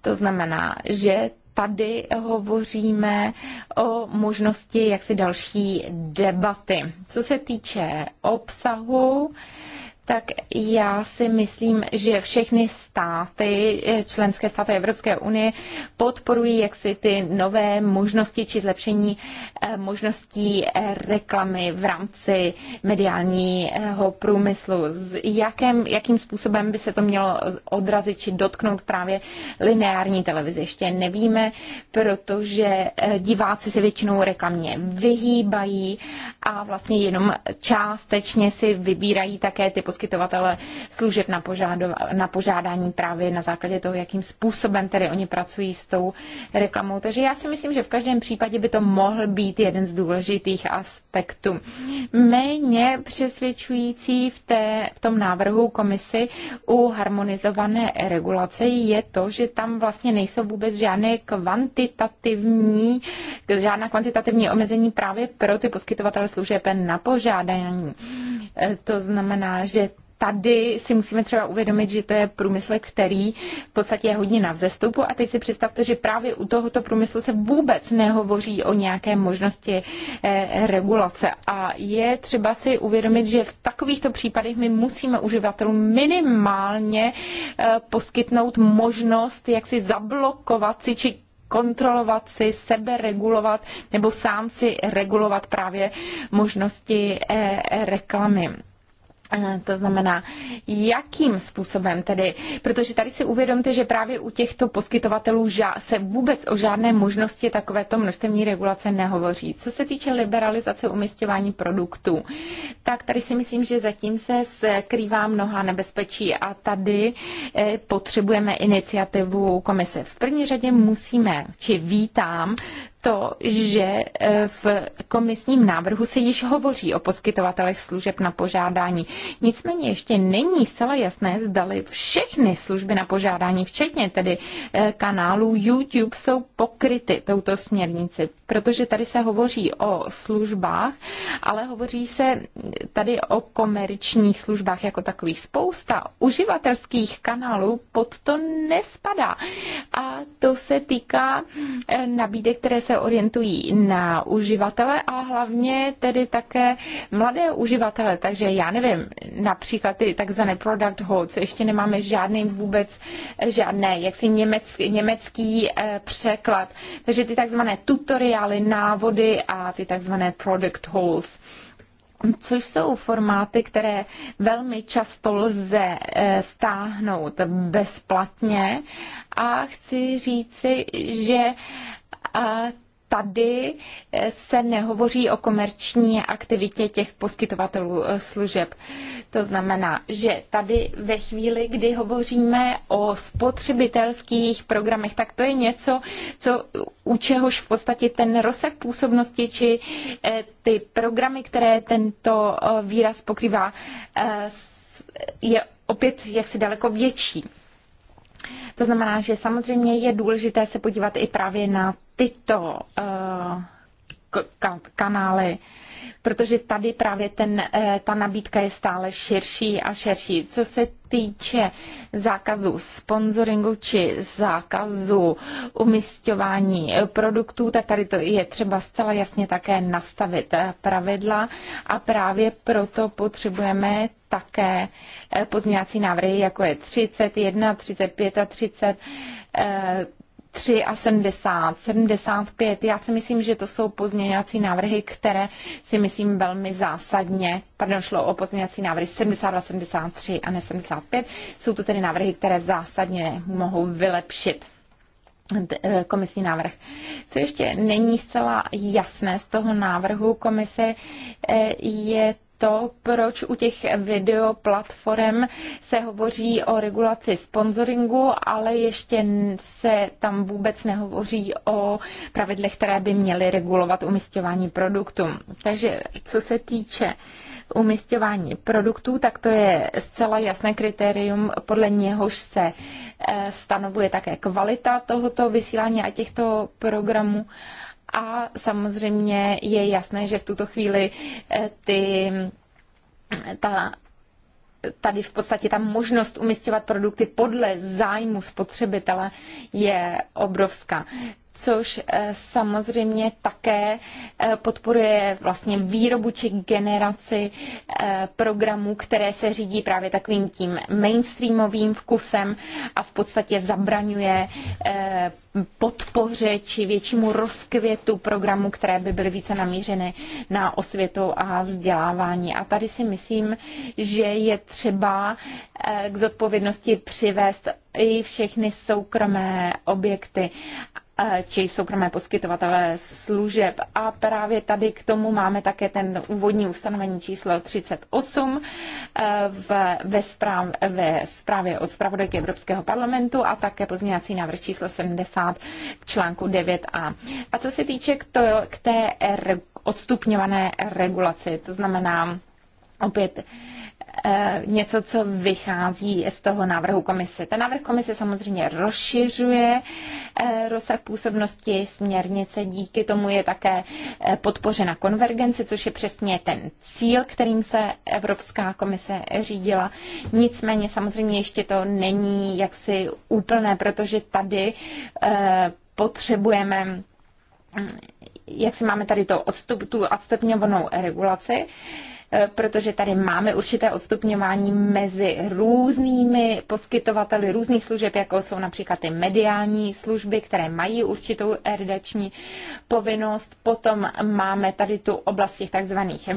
To znamená, že tady hovoříme o možnosti jaksi další debaty. Co se týče obsahu, tak já si myslím, že všechny státy, eh, členské státy Evropské unie podporují jaksi ty nové možnosti či zlepšení eh, možností eh, reklamy v rámci mediálního průmyslu. S jakém, jakým způsobem by se to mělo odrazit či dotknout právě lineární televize? Ještě nevíme, protože diváci se většinou reklamně vyhýbají a vlastně jenom částečně si vybírají také ty poskytovatele služeb na, požádo, na požádání právě na základě toho, jakým způsobem tedy oni pracují s tou reklamou. Takže já si myslím, že v každém případě by to mohl být jeden z důležitých aspektů. Méně přesvědčující v, té, v tom návrhu komisy u harmonizované regulace je to, že tam vlastně nejsou vůbec žádné kvantitativní, žádná kvantitativní omezení právě pro ty poskytovatele služeb na požádání. To znamená, že tady si musíme třeba uvědomit, že to je průmysl, který v podstatě je hodně na vzestupu a teď si představte, že právě u tohoto průmyslu se vůbec nehovoří o nějaké možnosti eh, regulace a je třeba si uvědomit, že v takovýchto případech my musíme uživatelům minimálně eh, poskytnout možnost, jak si zablokovat si či kontrolovat si, sebe regulovat nebo sám si regulovat právě možnosti eh, reklamy. Eh, to znamená, jakým způsobem tedy, protože tady si uvědomte, že právě u těchto poskytovatelů se vůbec o žádné možnosti takovéto množstevní regulace nehovoří. Co se týče liberalizace umistování produktů, tak tady si myslím, že zatím se skrývá mnoha nebezpečí a tady eh, potřebujeme iniciativu komise. V první řadě musíme, či vítám to, že e, v komisním návrhu se již hovoří o poskytovatelech služeb na požádání. Nicméně ještě není zcela jasné, zdali všechny služby na požádání, včetně tedy e, kanálů YouTube, jsou pokryty touto směrnici, protože tady se hovoří o službách, ale hovoří se tady o komerčních službách jako takových. Spousta uživatelských kanálů pod to nespadá. A to se týká e, nabídek, které se se orientují na uživatele a hlavně tedy také mladé uživatele. Takže já nevím, například ty takzvané product holds, ještě nemáme žádný vůbec, žádné, jaksi německý, německý eh, překlad. Takže ty takzvané tutoriály, návody a ty takzvané product holds což jsou formáty, které velmi často lze eh, stáhnout bezplatně. A chci říci, že a tady eh, se nehovoří o komerční aktivitě těch poskytovatelů eh, služeb. To znamená, že tady ve chvíli, kdy hovoříme o spotřebitelských programech, tak to je něco, co u čehož v podstatě ten rozsah působnosti či eh, ty programy, které tento výraz pokrývá, je opět jaksi daleko větší. To znamená, že samozřejmě je důležité se podívat i právě na tyto eh, kanály protože tady právě ten, eh, ta nabídka je stále širší a širší. Co se týče zákazu sponsoringu či zákazu umistování eh, produktů, tak tady to je třeba zcela jasně také nastavit eh, pravidla a právě proto potřebujeme také pozměňovací návrhy, jako je 31, 35 a 30, a 70, 75. Já si myslím, že to jsou pozměňovací návrhy, které si myslím velmi zásadně, pardon, šlo o pozměňovací návrhy 72, 73 a ne 75. Jsou to tedy návrhy, které zásadně mohou vylepšit eh, komisní návrh. Co ještě není zcela jasné z toho návrhu komise, eh, je to, proč u těch videoplatform se hovoří o regulaci sponsoringu, ale ještě se tam vůbec nehovoří o pravidlech, které by měly regulovat umistování produktů. Takže co se týče umistování produktů, tak to je zcela jasné kritérium, podle něhož se eh, stanovuje také kvalita tohoto vysílání a těchto programů a samozřejmě je jasné, že v tuto chvíli eh, ty, ta tady v podstatě ta možnost umistovat produkty podle zájmu spotřebitele je obrovská což eh, samozřejmě také eh, podporuje vlastně výrobu či generaci eh, programů, které se řídí právě takovým tím mainstreamovým vkusem a v podstatě zabraňuje podpoře či většímu rozkvětu programů, které by byly více namířeny na osvětu a vzdělávání. A tady si myslím, že je třeba k zodpovědnosti přivést i všechny soukromé objekty či eh, soukromé poskytovatele služeb. A právě tady k tomu máme také ten úvodní ustanovení číslo 38 eh, v, ve, správ, ve zprávě od zpravodajky Evropského parlamentu a také pozměňovací návrh číslo 70 k článku 9a. A co se týče k, to, k té odstupňované regulaci, to znamená opět Eh, něco, co vychází z toho návrhu komise. Ten návrh komise samozřejmě rozšiřuje eh, rozsah působnosti směrnice, díky tomu je také eh, podpořena konvergenci, což je přesně ten cíl, kterým se Evropská komise řídila. Nicméně samozřejmě ještě to není jaksi úplné, protože tady potřebujeme hm, jak si máme tady to odstup, tu odstupňovanou regulaci, Eh, protože tady máme určité odstupňování mezi různými poskytovateli různých služeb, jako jsou například ty mediální služby, které mají určitou redační povinnost. Potom máme tady tu oblast těch takzvaných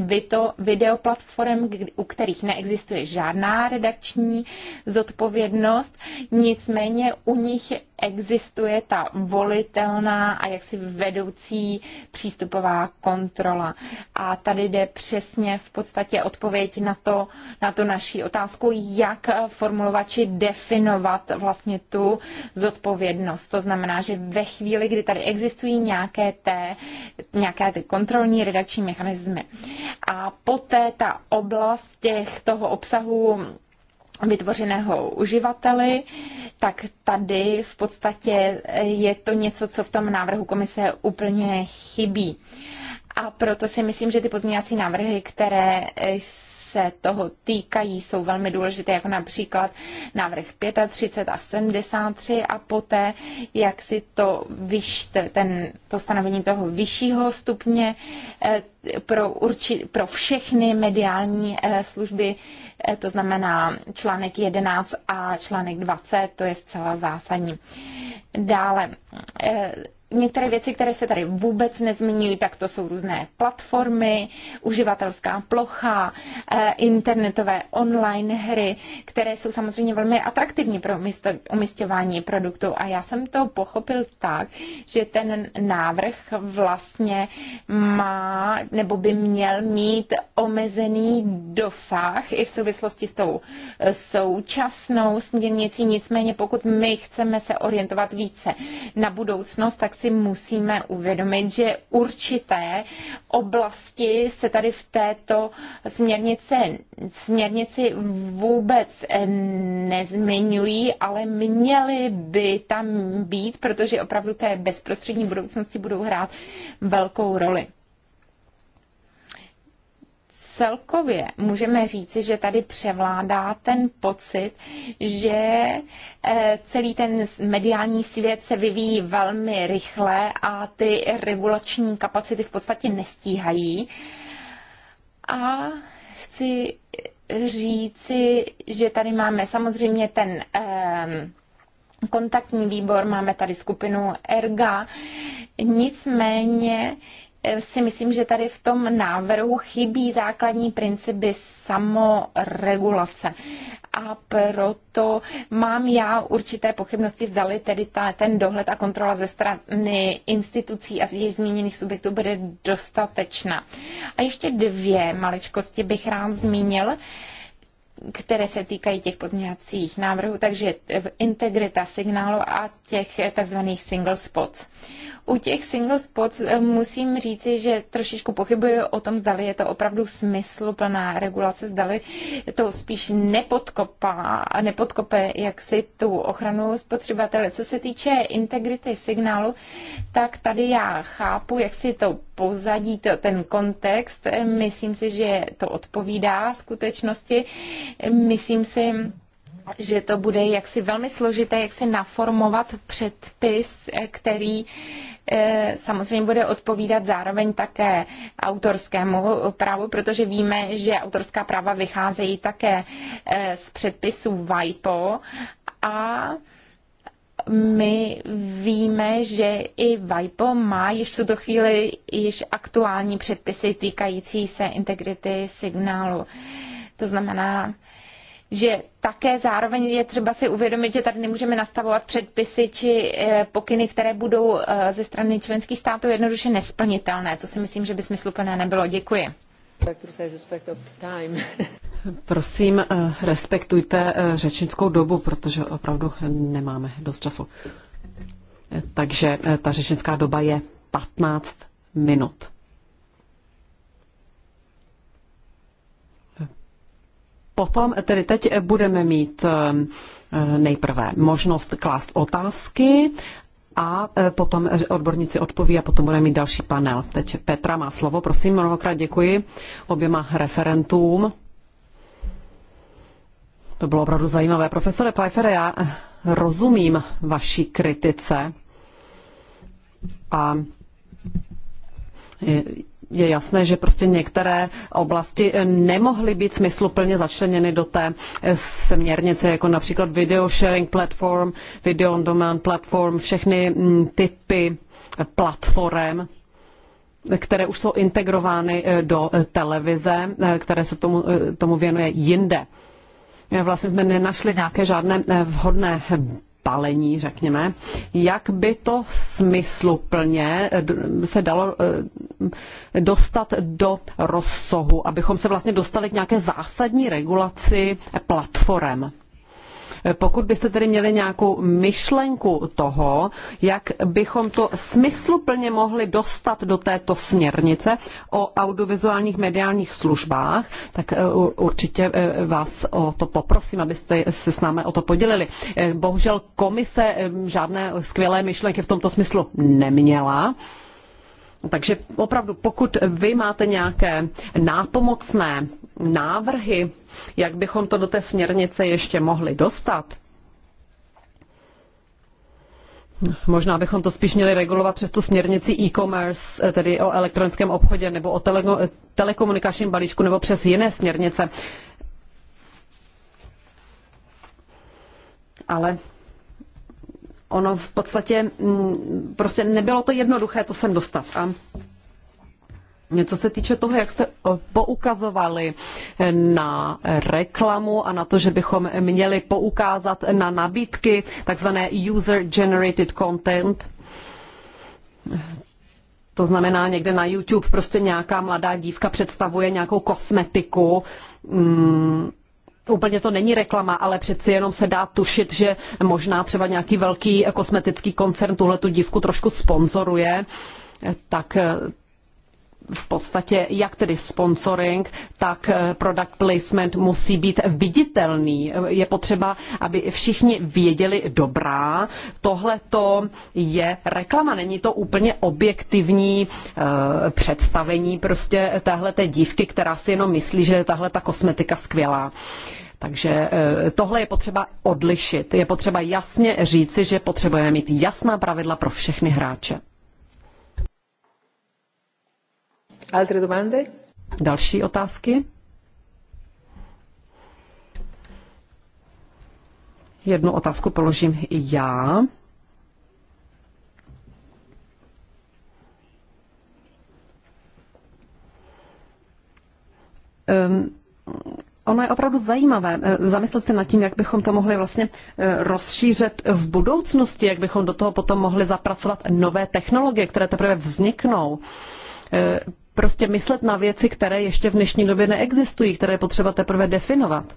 videoplatform, u kterých neexistuje žádná redakční zodpovědnost, nicméně u nich existuje ta volitelná a jaksi vedoucí přístupová kontrola. A tady jde přesně v podstatě podstatě odpověď na, to, na tu naší otázku, jak formulovači definovat vlastně tu zodpovědnost. To znamená, že ve chvíli, kdy tady existují nějaké, té, nějaké ty kontrolní redakční mechanismy a poté ta oblast těch toho obsahu vytvořeného uživateli, tak tady v podstatě je to něco, co v tom návrhu komise úplně chybí. A proto si myslím, že ty pozměňovací návrhy, které se toho týkají, jsou velmi důležité, jako například návrh 35 a 73 a poté, jak si to vyšt, ten postanovení toho vyššího stupně eh, pro, urči, pro všechny mediální eh, služby, eh, to znamená článek 11 a článek 20, to je zcela zásadní. Dále některé věci, které se tady vůbec nezmiňují, tak to jsou různé platformy, uživatelská plocha, eh, internetové online hry, které jsou samozřejmě velmi atraktivní pro umistování produktů. A já jsem to pochopil tak, že ten návrh vlastně má nebo by měl mít omezený dosah i v souvislosti s tou eh, současnou směrnicí. Nicméně pokud my chceme se orientovat více na budoucnost, tak si si musíme uvědomit, že určité oblasti se tady v této směrnice, směrnici vůbec nezmiňují, ale měly by tam být, protože opravdu té bezprostřední budoucnosti budou hrát velkou roli celkově můžeme říci, že tady převládá ten pocit, že eh, celý ten mediální svět se vyvíjí velmi rychle a ty regulační kapacity v podstatě nestíhají. A chci eh, říci, že tady máme samozřejmě ten ehm, kontaktní výbor, máme tady skupinu ERGA, nicméně si myslím, že tady v tom návrhu chybí základní principy samoregulace. A proto mám já určité pochybnosti, zdali tedy ta, ten dohled a kontrola ze strany institucí a jejich zmíněných subjektů bude dostatečná. A ještě dvě maličkosti bych rád zmínil které se týkají těch pozměňovacích návrhů, takže integrita signálu a těch tzv. single spots. U těch single spots eh, musím říci, že trošičku pochybuji o tom, zdali je to opravdu smysluplná regulace, zdali to spíš nepodkopá, nepodkope jak si tu ochranu spotřebatele. Co se týče integrity signálu, tak tady já chápu, jak si to pozadí, to, ten kontext. Myslím si, že to odpovídá skutečnosti. Myslím si, že to bude jaksi velmi složité, jak se naformovat předpis, který eh, samozřejmě bude odpovídat zároveň také autorskému právu, protože víme, že autorská práva vycházejí také eh, z předpisů WIPO a my víme, že i WIPO má již v tuto chvíli již aktuální předpisy týkající se integrity signálu. To znamená, že také zároveň je třeba si uvědomit, že tady nemůžeme nastavovat předpisy či eh, pokyny, které budou eh, ze strany členských států jednoduše nesplnitelné. To si myslím, že by smysluplné nebylo. Děkuji. Prosím, eh, respektujte řečnickou dobu, protože opravdu nemáme dost času. Takže ta řečnická doba je 15 minut. Potom tedy teď budeme mít eh, eh, nejprve možnost klást otázky a eh, potom odborníci odpoví a potom budeme mít další panel. Teď Petra má slovo, prosím, mnohokrát děkuji oběma referentům. To bylo opravdu zajímavé. Profesore Pfeiffer, já rozumím vaší kritice a je jasné, že prostě některé oblasti eh, nemohly být smysluplně začleněny do té eh, směrnice, jako například video sharing platform, video on demand platform, všechny mm, typy eh, platform, které už jsou integrovány do televize, které se tomu, tomu věnuje jinde. Vlastně jsme nenašli nějaké žádné vhodné palení, řekněme, jak by to smysluplně eh, se dalo eh, dostat do rozsahu, abychom se vlastně dostali k nějaké zásadní regulaci platform. Pokud byste tedy měli nějakou myšlenku toho, jak bychom to smysluplně mohli dostat do této směrnice o audiovizuálních mediálních službách, tak eh, určitě eh, vás o to poprosím, abyste se s námi o to podělili. Eh, bohužel komise žádné skvělé myšlenky v tomto smyslu neměla. Takže opravdu, pokud vy máte nějaké nápomocné návrhy, jak bychom to do té směrnice ještě mohli dostat, Možná bychom to spíš měli regulovat přes tu směrnici e-commerce, eh, tedy o elektronickém obchodě nebo o tele- eh, telekomunikačním balíčku nebo přes jiné směrnice. Ale ono v podstatě mm, prostě nebylo to jednoduché to sem dostat. A co se týče toho, jak jste eh, poukazovali eh, na reklamu a na to, že bychom měli poukázat na nabídky, takzvané user-generated content, to znamená, někde na YouTube prostě nějaká mladá dívka představuje nějakou kosmetiku, mm, Úplně to není reklama, ale přeci jenom se dá tušit, že možná třeba nějaký velký kosmetický koncern tuhle tu dívku trošku sponzoruje, tak v podstatě jak tedy sponsoring, tak eh, product placement musí být viditelný. Je potřeba, aby všichni věděli dobrá, tohle to je reklama, není to úplně objektivní uh, představení prostě téhle té dívky, která si jenom myslí, že je tahle ta kosmetika skvělá. Takže eh, tohle je potřeba odlišit. Je potřeba jasně říci, že potřebujeme mít jasná pravidla pro všechny hráče. Altre domande? Další otázky? Jednu otázku položím i já. Um, Ono je opravdu zajímavé eh, zamyslet se nad tím, jak bychom to mohli vlastně eh, rozšířit v budoucnosti, jak bychom do toho potom mohli zapracovat nové technologie, které teprve vzniknou. Eh, prostě myslet na věci, které ještě v dnešní době neexistují, které je potřeba teprve definovat.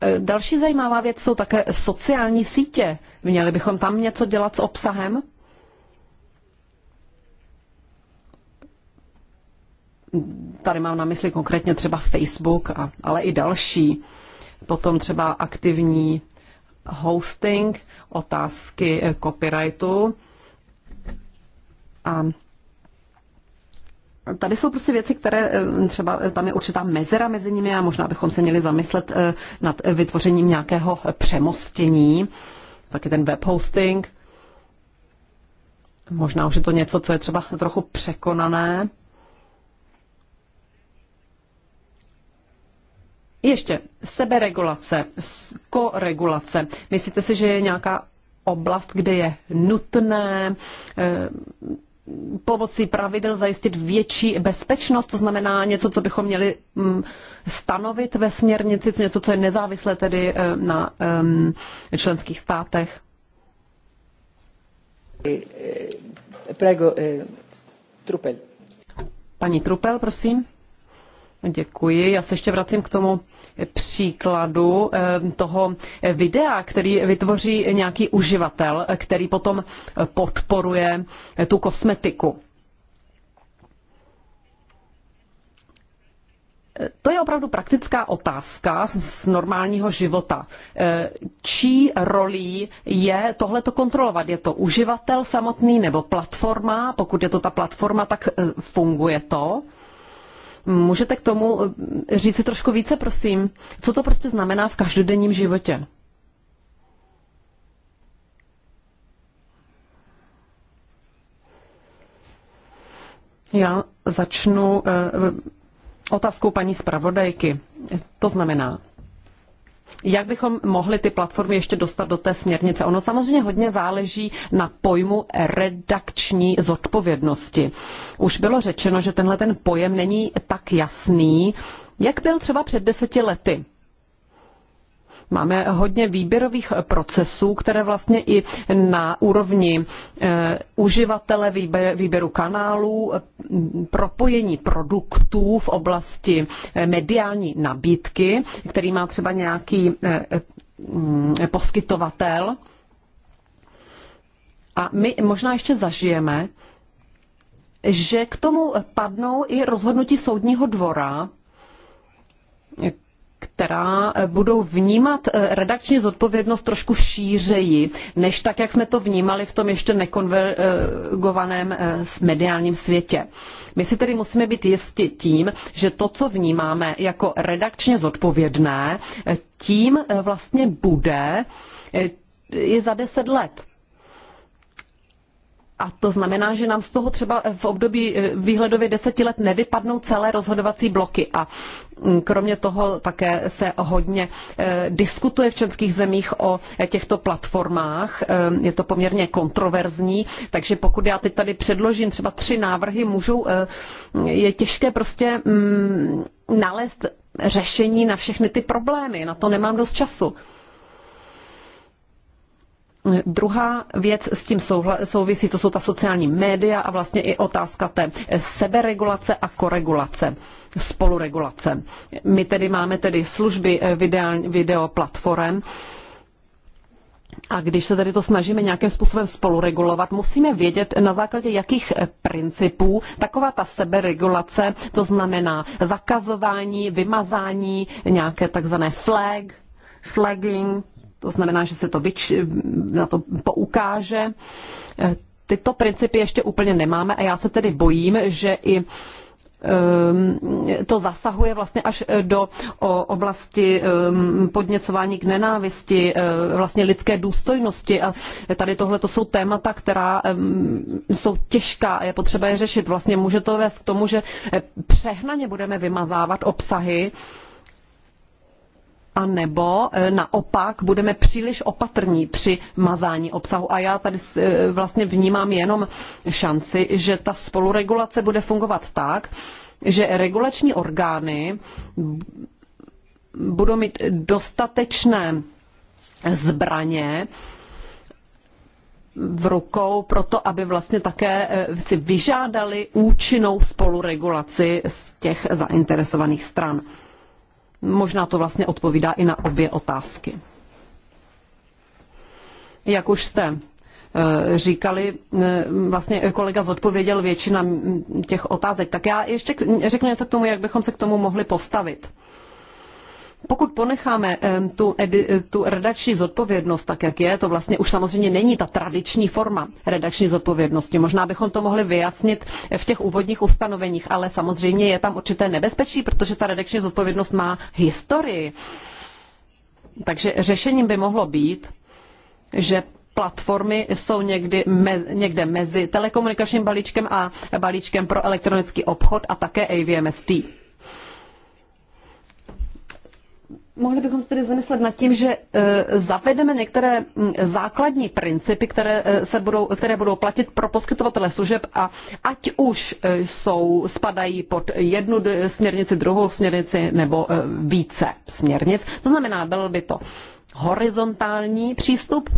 E, další zajímavá věc jsou také sociální sítě. Měli bychom tam něco dělat s obsahem? Tady mám na mysli konkrétně třeba Facebook, ale i další. Potom třeba aktivní hosting otázky eh, copyrightu. A Tady jsou prostě věci, které eh, třeba eh, tam je určitá mezera mezi nimi a možná bychom se měli zamyslet nad vytvořením nějakého přemostění, taky ten web hosting. Možná už je to něco, co je třeba trochu překonané. Ještě seberegulace, koregulace. Myslíte si, že je nějaká oblast, kde je nutné eh, pomocí pravidel zajistit větší bezpečnost, to znamená něco, co bychom měli mm, stanovit ve směrnici, něco, co je nezávislé tedy eh, na členských státech? Eh, prego, Trupel. Paní Trupel, prosím. Děkuji. Já se ještě vracím k tomu příkladu eh, toho videa, který vytvoří nějaký uživatel, eh, který potom podporuje eh, tu kosmetiku. To je opravdu praktická otázka z normálního života. Čí rolí je tohle to kontrolovat? Je to uživatel samotný nebo platforma? Pokud je to ta platforma, tak funguje to. Můžete k tomu eh, říct si trošku více, prosím? Co to prostě znamená v každodenním životě? Já začnu eh, otázkou paní zpravodajky. To znamená, jak bychom mohli ty platformy ještě dostat do té směrnice? Ono samozřejmě hodně záleží na pojmu redakční zodpovědnosti. Už bylo řečeno, že tenhle ten pojem není tak jasný, jak byl třeba před deseti lety. Máme hodně výběrových procesů, které vlastně i na úrovni eh, uživatele výběru kanálů, eh, propojení produktů v oblasti eh, mediální nabídky, který má třeba nějaký poskytovatel. A my možná ještě zažijeme, že k tomu padnou i rozhodnutí soudního dvora, která eh, budou vnímat eh, redakční zodpovědnost trošku šířeji, než tak, jak jsme to vnímali v tom ještě nekonvergovaném eh, mediálním světě. My si tedy musíme být jistí tím, že to, co vnímáme jako redakčně zodpovědné, tím vlastně bude i za deset let. A to znamená, že nám z toho třeba v období eh, výhledově deseti let nevypadnou celé rozhodovací bloky. A mm, kromě toho také se hodně eh, diskutuje v českých zemích o eh, těchto platformách. Je to poměrně kontroverzní, takže pokud já teď tady předložím třeba tři návrhy, můžou, je těžké prostě mm, nalézt řešení na všechny ty problémy. Na to nemám dost času. Druhá věc s tím souvisí, to jsou ta sociální média a vlastně i otázka té seberegulace a koregulace, spoluregulace. My tedy máme tedy služby eh, video, video platform, a když se tedy to snažíme nějakým způsobem spoluregulovat, musíme vědět, na základě jakých eh, principů taková ta seberegulace, to znamená zakazování, vymazání, nějaké takzvané flag, flagging, to znamená, že se to vyč, na to poukáže. Eh, tyto principy ještě úplně nemáme a já se tedy bojím, že i ehm, to zasahuje vlastně až eh, do oblasti ehm, podněcování k nenávisti, eh, vlastně lidské důstojnosti. A tady tohle to jsou témata, která ehm, jsou těžká a je potřeba je řešit. Vlastně může to vést k tomu, že přehnaně budeme vymazávat obsahy, a nebo eh, naopak budeme příliš opatrní při mazání obsahu. A já tady eh, vlastně vnímám jenom šanci, že ta spoluregulace bude fungovat tak, že regulační orgány budou mít dostatečné zbraně v rukou proto, aby vlastně také eh, si vyžádali účinnou spoluregulaci z těch zainteresovaných stran. Možná to vlastně odpovídá i na obě otázky. Jak už jste eh, říkali, eh, vlastně kolega zodpověděl většina těch otázek. Tak já ještě řeknu něco k tomu, jak bychom se k tomu mohli postavit. Pokud ponecháme tu, e, tu redakční zodpovědnost tak, jak je, to vlastně už samozřejmě není ta tradiční forma redakční zodpovědnosti. Možná bychom to mohli vyjasnit v těch úvodních ustanoveních, ale samozřejmě je tam určité nebezpečí, protože ta redakční zodpovědnost má historii. Takže řešením by mohlo být, že platformy jsou někdy me, někde mezi telekomunikačním balíčkem a balíčkem pro elektronický obchod a také AVMST. mohli bychom se tedy zamyslet nad tím, že eh, zavedeme některé mm, základní principy, které, eh, se budou, které budou platit pro poskytovatele služeb a ať už eh, jsou, spadají pod jednu směrnici, druhou směrnici nebo více směrnic. To znamená, byl by to horizontální přístup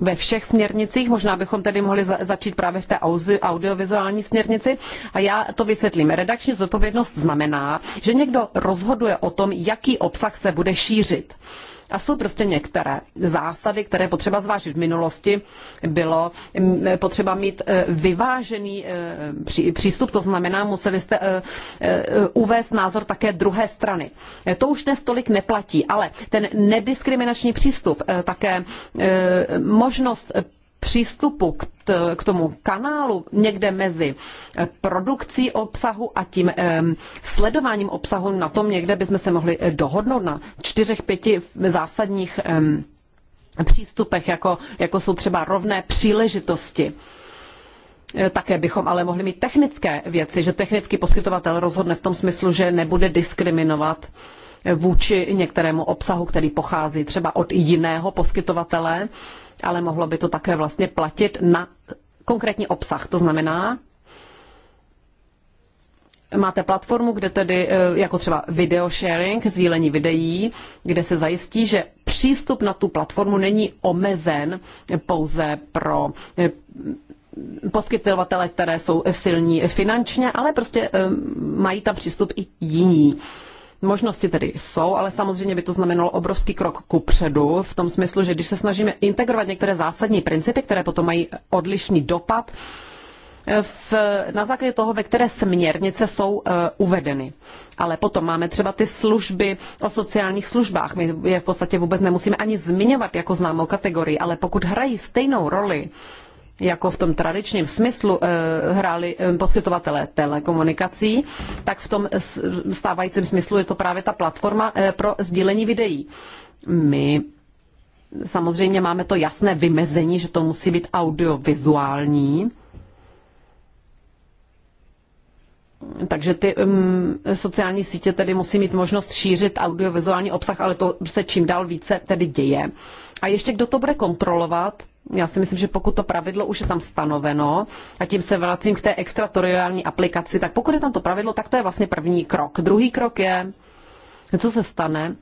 ve všech směrnicích, možná bychom tedy mohli začít právě v té audiovizuální směrnici. A já to vysvětlím. Redakční zodpovědnost znamená, že někdo rozhoduje o tom, jaký obsah se bude šířit. A jsou prostě některé zásady, které potřeba zvážit. V minulosti bylo e, potřeba mít e, vyvážený e, přístup, to znamená, museli jste uvést názor také druhé strany. To už dnes tolik neplatí, ale ten nediskriminační přístup, také možnost přístupu k, t, k tomu kanálu někde mezi eh, produkcí obsahu a tím um, sledováním obsahu, na tom někde bychom se mohli eh, dohodnout na čtyřech, pěti zásadních um, přístupech, jako, jako jsou třeba rovné příležitosti. Eh, také bychom ale mohli mít technické věci, že technický poskytovatel rozhodne v tom smyslu, že nebude diskriminovat uh, vůči některému obsahu, který pochází třeba od jiného poskytovatele, ale mohlo by to také vlastně platit na konkrétní obsah. To znamená, máte platformu, kde tedy, eh, jako třeba video sharing, sdílení videí, kde se zajistí, že přístup na tu platformu není omezen pouze pro eh, poskytovatele, které jsou silní finančně, ale prostě eh, mají tam přístup i jiní. Možnosti tedy jsou, ale samozřejmě by to znamenalo obrovský krok ku předu v tom smyslu, že když se snažíme integrovat některé zásadní principy, které potom mají odlišný dopad, eh, v, na základě toho, ve které směrnice jsou uh, uvedeny. Ale potom máme třeba ty služby o sociálních službách. My je v podstatě vůbec nemusíme ani zmiňovat jako známou kategorii, ale pokud hrají stejnou roli jako v tom tradičním smyslu eh, hráli eh, poskytovatelé telekomunikací, tak v tom stávajícím smyslu je to právě ta platforma eh, pro sdílení videí. My samozřejmě máme to jasné vymezení, že to musí být audiovizuální, Takže ty um, sociální sítě tedy musí mít možnost šířit audiovizuální obsah, ale to se čím dál více tedy děje. A ještě kdo to bude kontrolovat? Já si myslím, že pokud to pravidlo už je tam stanoveno, a tím se vracím k té extratoriální aplikaci, tak pokud je tam to pravidlo, tak to je vlastně první krok. Druhý krok je, co se stane,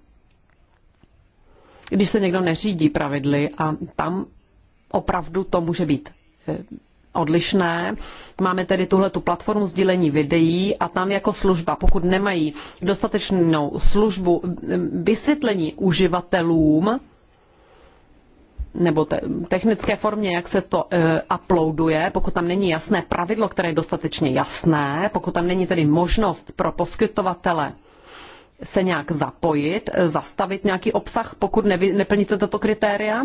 když se někdo neřídí pravidly a tam opravdu to může být eh, odlišné. Máme tedy tuhle tu platformu sdílení videí a tam jako služba, pokud nemají dostatečnou službu eh, vysvětlení uživatelům, nebo te, technické formě, jak se to e, uploaduje, pokud tam není jasné pravidlo, které je dostatečně jasné, pokud tam není tedy možnost pro poskytovatele se nějak zapojit, eh, zastavit nějaký obsah, pokud nevy, neplníte tato kritéria,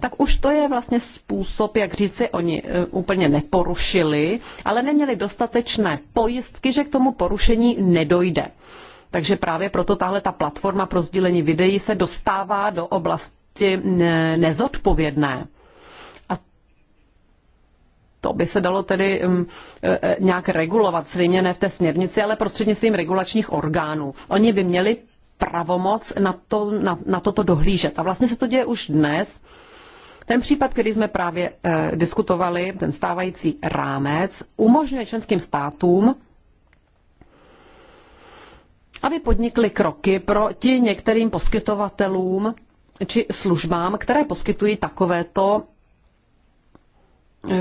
tak už to je vlastně způsob, jak říci, oni eh, úplně neporušili, ale neměli dostatečné pojistky, že k tomu porušení nedojde. Takže právě proto tahle ta platforma pro sdílení videí se dostává do oblasti dosti nezodpovědné. A to by se dalo tedy mm, e, e, nějak regulovat, zřejmě ne v té směrnici, ale prostřednictvím regulačních orgánů. Oni by měli pravomoc na, to, na, na toto dohlížet. A vlastně se to děje už dnes. Ten případ, který jsme právě e, diskutovali, ten stávající rámec, umožňuje členským státům, aby podnikly kroky proti některým poskytovatelům, či službám, které poskytují takovéto eh,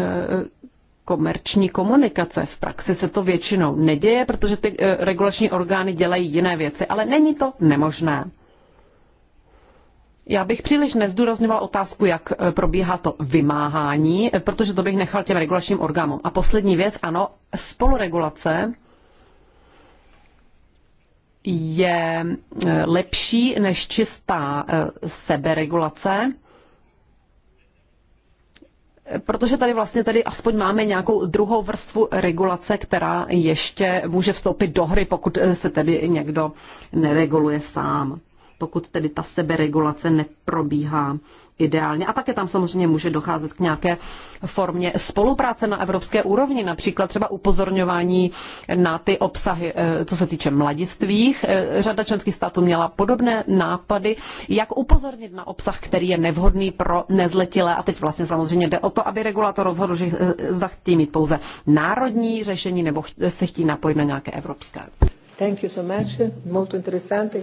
komerční komunikace. V praxi se to většinou neděje, protože ty eh, regulační orgány dělají jiné věci, ale není to nemožné. Já bych příliš nezdůrazňoval otázku, jak eh, probíhá to vymáhání, protože to bych nechal těm regulačním orgánům. A poslední věc, ano, spoluregulace je eh, lepší než čistá eh, seberegulace, protože tady vlastně tady aspoň máme nějakou druhou vrstvu regulace, která ještě může vstoupit do hry, pokud eh, se tedy někdo nereguluje sám pokud tedy ta seberegulace neprobíhá ideálně. A také tam samozřejmě může docházet k nějaké formě spolupráce na evropské úrovni, například třeba upozorňování na ty obsahy, eh, co se týče mladistvých. Eh, řada členských států měla podobné nápady, jak upozornit na obsah, který je nevhodný pro nezletilé. A teď vlastně samozřejmě jde o to, aby regulator rozhodl, že eh, zda chtějí mít pouze národní řešení nebo se chtějí napojit na nějaké evropské. Thank you so much. Molto interessante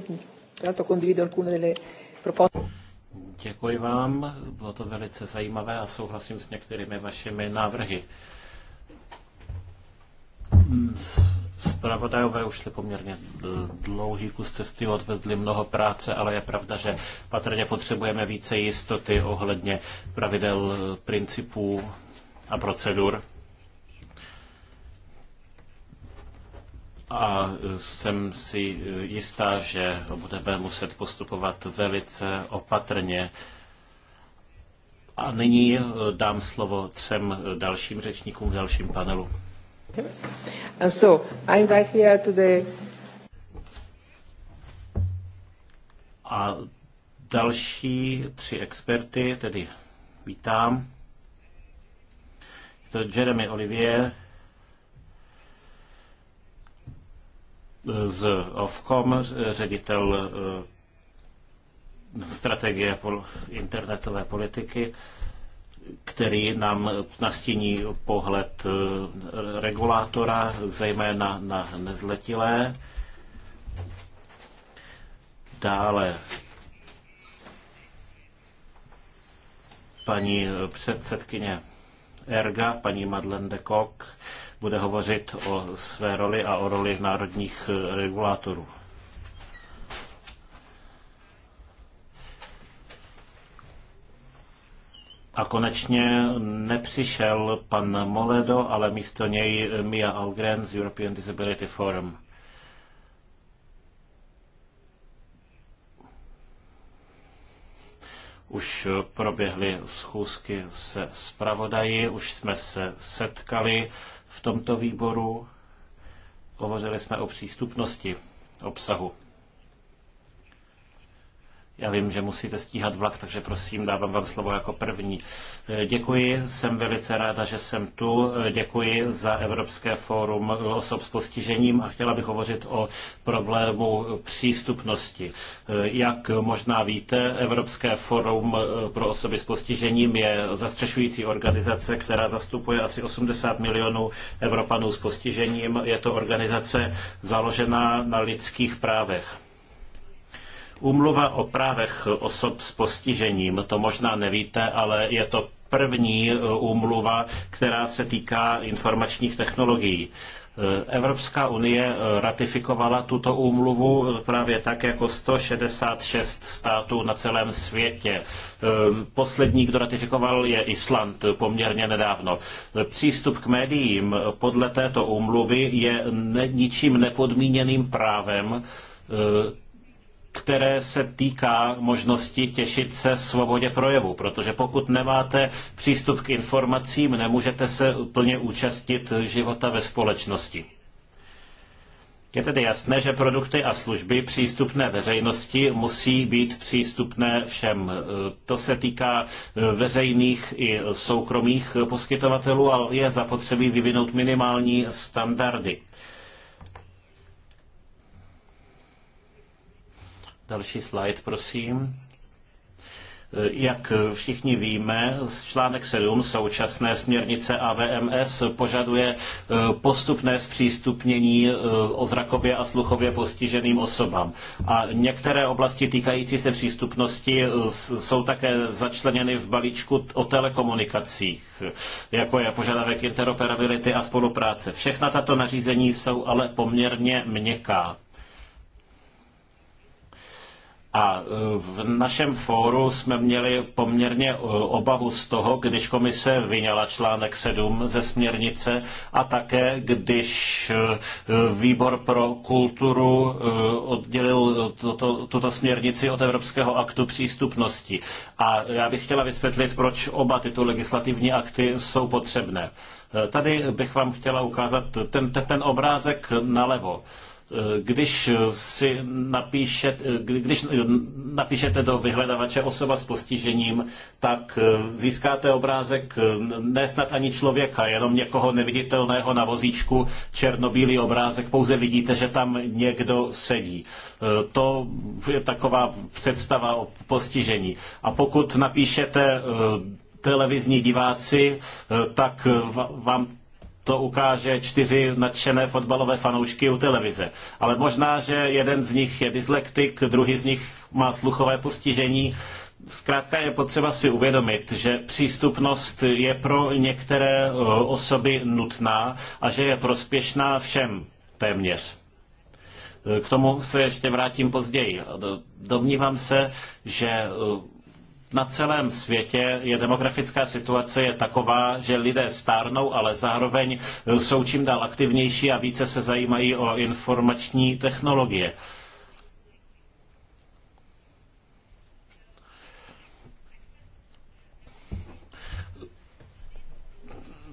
condivido alcune delle proposte. Děkuji vám, bylo to velice zajímavé a souhlasím s některými vašimi návrhy. Spravodajové ušli poměrně dlouhý kus cesty, odvezli mnoho práce, ale je pravda, že patrně potřebujeme více jistoty ohledně pravidel, principů a procedur. a e, jsem si e, jistá, že budeme muset postupovat velice opatrně. A nyní e, dám slovo třem dalším řečníkům v dalším panelu. And so, I invite here today. A další tři experty, tedy vítám. Je to Jeremy Olivier, z Ofcom, ředitel eh, strategie internetové politiky, který nám nastíní pohled eh, regulátora, zejména na nezletilé. Dále paní předsedkyně Erga, paní Madeleine de Kock, bude hovořit o své roli a o roli národních eh, regulátorů. A konečně nepřišel pan Moledo, ale místo něj eh, Mia Algren z European Disability Forum. Už proběhly schůzky se zpravodaji, už jsme se setkali v tomto výboru. Hovořili jsme o přístupnosti obsahu. Já vím, že musíte stíhat vlak, takže prosím, dávám vám slovo jako první. Eh, děkuji, jsem velice ráda, že jsem tu. Eh, děkuji za Evropské fórum osob s postižením a chtěla bych hovořit o problému přístupnosti. Eh, jak možná víte, Evropské fórum pro osoby s postižením je zastřešující organizace, která zastupuje asi 80 milionů Evropanů s postižením. Je to organizace založená na lidských právech. Úmluva o právech osob s postižením, to možná nevíte, ale je to první e, úmluva, která se týká informačních technologií. E, Evropská unie e, ratifikovala tuto úmluvu právě tak jako 166 států na celém světě. Poslední, kdo ratifikoval, je Island poměrně nedávno. Přístup k médiím podle této úmluvy je ničím nepodmíněným právem které se týká možnosti těšit se svobodě projevu, protože pokud nemáte přístup k informacím, nemůžete se plně účastnit života ve společnosti. Je tedy jasné, že produkty a služby přístupné veřejnosti musí být přístupné všem. To se týká veřejných i soukromých poskytovatelů a je zapotřebí vyvinout minimální standardy Další slide, prosím. Jak všichni víme, článek 7 současné směrnice AVMS požaduje eh, postupné zpřístupnění eh, o zrakově a sluchově postiženým osobám. A některé oblasti týkající se přístupnosti eh, jsou také začleněny v balíčku o telekomunikacích, jako je požadavek interoperability a spolupráce. Všechna tato nařízení jsou ale poměrně měkká. A e, v našem fóru jsme měli poměrně e, obavu z toho, když komise vyněla článek 7 ze směrnice a také když e, výbor pro kulturu oddělil toto, tuto směrnici od Evropského aktu přístupnosti. A já bych chtěla vysvětlit, proč oba tyto legislativní akty jsou potřebné. Tady bych vám chtěla ukázat ten, ten, ten obrázek nalevo když si napíšete, když napíšete do vyhledavače osoba s postižením, tak eh, získáte obrázek eh, nesnad ani člověka, jenom někoho neviditelného na vozíčku, černobílý obrázek, pouze vidíte, že tam někdo sedí. Eh, to je taková představa o postižení. A pokud napíšete televizní diváci, tak vám to ukáže čtyři nadšené fotbalové fanoušky u televize. Ale možná, že jeden z nich je dyslektik, druhý z nich má sluchové postižení. Zkrátka je potřeba si uvědomit, že přístupnost je pro některé eh, osoby nutná a že je prospěšná všem téměř. Eh, k tomu se ještě vrátím později. Eh, domnívám se, že na celém světě je demografická situace je taková, že lidé stárnou, ale zároveň eh, jsou čím dál aktivnější a více se zajímají o informační technologie.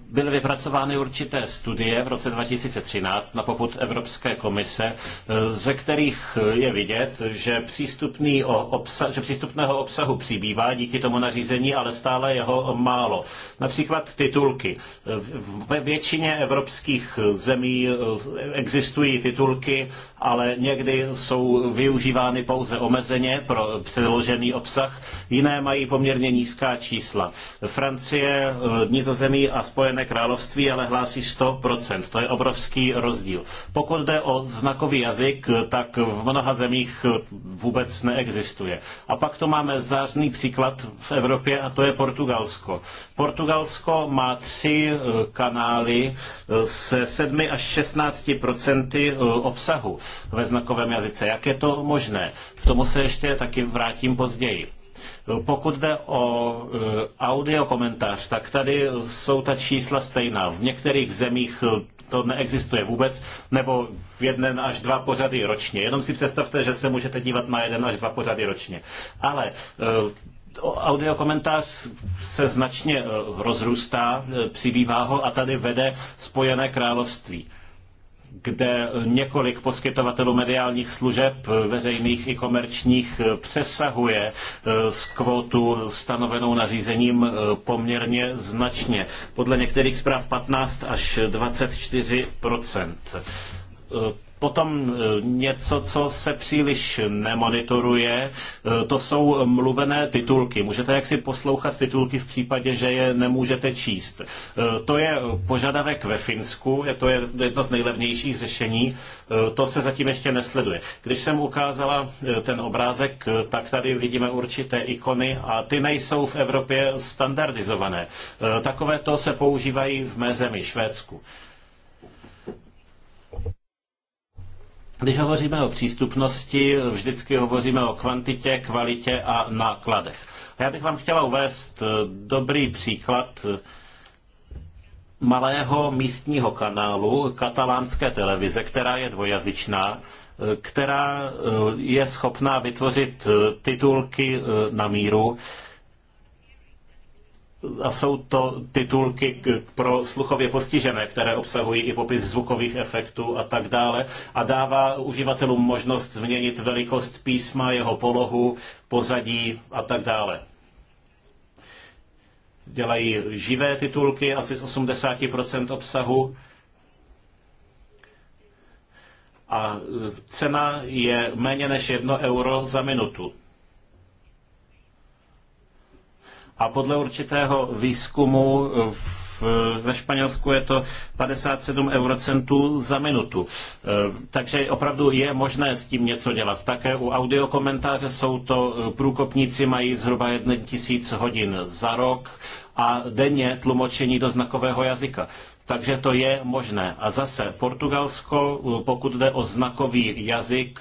byly vypracovány určité studie v roce 2013 na poput Evropské komise, ze kterých je vidět, že, přístupný že přístupného obsahu přibývá díky tomu nařízení, ale stále jeho málo. Například titulky. Ve většině evropských zemí eh, existují titulky, ale někdy jsou využívány pouze omezeně pro přeložený obsah, jiné mají poměrně nízká čísla. Francie, eh, Nizozemí a Spojené Spojené království, ale hlásí 100%. To je obrovský rozdíl. Pokud jde o znakový jazyk, tak v mnoha zemích vůbec neexistuje. A pak to máme zářný příklad v Evropě a to je Portugalsko. Portugalsko má tři eh, kanály eh, se 7 až 16 eh, obsahu ve znakovém jazyce. Jak je to možné? K tomu se ještě taky vrátím později. Pokud jde o eh, audio komentář, tak tady jsou ta čísla stejná. V některých zemích eh, to neexistuje vůbec, nebo jeden až dva pořady ročně. Jenom si představte, že se můžete dívat na jeden až dva pořady ročně. Ale eh, audio komentář se značně rozrůstá, přibývá ho a tady vede Spojené království kde několik poskytovatelů mediálních služeb, veřejných i komerčních, přesahuje eh, z kvotu stanovenou nařízením eh, poměrně značně. Podle některých zpráv 15 až 24 Potom e, něco, co se příliš nemonitoruje, e, to jsou mluvené titulky. Můžete jaksi poslouchat titulky v případě, že je nemůžete číst. E, to je požadavek ve Finsku, je to jedno z nejlevnějších řešení, to se zatím ještě nesleduje. Když jsem ukázala ten obrázek, tak tady vidíme určité ikony a ty nejsou v Evropě standardizované. Takové to se používají v mé zemi, Švédsku. Když hovoříme o přístupnosti, vždycky hovoříme o kvantitě, kvalitě a nákladech. Já bych vám chtěla uvést eh, dobrý příklad eh, malého místního kanálu katalánské televize, která je dvojazyčná, eh, která je schopná vytvořit titulky na míru a jsou to titulky k, pro sluchově postižené, které obsahují i popis zvukových efektů a tak dále a dává uživatelům možnost změnit velikost písma, jeho polohu, pozadí a tak dále. Dělají živé titulky asi z 80% obsahu a cena je méně než 1 euro za minutu. A podle určitého výzkumu v, ve Španělsku je to 57 eurocentů za minutu. E, takže opravdu je možné s tím něco dělat. Také u audiokomentáře jsou to e, průkopníci mají zhruba 1000 hodin za rok a denně tlumočení do znakového jazyka. Takže to je možné. A zase Portugalsko, pokud jde o znakový jazyk,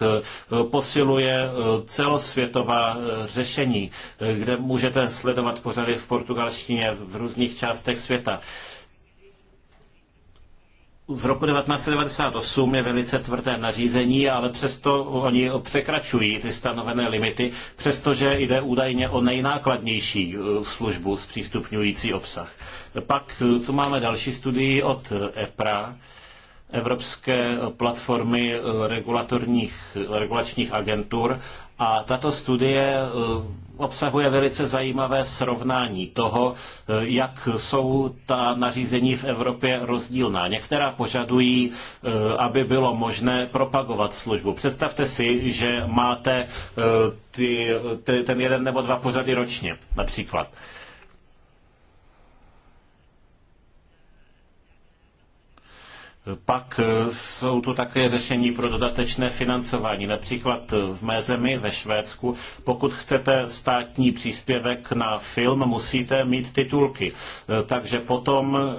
posiluje eh, celosvětová eh, řešení, eh, kde můžete sledovat pořady v portugalštině v různých částech světa z roku 1998 je velice tvrdé nařízení, ale přesto oni překračují ty stanovené limity, přestože jde údajně o nejnákladnější eh, službu zpřístupňující obsah. Pak eh, tu máme další studii od EPRA, Evropské platformy eh, regulačních agentur a tato studie obsahuje velice zajímavé srovnání toho, eh, jak jsou ta nařízení v Evropě rozdílná. Některá požadují, eh, aby bylo možné propagovat službu. Představte si, že máte eh, ty, ten jeden nebo dva pořady ročně například. Pak e, jsou tu také řešení pro dodatečné financování. Například v mé zemi, ve Švédsku, pokud chcete státní příspěvek na film, musíte mít titulky. E, takže potom e,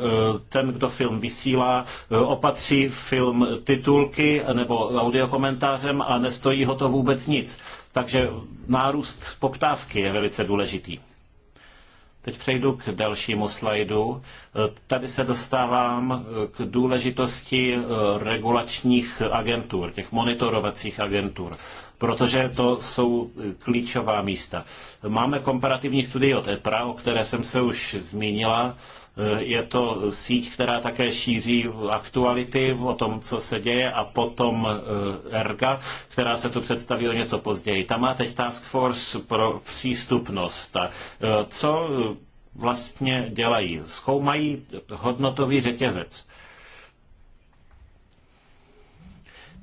ten, kdo film vysílá, opatří film titulky nebo audiokomentářem a nestojí ho to vůbec nic. Takže nárůst poptávky je velice důležitý. Teď přejdu k dalšímu slajdu. Tady se dostávám k důležitosti eh, regulačních agentur, těch monitorovacích agentur, protože to jsou eh, klíčová místa. Máme komparativní studii od EPRA, o které jsem se už zmínila, Eh, je to síť, která také šíří aktuality o tom, co se děje a potom eh, ERGA, která se tu představí o něco později. Tam má teď Task Force pro přístupnost. Eh, co vlastně dělají? Zkoumají hodnotový řetězec.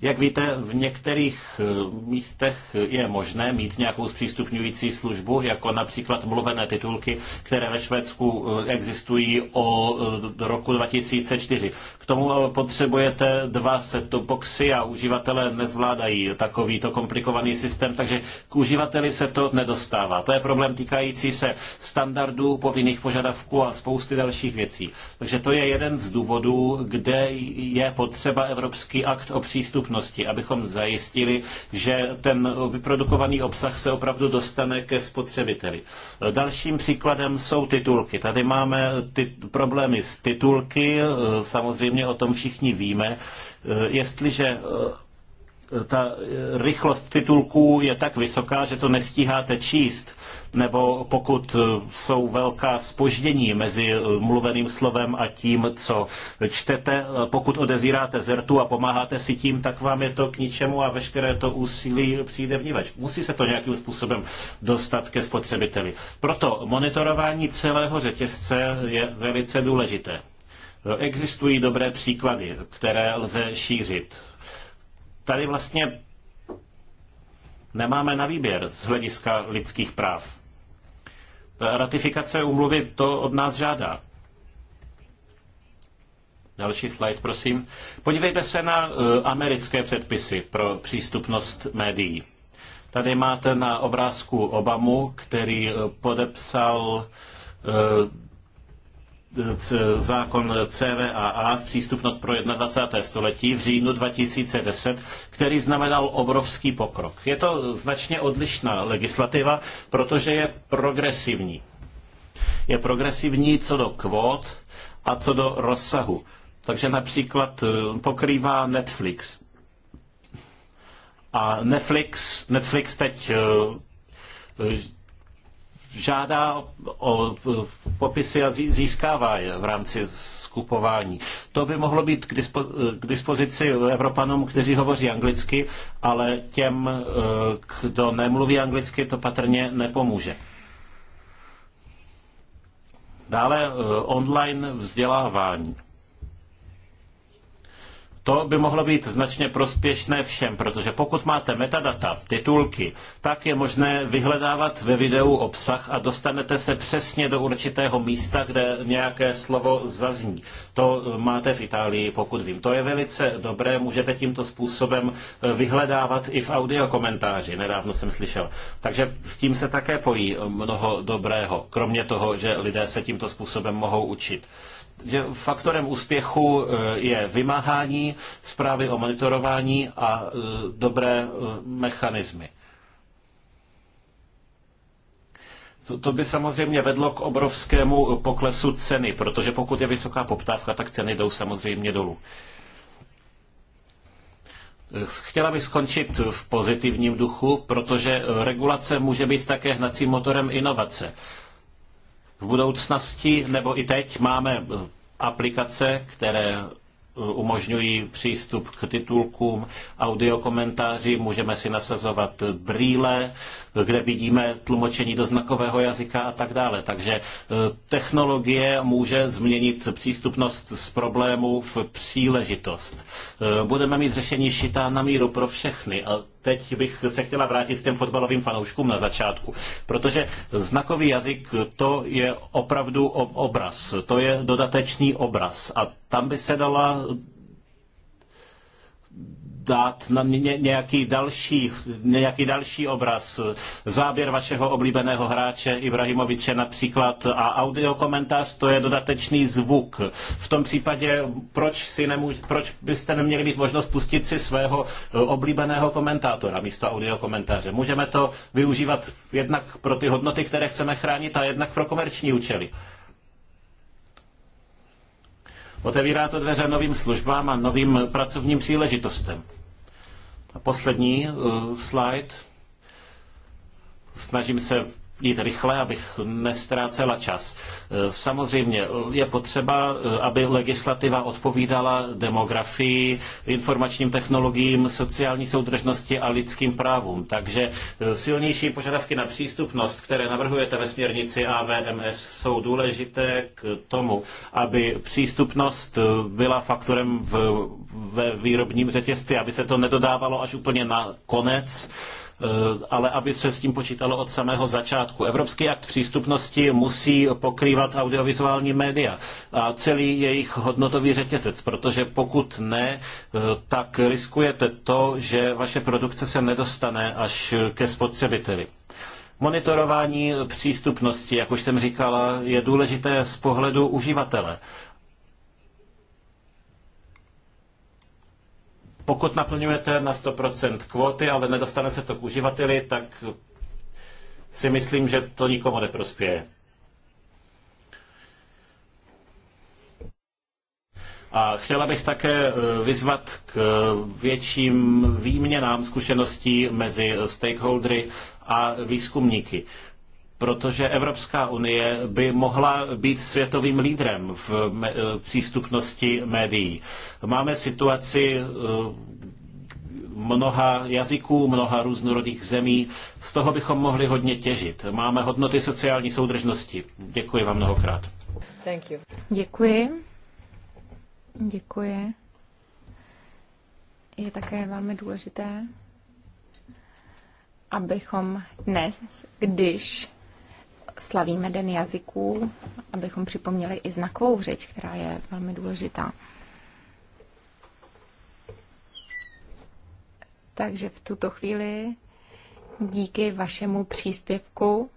Jak víte, v některých eh, místech je možné mít nějakou zpřístupňující službu, jako například mluvené titulky, které ve Švédsku eh, existují o, eh, do roku 2004. K tomu potřebujete dva setup boxy a uživatelé nezvládají takovýto komplikovaný systém, takže k uživateli se to nedostává. To je problém týkající se standardů, povinných požadavků a spousty dalších věcí. Takže to je jeden z důvodů, kde je potřeba Evropský akt o přístupu dostupnosti, abychom zajistili, že ten vyprodukovaný obsah se opravdu dostane ke spotřebiteli. Dalším příkladem jsou titulky. Tady máme problémy s titulky, samozřejmě o tom všichni víme. Jestliže ta eh, rychlost titulků je tak vysoká, že to nestíháte číst, nebo pokud eh, jsou velká spoždění mezi eh, mluveným slovem a tím, co čtete, pokud odezíráte zertu a pomáháte si tím, tak vám je to k ničemu a veškeré to úsilí přijde vníveč. Musí se to nějakým způsobem dostat ke spotřebiteli. Proto monitorování celého řetězce je velice důležité. Existují dobré příklady, které lze šířit tady vlastně nemáme na výběr z hlediska lidských práv. Ta ratifikace umluvy to od nás žádá. Další slide, prosím. Podívejte se na eh, americké předpisy pro přístupnost médií. Tady máte na obrázku Obamu, který eh, podepsal eh, zákon CVAA, přístupnost pro 21. století v říjnu 2010, který znamenal obrovský pokrok. Je to značně odlišná legislativa, protože je progresivní. Je progresivní co do kvót a co do rozsahu. Takže například eh, pokrývá Netflix. A Netflix, Netflix teď eh, žádá o popisy a získává je v rámci skupování. To by mohlo být k, dispozici Evropanům, kteří hovoří anglicky, ale těm, e, kdo nemluví anglicky, to patrně nepomůže. Dále e, online vzdělávání. To by mohlo být značně prospěšné všem, protože pokud máte metadata, titulky, tak je možné vyhledávat ve videu obsah a dostanete se přesně do určitého místa, kde nějaké slovo zazní. To eh, máte v Itálii, pokud vím. To je velice dobré, můžete tímto způsobem eh, vyhledávat i v audiokomentáři, nedávno jsem slyšel. Takže s tím se také pojí eh, mnoho dobrého, kromě toho, že lidé se tímto způsobem mohou učit že faktorem úspěchu eh, je vymáhání, zprávy o monitorování a eh, dobré eh, mechanismy. To by samozřejmě vedlo k obrovskému poklesu ceny, protože pokud je vysoká poptávka, tak ceny jdou samozřejmě dolů. Chtěla bych skončit v pozitivním duchu, protože regulace může být také hnacím motorem inovace. V budoucnosti nebo i teď máme eh, aplikace, které eh, umožňují přístup k titulkům, audiokomentáři, můžeme si nasazovat brýle, eh, kde vidíme tlumočení do znakového jazyka a tak dále. Takže technologie může změnit přístupnost z problému v příležitost. Budeme mít řešení šitá na míru pro všechny a teď bych se chtěla vrátit k těm fotbalovým fanouškům na začátku, protože znakový jazyk to je opravdu obraz, to je dodatečný obraz a tam by se dala dát na ně, nějaký, další, nějaký další obraz, záběr vašeho oblíbeného hráče Ibrahimoviče například a audio komentář, to je dodatečný zvuk. V tom případě proč, si nemů, proč byste neměli mít možnost pustit si svého eh, oblíbeného komentátora místo audio komentáře? Můžeme to využívat jednak pro ty hodnoty, které chceme chránit a jednak pro komerční účely. Otevírá to dveře novým službám a novým pracovním příležitostem. A poslední eh, slide. Snažím se jít rychle, abych nestrácela čas. Eh, samozřejmě je potřeba, eh, aby legislativa odpovídala demografii, informačním technologiím, sociální soudržnosti a lidským právům. Takže eh, silnější požadavky na přístupnost, které navrhujete ve směrnici AVMS, jsou důležité k tomu, aby přístupnost byla faktorem v, ve výrobním řetězci, aby se to nedodávalo až úplně na konec, Eh, ale aby se s tím počítalo od samého začátku. Evropský akt přístupnosti musí pokrývat audiovizuální média a celý jejich hodnotový řetězec, protože pokud ne, eh, tak riskujete to, že vaše produkce se nedostane až ke spotřebiteli. Monitorování přístupnosti, jak už jsem říkala, je důležité z pohledu uživatele, Pokud naplňujete na 100% kvóty, ale nedostane se to k uživateli, tak si myslím, že to nikomu neprospěje. A chtěla bych také eh, vyzvat k eh, větším výměnám zkušeností mezi stakeholdery a výzkumníky protože Evropská unie by mohla být světovým lídrem v přístupnosti médií. Máme situaci eh, mnoha jazyků, mnoha různorodých zemí. Z toho bychom mohli hodně těžit. Máme hodnoty sociální soudržnosti. Děkuji vám mnohokrát. Thank you. Děkuji. Děkuji. Je také velmi důležité, abychom dnes, když slavíme Den jazyků, abychom připomněli i znakovou řeč, která je velmi důležitá. Takže v tuto chvíli díky vašemu příspěvku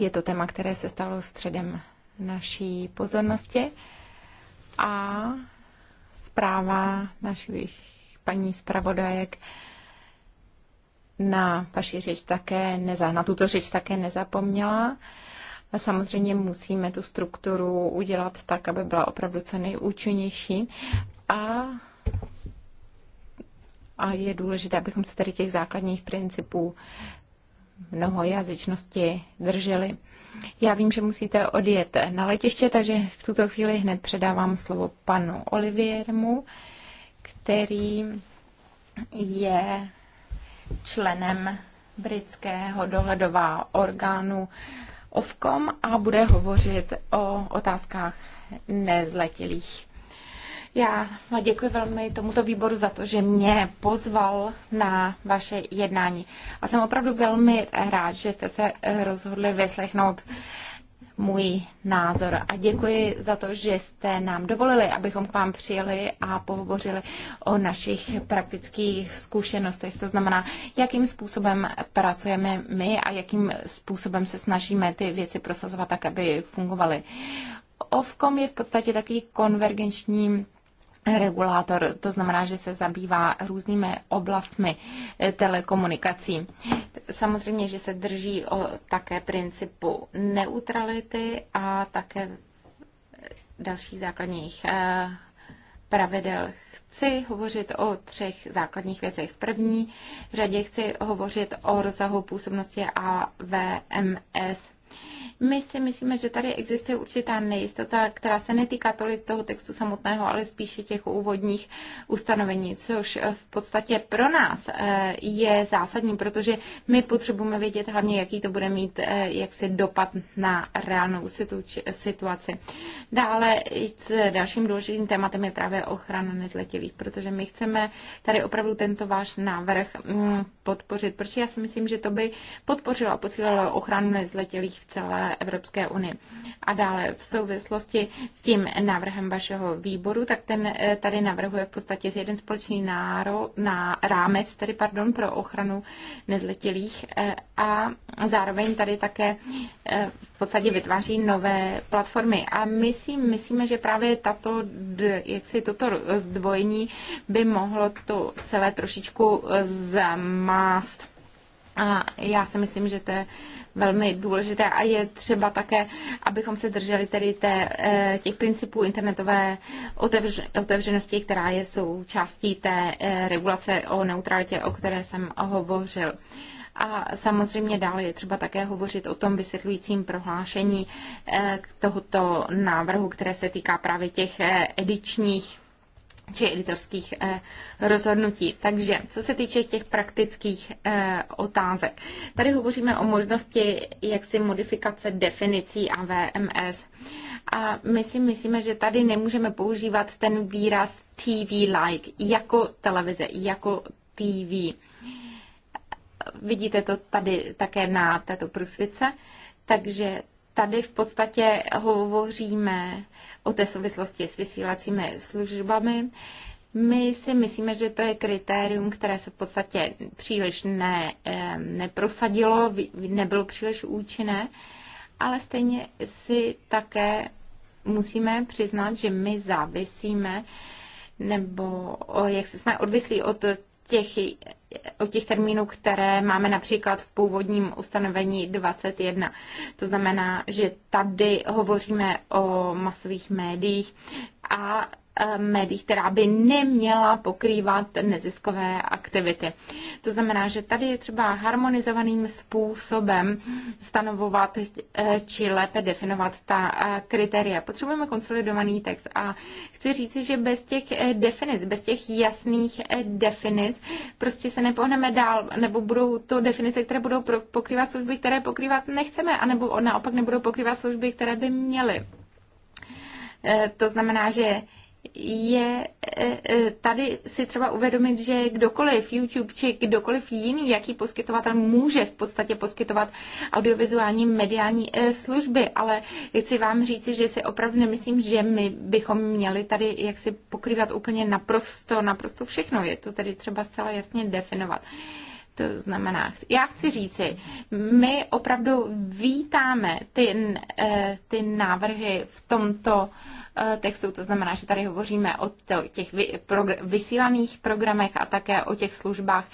je to téma, které se stalo středem naší pozornosti a zpráva našich paní zpravodajek na vaši řeč také neza, na tuto řeč také nezapomněla. A samozřejmě musíme tu strukturu udělat tak, aby byla opravdu co nejúčinnější. A, a je důležité, abychom se tady těch základních principů mnohojazyčnosti drželi. Já vím, že musíte odjet na letiště, takže v tuto chvíli hned předávám slovo panu Oliviermu, který je členem britského dohledová orgánu OFCOM a bude hovořit o otázkách nezletilých. Já děkuji velmi tomuto výboru za to, že mě pozval na vaše jednání. A jsem opravdu velmi rád, že jste se rozhodli vyslechnout můj názor. A děkuji za to, že jste nám dovolili, abychom k vám přijeli a pohovořili o našich praktických zkušenostech. To znamená, jakým způsobem pracujeme my a jakým způsobem se snažíme ty věci prosazovat tak, aby fungovaly. Ovkom je v podstatě takový konvergenční regulátor, to znamená, že se zabývá různými oblastmi eh, telekomunikací. Samozřejmě, že se drží o také principu neutrality a také eh, dalších základních eh, pravidel. Chci hovořit o třech základních věcech. V první řadě chci hovořit o rozsahu působnosti AVMS my si myslíme, že tady existuje určitá nejistota, která se netýká tolik toho textu samotného, ale spíše těch úvodních ustanovení, což v podstatě pro nás eh, je zásadní, protože my potřebujeme vědět hlavně, jaký to bude mít eh, jaksi dopad na reálnou situaci. Dále s dalším důležitým tématem je právě ochrana nezletilých, protože my chceme tady opravdu tento váš návrh mm, podpořit, protože já si myslím, že to by podpořilo a posílilo ochranu nezletilých v celé Evropské unii. A dále v souvislosti s tím návrhem vašeho výboru, tak ten eh, tady navrhuje v podstatě jeden společný náro, na rámec tedy, pardon, pro ochranu nezletilých eh, a zároveň tady také eh, v podstatě vytváří nové platformy. A my si myslíme, že právě tato, jak si toto zdvojení by mohlo to celé trošičku zamást. A já si myslím, že to je velmi důležité a je třeba také, abychom se drželi tedy té, eh, těch principů internetové otevřenosti, která je součástí té eh, regulace o neutralitě, o které jsem hovořil. A samozřejmě dále je třeba také hovořit o tom vysvětlujícím prohlášení eh, tohoto návrhu, které se týká právě těch edičních či editorských eh, rozhodnutí. Takže co se týče těch praktických eh, otázek, tady hovoříme o možnosti jaksi modifikace definicí a VMS. A my si myslíme, že tady nemůžeme používat ten výraz TV-like jako televize, jako TV. Vidíte to tady také na této průsvice. Takže Tady v podstatě hovoříme o té souvislosti s vysílacími službami. My si myslíme, že to je kritérium, které se v podstatě příliš ne, neprosadilo, nebylo příliš účinné, ale stejně si také musíme přiznat, že my závisíme nebo jak se jsme odvislí od těch o těch termínů, které máme například v původním ustanovení 21. To znamená, že tady hovoříme o masových médiích, a e, médií, která by neměla pokrývat neziskové aktivity. To znamená, že tady je třeba harmonizovaným způsobem stanovovat e, či lépe definovat ta e, kritéria. Potřebujeme konsolidovaný text a chci říci, že bez těch definic, bez těch jasných definic prostě se nepohneme dál, nebo budou to definice, které budou pokrývat služby, které pokrývat nechceme, anebo naopak nebudou pokrývat služby, které by měly. Eh, to znamená, že je eh, eh, tady si třeba uvědomit, že kdokoliv YouTube či kdokoliv jiný, jaký poskytovatel může v podstatě poskytovat audiovizuální mediální služby, ale chci vám říci, že si opravdu nemyslím, že my bychom měli tady jak si pokrývat úplně naprosto, naprosto všechno. Je to tedy třeba zcela jasně definovat. To znamená, já chci říci, my opravdu vítáme ty, ty návrhy v tomto Eh, textů. To znamená, že tady hovoříme o těch vysílaných programech a také o těch službách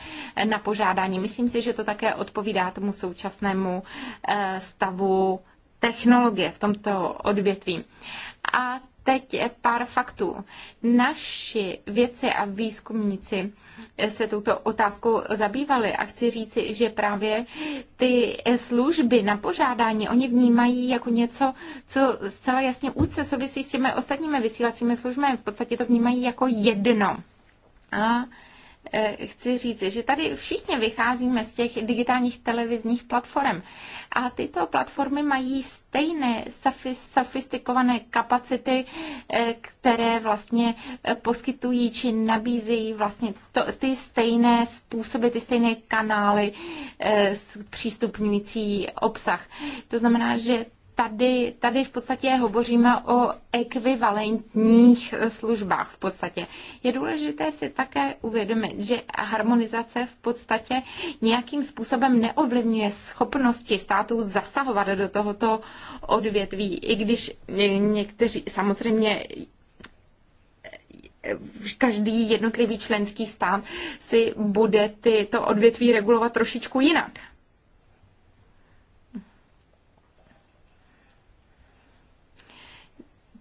na požádání. Myslím si, že to také odpovídá tomu současnému eh, stavu technologie v tomto odvětví. A teď pár faktů. Naši věci a výzkumníci se touto otázkou zabývali a chci říci, že právě ty služby na požádání, oni vnímají jako něco, co zcela jasně úzce souvisí s těmi ostatními vysílacími službami. V podstatě to vnímají jako jedno. A Eh, chci říct, že tady všichni vycházíme z těch digitálních televizních platform a tyto platformy mají stejné sofistikované kapacity, eh, které vlastně eh, poskytují či nabízejí vlastně to, ty stejné způsoby, ty stejné kanály přístupňující obsah. To znamená, že tady, tady v podstatě hovoříme o ekvivalentních službách v podstatě. Je důležité si také uvědomit, že harmonizace v podstatě nějakým způsobem neovlivňuje schopnosti států zasahovat do tohoto odvětví, i když eh, někteří samozřejmě eh, každý jednotlivý členský stát si bude tyto odvětví regulovat trošičku jinak.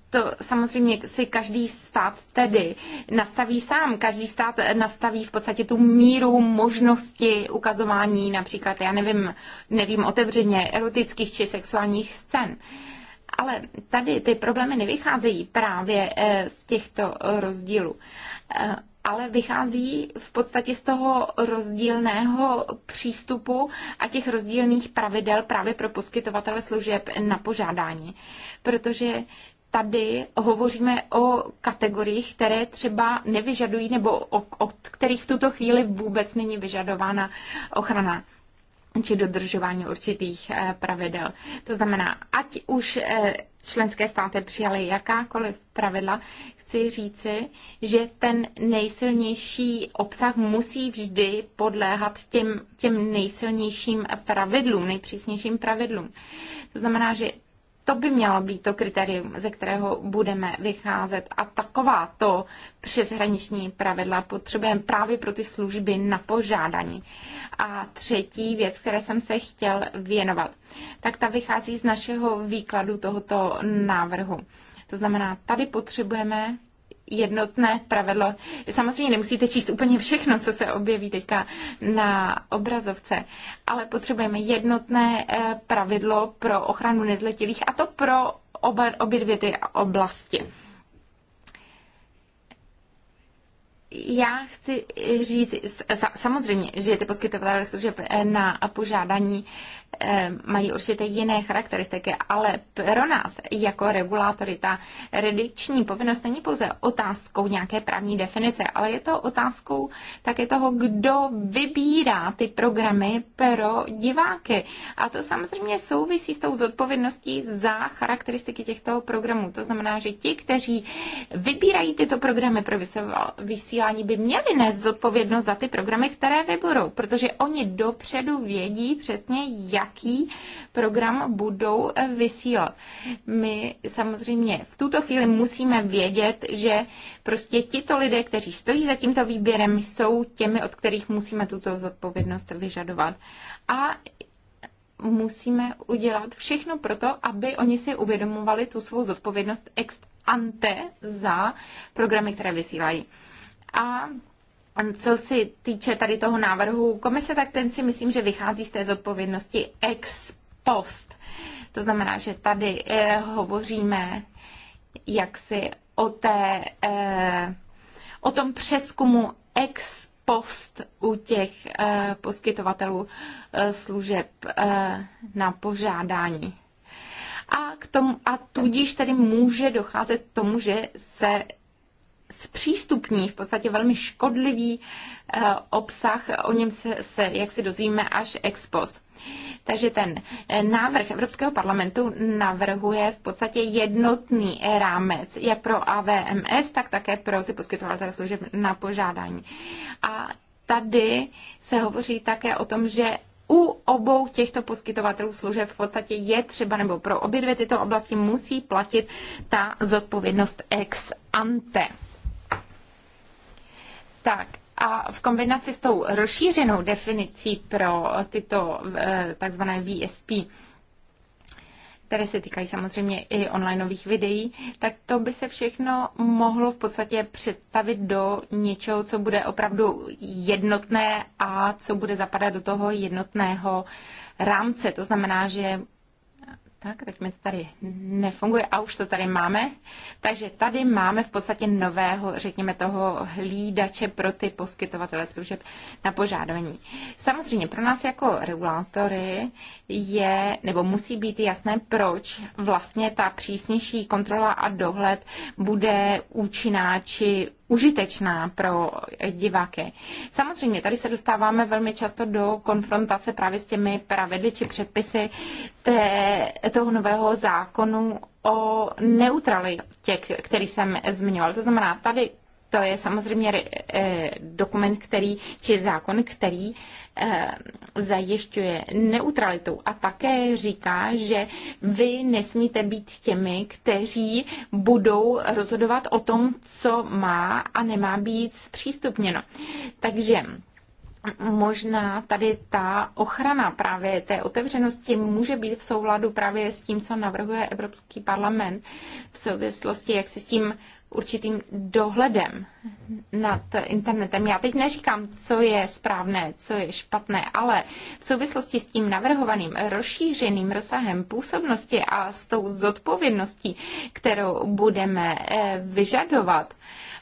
to samozřejmě si každý stát tedy nastaví sám. Každý stát nastaví v podstatě tu míru možnosti ukazování například, já nevím, nevím otevřeně, erotických či sexuálních scén. Ale tady ty problémy nevycházejí právě eh, z těchto rozdílů eh, ale vychází v podstatě z toho rozdílného přístupu a těch rozdílných pravidel právě pro poskytovatele služeb na požádání. Protože tady hovoříme o kategoriích, které třeba nevyžadují nebo od kterých v tuto chvíli vůbec není vyžadována ochrana či dodržování určitých eh, pravidel. To znamená, ať už eh, členské státy přijaly jakákoliv pravidla, chci říci, že ten nejsilnější obsah musí vždy podléhat těm, těm nejsilnějším pravidlům, nejpřísnějším pravidlům. To znamená, že to by mělo být to kritérium, ze kterého budeme vycházet. A taková to přeshraniční pravidla potřebujeme právě pro ty služby na požádání. A třetí věc, které jsem se chtěl věnovat, tak ta vychází z našeho výkladu tohoto návrhu. To znamená, tady potřebujeme jednotné pravidlo. Samozřejmě nemusíte číst úplně všechno, co se objeví teďka na obrazovce, ale potřebujeme jednotné eh, pravidlo pro ochranu nezletilých a to pro oba, obě dvě ty oblasti. Já chci říct, samozřejmě, že ty poskytovatelé služeb eh, na požádání Eh, mají určitě jiné charakteristiky, ale pro nás jako regulátory ta redikční povinnost není pouze otázkou nějaké právní definice, ale je to otázkou také toho, kdo vybírá ty programy pro diváky. A to samozřejmě souvisí s tou zodpovědností za charakteristiky těchto programů. To znamená, že ti, kteří vybírají tyto programy pro vysílání, by měli nést zodpovědnost za ty programy, které vyborou, protože oni dopředu vědí přesně, jak jaký program budou eh, vysílat. My samozřejmě v tuto chvíli musíme vědět, že prostě tito lidé, kteří stojí za tímto výběrem, jsou těmi, od kterých musíme tuto zodpovědnost vyžadovat. A musíme udělat všechno pro to, aby oni si uvědomovali tu svou zodpovědnost ex ante za programy, které vysílají. A a co se týče tady toho návrhu komise, tak ten si myslím, že vychází z té zodpovědnosti ex post. To znamená, že tady eh, hovoříme jaksi o, té, eh, o tom přeskumu ex post u těch eh, poskytovatelů eh, služeb eh, na požádání. A, k tomu, a tudíž tedy může docházet k tomu, že se zpřístupní v podstatě velmi škodlivý eh, obsah, o něm se, se jak si dozvíme, až ex post. Takže ten eh, návrh Evropského parlamentu navrhuje v podstatě jednotný eh, rámec, jak pro AVMS, tak také pro ty poskytovatele služeb na požádání. A tady se hovoří také o tom, že u obou těchto poskytovatelů služeb v podstatě je třeba, nebo pro obě dvě tyto oblasti musí platit ta zodpovědnost ex ante. Tak a v kombinaci s tou rozšířenou definicí pro tyto eh, takzvané VSP, které se týkají samozřejmě i onlineových videí, tak to by se všechno mohlo v podstatě představit do něčeho, co bude opravdu jednotné a co bude zapadat do toho jednotného rámce. To znamená, že tak, teď mi to tady nefunguje a už to tady máme. Takže tady máme v podstatě nového, řekněme, toho hlídače pro ty poskytovatele služeb na požádání. Samozřejmě pro nás jako regulátory je, nebo musí být jasné, proč vlastně ta přísnější kontrola a dohled bude účinná či užitečná pro diváky. Samozřejmě, tady se dostáváme velmi často do konfrontace právě s těmi pravidly či předpisy té, toho nového zákonu o neutralitě, který jsem zmiňoval. To znamená, tady to je samozřejmě eh, dokument, který, či zákon, který Eh, zajišťuje neutralitu a také říká, že vy nesmíte být těmi, kteří budou rozhodovat o tom, co má a nemá být zpřístupněno. Takže možná tady ta ochrana právě té otevřenosti může být v souladu právě s tím, co navrhuje Evropský parlament v souvislosti, jak si s tím určitým dohledem nad internetem. Já teď neříkám, co je správné, co je špatné, ale v souvislosti s tím navrhovaným rozšířeným rozsahem působnosti a s tou zodpovědností, kterou budeme eh, vyžadovat,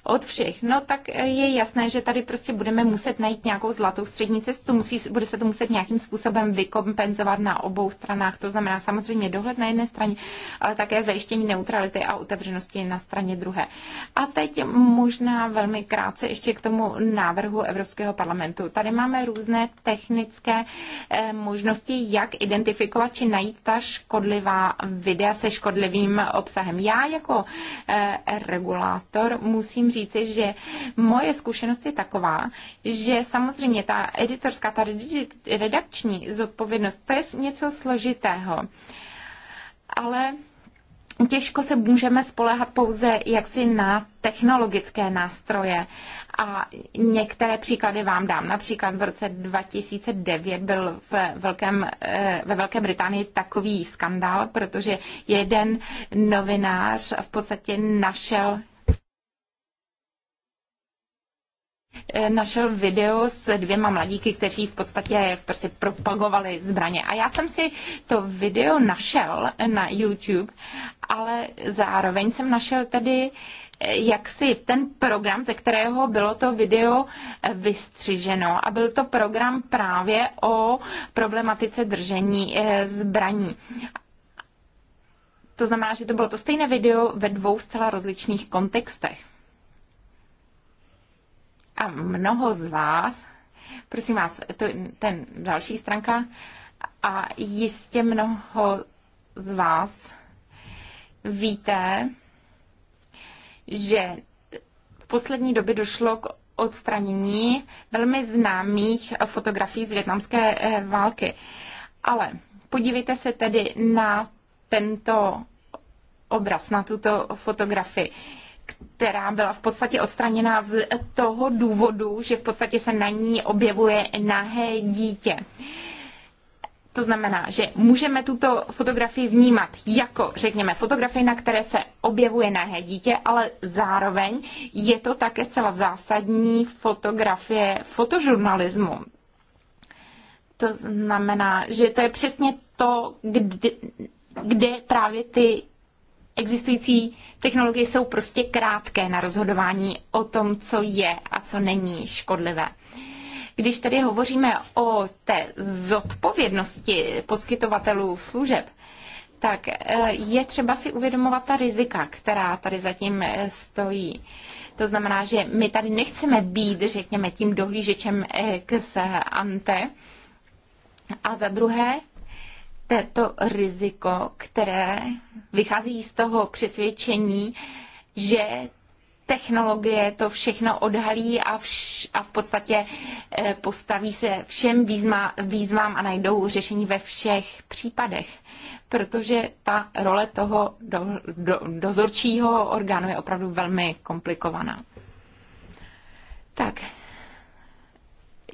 od všech, no tak je jasné, že tady prostě budeme muset najít nějakou zlatou střední cestu, musí, bude se to muset nějakým způsobem vykompenzovat na obou stranách, to znamená samozřejmě dohled na jedné straně, ale také zajištění neutrality a otevřenosti na straně druhé. A teď možná velmi krátce ještě k tomu návrhu Evropského parlamentu. Tady máme různé technické eh, možnosti, jak identifikovat či najít ta škodlivá videa se škodlivým obsahem. Já jako eh, regulátor musím říct, říci, že moje zkušenost je taková, že samozřejmě ta editorská, ta redakční zodpovědnost, to je něco složitého. Ale těžko se můžeme spolehat pouze jaksi na technologické nástroje. A některé příklady vám dám. Například v roce 2009 byl ve, velkém, eh, ve Velké Británii takový skandál, protože jeden novinář v podstatě našel Eh, našel video s dvěma mladíky, kteří v podstatě prostě propagovali zbraně. A já jsem si to video našel na YouTube, ale zároveň jsem našel tedy eh, jak si ten program, ze kterého bylo to video eh, vystřiženo a byl to program právě o problematice držení zbraní. To znamená, že to bylo to stejné video ve dvou zcela rozličných kontextech a mnoho z vás, prosím vás, to, ten další stránka, a jistě mnoho z vás víte, že v poslední době došlo k odstranění velmi známých fotografií z větnamské eh, války. Ale podívejte se tedy na tento obraz, na tuto fotografii která byla v podstatě odstraněna z toho důvodu, že v podstatě se na ní objevuje nahé dítě. To znamená, že můžeme tuto fotografii vnímat jako, řekněme, fotografii, na které se objevuje nahé dítě, ale zároveň je to také zcela zásadní fotografie fotožurnalismu. To znamená, že to je přesně to, kde, kde právě ty existující technologie jsou prostě krátké na rozhodování o tom, co je a co není škodlivé. Když tady hovoříme o té zodpovědnosti poskytovatelů služeb, tak eh, je třeba si uvědomovat ta rizika, která tady zatím eh, stojí. To znamená, že my tady nechceme být, řekněme, tím dohlížečem ex eh, ante. A za druhé, této riziko, které vychází z toho přesvědčení, že technologie to všechno odhalí a, vš, a v podstatě eh, postaví se všem výzma, výzvám a najdou řešení ve všech případech. Protože ta role toho do, do, dozorčího orgánu je opravdu velmi komplikovaná. Tak.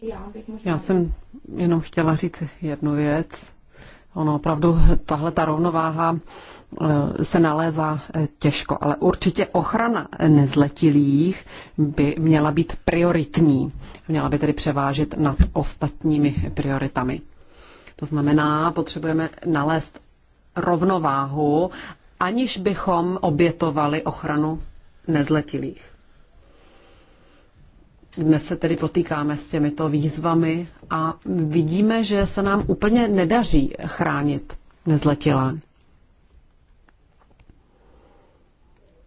Já, bych možná... Já jsem jenom chtěla říct jednu věc. Ono opravdu, tahle ta rovnováha eh, se nalézá eh, těžko, ale určitě ochrana nezletilých by měla být prioritní. Měla by tedy převážit nad ostatními prioritami. To znamená, potřebujeme nalézt rovnováhu, aniž bychom obětovali ochranu nezletilých. Dnes se tedy potýkáme s těmito výzvami a vidíme, že se nám úplně nedaří chránit nezletilé.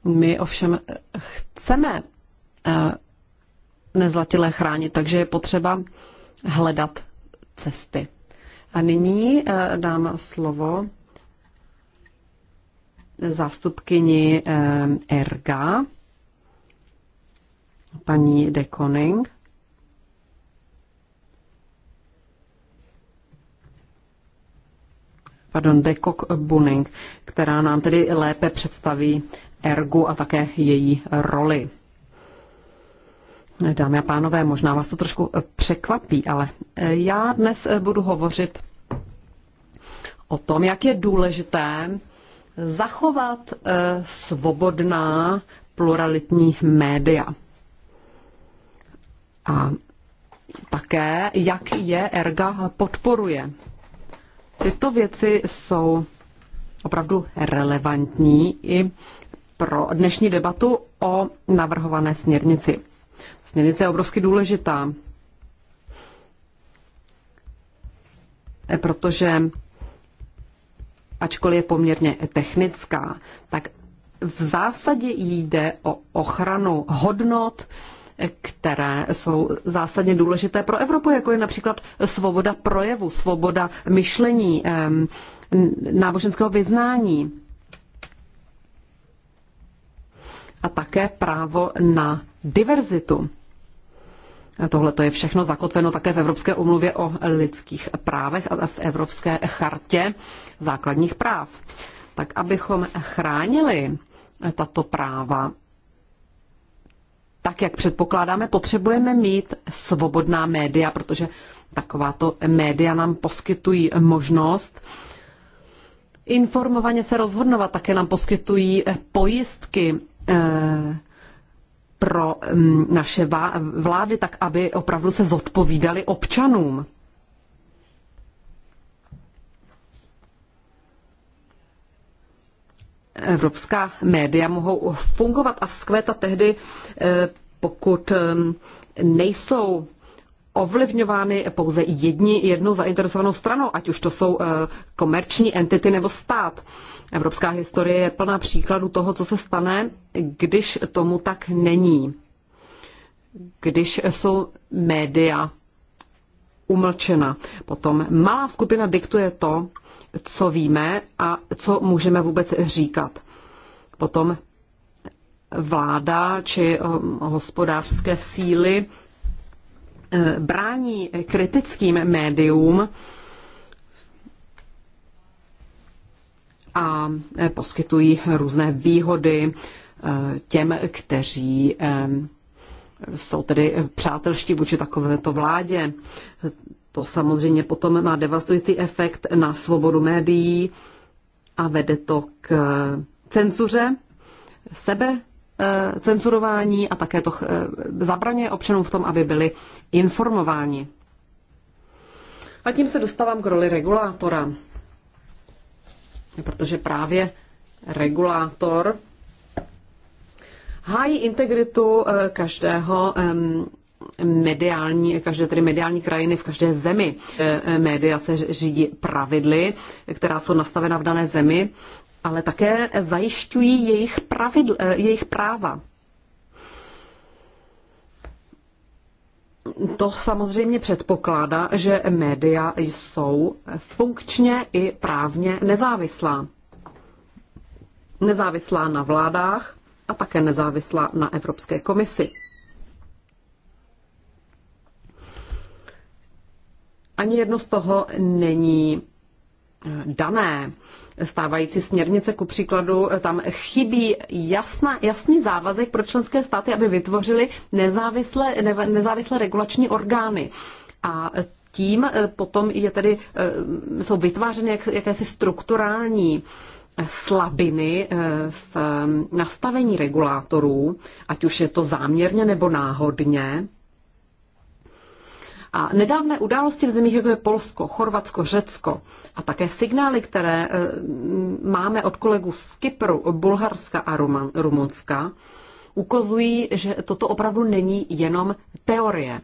My ovšem chceme eh, nezletilé chránit, takže je potřeba hledat cesty. A nyní eh, dám slovo zástupkyni Erga eh, paní de Koning. Pardon, de Kok Buning, která nám tedy lépe představí ergu a také její roli. Dámy a pánové, možná vás to trošku překvapí, ale já dnes budu hovořit o tom, jak je důležité zachovat eh, svobodná pluralitní média. A také, jak je erga podporuje. Tyto věci jsou opravdu relevantní i pro dnešní debatu o navrhované směrnici. Směrnice je obrovsky důležitá, protože ačkoliv je poměrně technická, tak v zásadě jde o ochranu hodnot, které jsou zásadně důležité pro Evropu, jako je například svoboda projevu, svoboda myšlení, náboženského vyznání a také právo na diverzitu. Tohle je všechno zakotveno také v Evropské umluvě o lidských právech a v Evropské chartě základních práv. Tak abychom chránili tato práva tak jak předpokládáme, potřebujeme mít svobodná média, protože takováto média nám poskytují možnost informovaně se rozhodnovat, také nám poskytují eh, pojistky eh, pro mm, naše vlády, tak aby opravdu se zodpovídali občanům. evropská média mohou fungovat a vzkvétat tehdy, eh, pokud ehm, nejsou ovlivňovány pouze jedni, jednou zainteresovanou stranou, ať už to jsou eh, komerční entity nebo stát. Evropská historie je plná příkladů toho, co se stane, když tomu tak není. Když jsou média umlčena. Potom malá skupina diktuje to, co víme a co můžeme vůbec říkat. Potom vláda či um, hospodářské síly eh, brání kritickým médium a eh, poskytují různé výhody eh, těm, kteří jsou tedy přátelští vůči takovéto vládě. To samozřejmě potom má devastující efekt na svobodu médií a vede to k eh, cenzuře, sebe eh, cenzurování a také to eh, zabraňuje občanům v tom, aby byli informováni. A tím se dostávám k roli regulátora, protože právě regulátor hájí integritu každého mediální, každé tedy mediální krajiny v každé zemi. E, e, média se řídí pravidly, která jsou nastavena v dané zemi, ale také zajišťují jejich, pravidl, e, jejich práva. To samozřejmě předpokládá, že média jsou funkčně i právně nezávislá. Nezávislá na vládách a také nezávislá na Evropské komisi. ani jedno z toho není eh, dané. Stávající směrnice, ku příkladu, eh, tam chybí jasná, jasný závazek pro členské státy, aby vytvořili nezávislé, nezávislé regulační orgány. A tím eh, potom je tedy, jsou vytvářeny jak, jakési strukturální slabiny v nastavení regulátorů, ať už je to záměrně nebo náhodně. A nedávné události v zemích, jako je Polsko, Chorvatsko, Řecko a také signály, které eh, máme od kolegů z Kypru, Bulharska a Rumunska, ukazují, že toto opravdu není jenom teorie.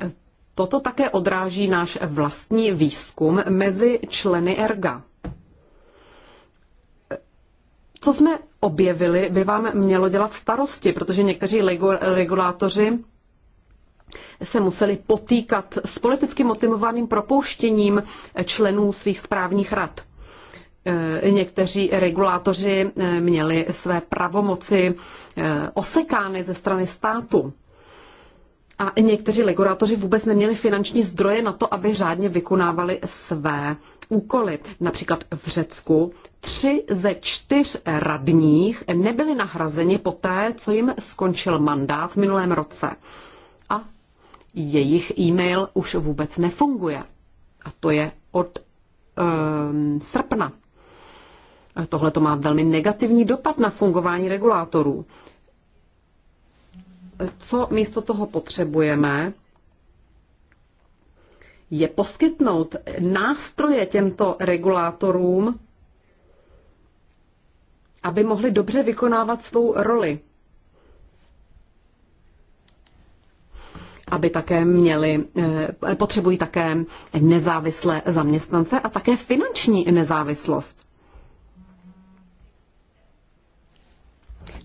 Eh, toto také odráží náš vlastní výzkum mezi členy ERGA co jsme objevili, by vám mělo dělat starosti, protože někteří regulátoři se museli potýkat s politicky motivovaným propouštěním členů svých správních rad. E, někteří regulátoři e, měli své pravomoci e, osekány ze strany státu a někteří legorátoři vůbec neměli finanční zdroje na to, aby řádně vykonávali své úkoly. Například v Řecku tři ze čtyř radních nebyli nahrazeni poté, co jim skončil mandát v minulém roce. A jejich e-mail už vůbec nefunguje. A to je od um, srpna. Tohle to má velmi negativní dopad na fungování regulátorů co místo toho potřebujeme, je poskytnout nástroje těmto regulátorům, aby mohli dobře vykonávat svou roli. Aby také měli, eh, potřebují také nezávislé zaměstnance a také finanční nezávislost.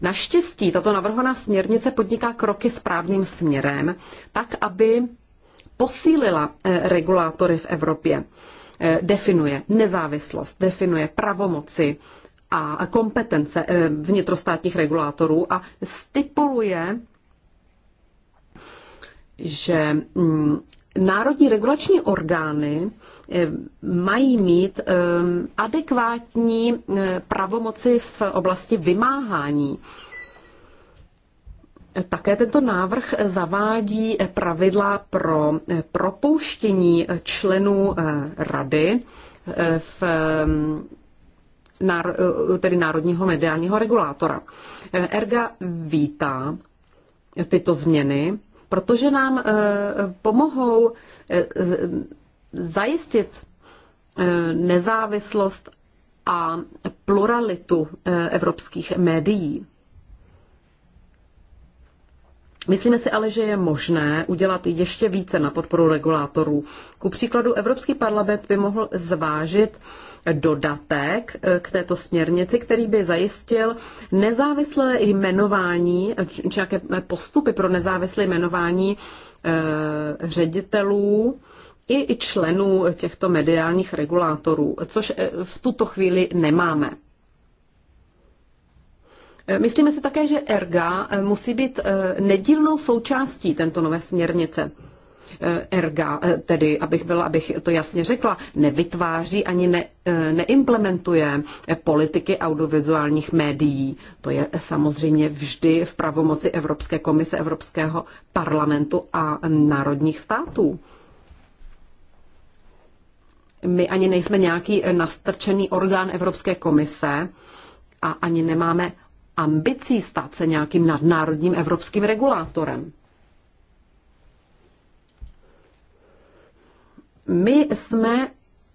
Naštěstí tato navrhovaná směrnice podniká kroky správným směrem, tak aby posílila eh, regulátory v Evropě. Eh, definuje nezávislost, definuje pravomoci a kompetence eh, vnitrostátních regulátorů a stipuluje, že mm, národní regulační orgány Eh, mají mít eh, adekvátní eh, pravomoci v oblasti vymáhání. Také tento návrh zavádí pravidla pro propouštění členů rady v tedy národního mediálního regulátora. Erga vítá tyto změny, protože nám pomohou zajistit eh, nezávislost a pluralitu eh, evropských médií. Myslíme si ale, že je možné udělat ještě více na podporu regulátorů. Ku příkladu Evropský parlament by mohl zvážit dodatek eh, k této směrnici, který by zajistil nezávislé jmenování, či nějaké postupy pro nezávislé jmenování ředitelů i členů těchto mediálních regulátorů, což eh, v tuto chvíli nemáme. Eh, myslíme si také, že ERGA eh, musí být nedílnou součástí této nové směrnice. ERGA, tedy abych, byla, abych to jasně řekla, nevytváří ani ne, neimplementuje politiky audiovizuálních médií. To je samozřejmě vždy v pravomoci Evropské komise, Evropského parlamentu a národních států. My ani nejsme nějaký eh, nastrčený orgán Evropské komise a ani nemáme ambicí stát se nějakým nadnárodním evropským regulátorem. My jsme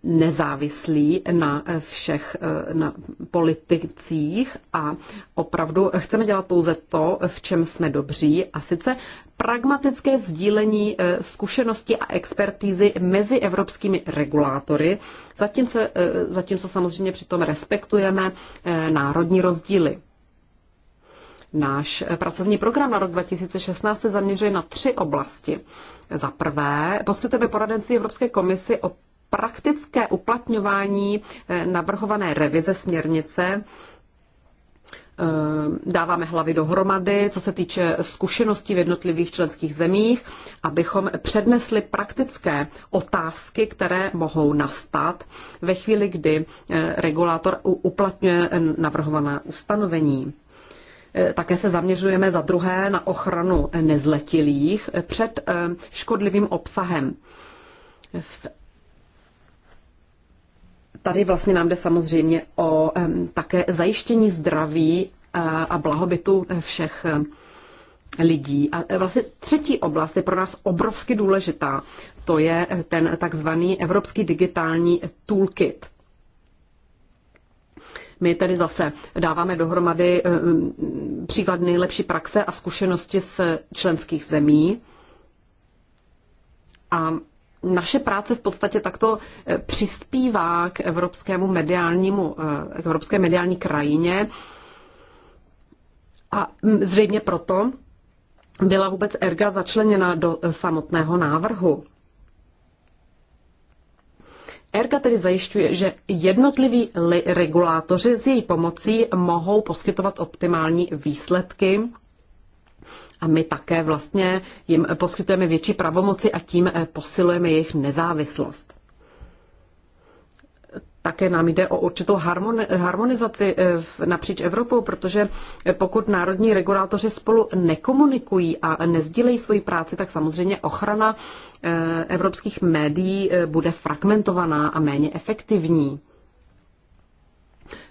nezávislí na všech na politicích a opravdu chceme dělat pouze to, v čem jsme dobří a sice pragmatické sdílení eh, zkušenosti a expertízy mezi evropskými regulátory, zatímco, eh, zatímco samozřejmě přitom respektujeme eh, národní rozdíly. Náš pracovní program na rok 2016 se zaměřuje na tři oblasti. Za prvé, poskytujeme poradenství Evropské komisi o praktické uplatňování eh, navrhované revize směrnice eh, dáváme hlavy dohromady, co se týče zkušeností v jednotlivých členských zemích, abychom přednesli praktické otázky, které mohou nastat ve chvíli, kdy eh, regulátor uplatňuje navrhovaná ustanovení. Také se zaměřujeme za druhé na ochranu nezletilých před škodlivým obsahem. V tady vlastně nám jde samozřejmě o také zajištění zdraví a blahobytu eh, všech eh, lidí. A eh, vlastně třetí oblast je pro nás obrovsky důležitá. To je ten takzvaný Evropský digitální toolkit. My tedy zase dáváme dohromady příklad nejlepší praxe a zkušenosti z členských zemí. A naše práce v podstatě takto e, přispívá k evropskému mediálnímu, e, k evropské mediální krajině. A zřejmě proto byla vůbec erga začleněna do e, samotného návrhu. ERGA tedy zajišťuje, že jednotliví regulátoři s její pomocí mohou poskytovat optimální výsledky a my také vlastně jim poskytujeme větší pravomoci a tím eh, posilujeme jejich nezávislost. Také nám jde o určitou harmonizaci eh, napříč Evropou, protože eh, pokud národní regulátoři spolu nekomunikují a nezdílejí svoji práci, tak samozřejmě ochrana evropských médií bude fragmentovaná a méně efektivní.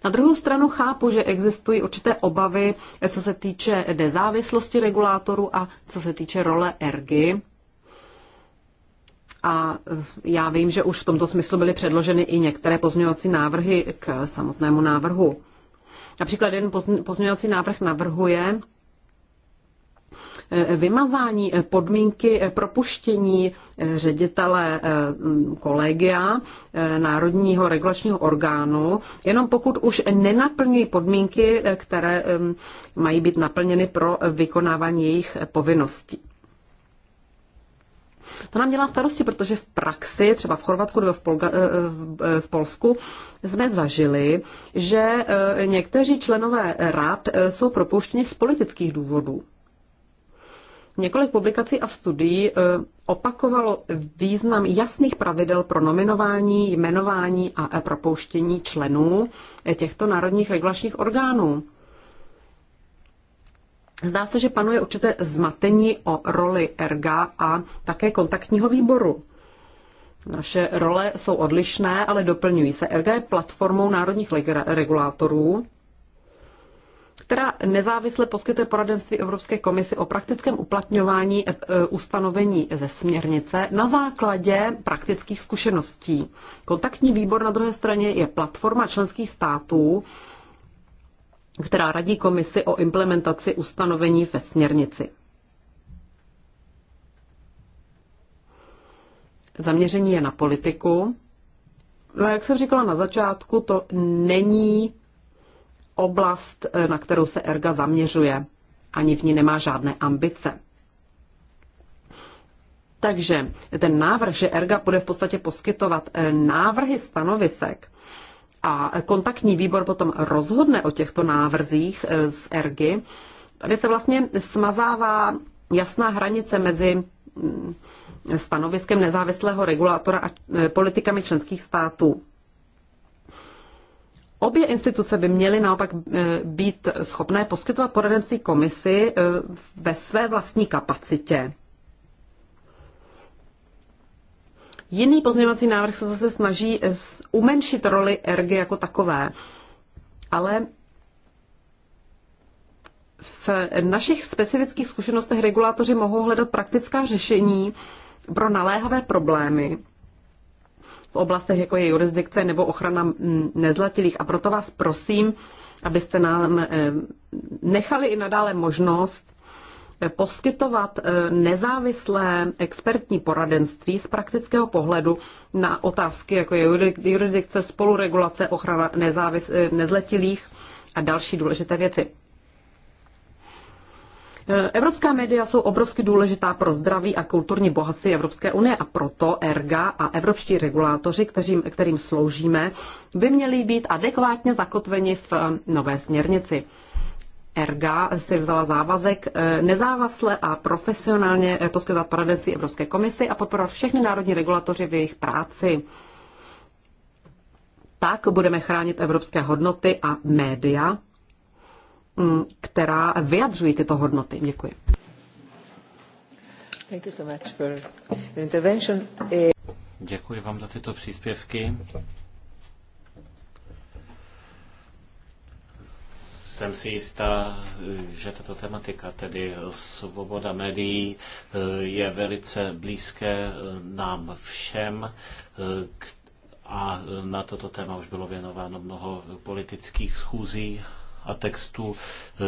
Na druhou stranu chápu, že existují určité obavy, co se týče nezávislosti regulátoru a co se týče role ERGY. A já vím, že už v tomto smyslu byly předloženy i některé pozměňovací návrhy k samotnému návrhu. Například jeden pozměňovací návrh navrhuje, Eh, vymazání eh, podmínky eh, propuštění ředitele kolegia Národního regulačního orgánu, jenom pokud už nenaplní podmínky, které mají být naplněny pro vykonávání jejich povinností. To nám dělá starosti, protože v praxi, třeba v Chorvatsku nebo v, Polga, v Polsku, jsme zažili, že někteří členové rad jsou propuštěni z politických důvodů. Několik publikací a studií eh, opakovalo význam jasných pravidel pro nominování, jmenování a e, propouštění členů eh, těchto národních regulačních orgánů. Zdá se, že panuje určité zmatení o roli erga a také kontaktního výboru. Naše role jsou odlišné, ale doplňují se. RGA je platformou národních regulátorů, která nezávisle poskytuje poradenství Evropské komisi o praktickém uplatňování eh, ustanovení ze směrnice na základě praktických zkušeností. Kontaktní výbor na druhé straně je platforma členských států, která radí komisi o implementaci ustanovení ve směrnici. Zaměření je na politiku. No, jak jsem říkala na začátku, to není oblast, eh, na kterou se Erga zaměřuje. Ani v ní nemá žádné ambice. Takže ten návrh, že Erga bude v podstatě poskytovat eh, návrhy stanovisek a kontaktní výbor potom rozhodne o těchto návrzích eh, z Ergy, tady se vlastně smazává jasná hranice mezi mm, stanoviskem nezávislého regulátora a politikami členských států. Obě instituce by měly naopak e, být schopné poskytovat poradenství komisi e, ve své vlastní kapacitě. Jiný pozměňovací návrh se zase snaží e, umenšit roli ERG jako takové, ale v našich specifických zkušenostech regulátoři mohou hledat praktická řešení pro naléhavé problémy, v oblastech, jako je jurisdikce nebo ochrana mm, nezlatilých. A proto vás prosím, abyste nám eh, nechali i nadále možnost eh, poskytovat eh, nezávislé expertní poradenství z praktického pohledu na otázky, jako je jurisdikce, spoluregulace, ochrana nezávis- nezletilých a další důležité věci. Eh, evropská média jsou obrovsky důležitá pro zdraví a kulturní bohatství Evropské unie a proto ERGA a evropští regulátoři, kterým, kterým sloužíme, by měli být adekvátně zakotveni v eh, nové směrnici. ERGA si vzala závazek eh, nezávasle a profesionálně poskytovat poradenství Evropské komisi a podporovat všechny národní regulatoři v jejich práci. Tak budeme chránit evropské hodnoty a média Mm, která vyjadřují tyto hodnoty. Děkuji. Eh, Děkuji vám za tyto příspěvky. jsem si jistá, že tato tematika, tedy svoboda médií, eh, je velice blízké eh, nám všem a na toto téma už bylo věnováno mnoho politických schůzí a textů.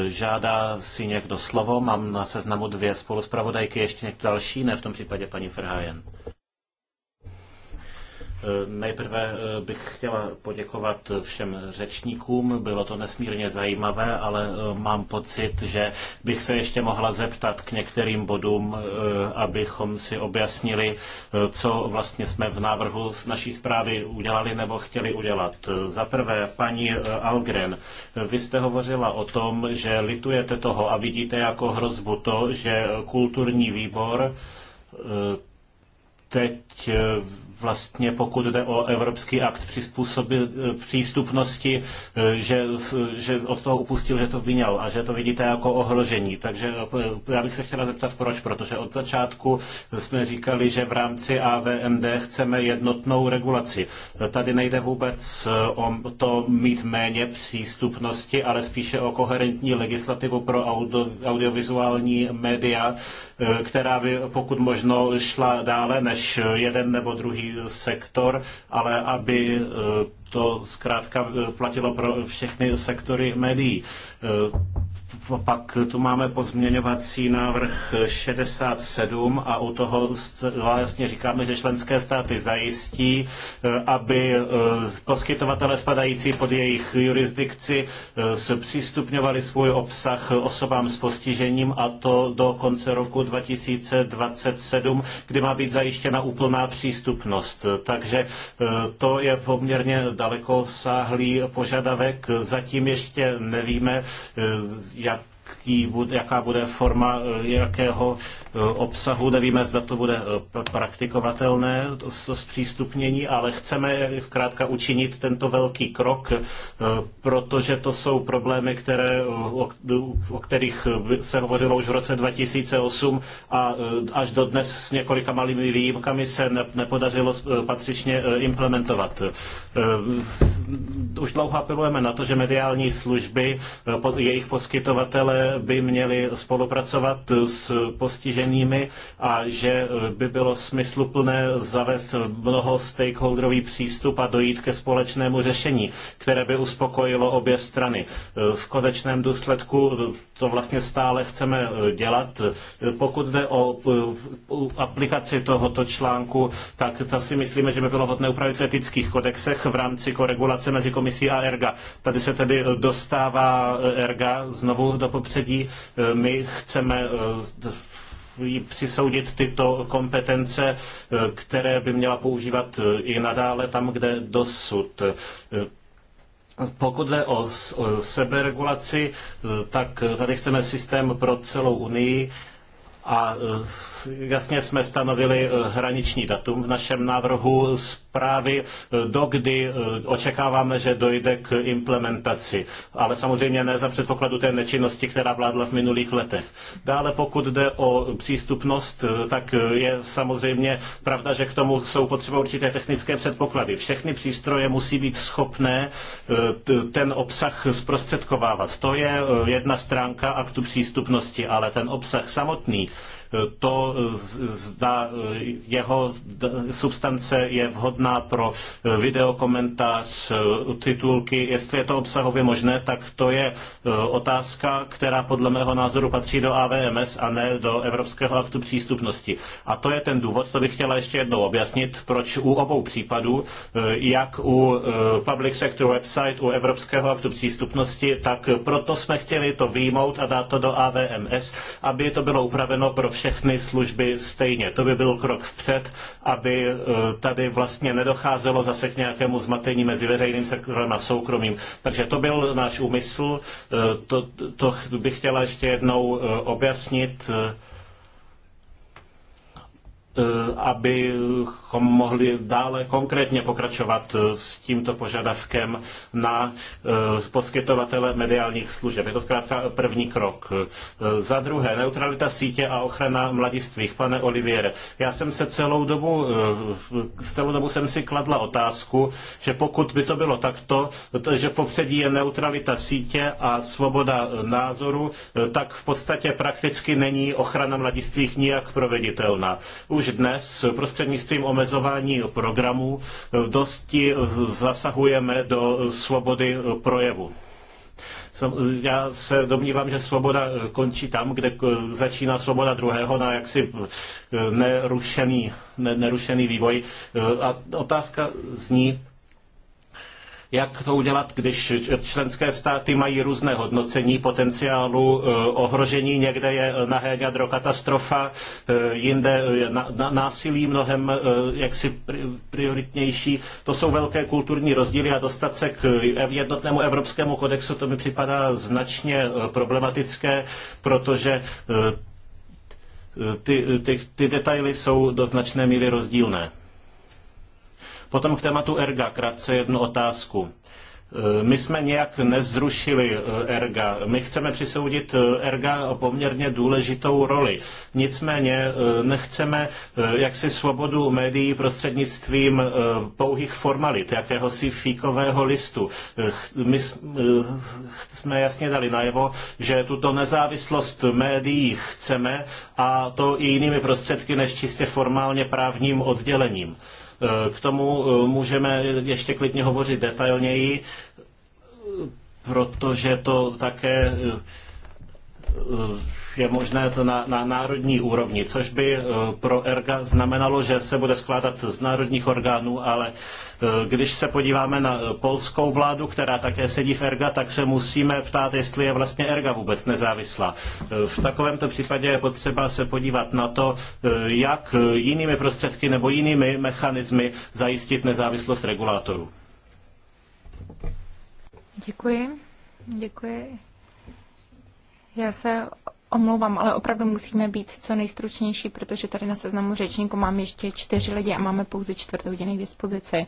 Žádá si někdo slovo? Mám na seznamu dvě spoluzpravodajky, ještě někdo další? Ne, v tom případě paní Ferhajen. Eh, nejprve eh, bych chtěla poděkovat všem řečníkům, bylo to nesmírně zajímavé, ale eh, mám pocit, že bych se ještě mohla zeptat k některým bodům, abychom si objasnili, co vlastně jsme v návrhu s naší zprávy udělali nebo chtěli udělat. Za prvé, paní Algren, vy jste hovořila o tom, že litujete toho a vidíte jako hrozbu to, že kulturní výbor teď vlastně pokud jde o Evropský akt přístupnosti, eh, že, že od toho upustil, že to vyňal a že to vidíte jako ohrožení. Takže eh, já bych se chtěla zeptat, proč, protože od začátku jsme říkali, že v rámci AVMD chceme jednotnou regulaci. Tady nejde vůbec eh, o to mít méně přístupnosti, ale spíše o koherentní legislativu pro audio, audiovizuální média, Eh, která by pokud možno šla dále než jeden nebo druhý sektor, ale aby eh, to zkrátka eh, platilo pro všechny sektory médií. Pak tu máme pozměňovací návrh 67 a u toho jasně říkáme, že členské státy zajistí, eh, aby eh, poskytovatele spadající pod jejich jurisdikci eh, zpřístupňovali svůj obsah osobám s postižením a to do konce roku 2027, kdy má být zajištěna úplná přístupnost. Takže to je poměrně dalekosáhlý požadavek. Zatím ještě nevíme, jak jaký, jaká bude forma eh, jakého Eh, obsahu. Nevíme, zda to bude eh, praktikovatelné to zpřístupnění, ale chceme zkrátka učinit tento velký krok, eh, protože to jsou problémy, které, o, o kterých se hovořilo už v roce 2008 a až do dnes s několika malými výjimkami se nepodařilo patřičně implementovat. Už dlouho apelujeme na to, že mediální služby, jejich poskytovatele by měli spolupracovat s postiženými zkušenými a že by bylo smysluplné zavést mnoho stakeholderový přístup a dojít ke společnému řešení, které by uspokojilo obě strany. V konečném důsledku to vlastně stále chceme dělat. Pokud jde o aplikaci tohoto článku, tak to si myslíme, že by bylo hodné upravit v etických kodexech v rámci koregulace mezi komisí a ERGA. Tady se tedy dostává ERGA znovu do popředí. My chceme přisoudit tyto kompetence, eh, které by měla používat eh, i nadále tam, kde dosud. Eh, pokud jde o seberegulaci, tak tady chceme systém pro celou Unii, a e, jasně jsme stanovili e, hraniční datum v našem návrhu zprávy, e, dokdy očekáváme, že dojde k implementaci. Ale samozřejmě ne za předpokladu té nečinnosti, která vládla v minulých letech. Dále pokud jde o přístupnost, tak je samozřejmě pravda, že k tomu jsou potřeba určité technické předpoklady. Všechny přístroje musí být schopné ten obsah zprostředkovávat. To je jedna stránka aktu přístupnosti, ale ten obsah samotný to, zda jeho substance je vhodná pro videokomentář, titulky, jestli je to obsahově možné, tak to je e, otázka, která podle mého názoru patří do AVMS a ne do Evropského aktu přístupnosti. A to je ten důvod, to bych chtěla ještě jednou objasnit, proč u obou případů, e, jak u e, Public Sector Website, u Evropského aktu přístupnosti, tak proto jsme chtěli to výjmout a dát to do AVMS, aby to bylo upraveno pro všechny služby stejně. To by byl krok vpřed, aby eh, tady vlastně nedocházelo zase k nějakému zmatení mezi veřejným sektorem a soukromým. Takže to byl náš úmysl. Eh, to, to bych chtěla ještě jednou eh, objasnit. Eh, abychom mohli dále konkrétně pokračovat eh, s tímto požadavkem na eh, poskytovatele mediálních služeb. Je to zkrátka první krok. Za druhé, neutralita sítě a ochrana mladistvých. Pane Olivier, já jsem se celou dobu, celou dobu jsem si kladla otázku, že pokud by to bylo takto, že v popředí je neutralita sítě a svoboda názoru, tak v podstatě prakticky není ochrana mladistvých nijak proveditelná. Už už dnes prostřednictvím omezování programů dosti zasahujeme do svobody projevu. Já se domnívám, že svoboda končí tam, kde začíná svoboda druhého na jaksi eh, nerušený, nerušený vývoj. Eh, a otázka zní, jak to udělat, když členské státy mají různé hodnocení potenciálu eh, ohrožení. Někde je nahé jadro katastrofa, eh, jinde je násilí mnohem eh, jaksi prioritnější. To jsou velké kulturní rozdíly a dostat se k jednotnému evropskému kodexu, to mi připadá značně problematické, protože ty, ty, ty detaily jsou do značné míry rozdílné. Potom k tématu erga krátce jednu otázku. E, my jsme nějak nezrušili e, erga. My chceme přisoudit e, erga poměrně důležitou roli. Nicméně nechceme jaksi svobodu médií prostřednictvím pouhých formalit, jakéhosi fíkového listu. My jsme jasně dali najevo, že tuto nezávislost médií chceme a to i jinými prostředky než čistě formálně právním oddělením. Eh, k tomu eh, můžeme ještě klidně hovořit detailněji, protože to také eh, je možné to na, na národní úrovni, což by eh, pro ERGA znamenalo, že se bude skládat z národních orgánů, ale eh, když se podíváme na eh, polskou vládu, která také sedí v ERGA, tak se musíme ptát, jestli je vlastně ERGA vůbec nezávislá. V takovémto případě je potřeba se podívat na to, jak jinými prostředky nebo jinými mechanismy zajistit nezávislost regulátorů. Děkuji. Děkuji. Já se omlouvám, ale opravdu musíme být co nejstručnější, protože tady na seznamu řečníků mám ještě čtyři lidi a máme pouze čtvrtou hodiny k dispozici.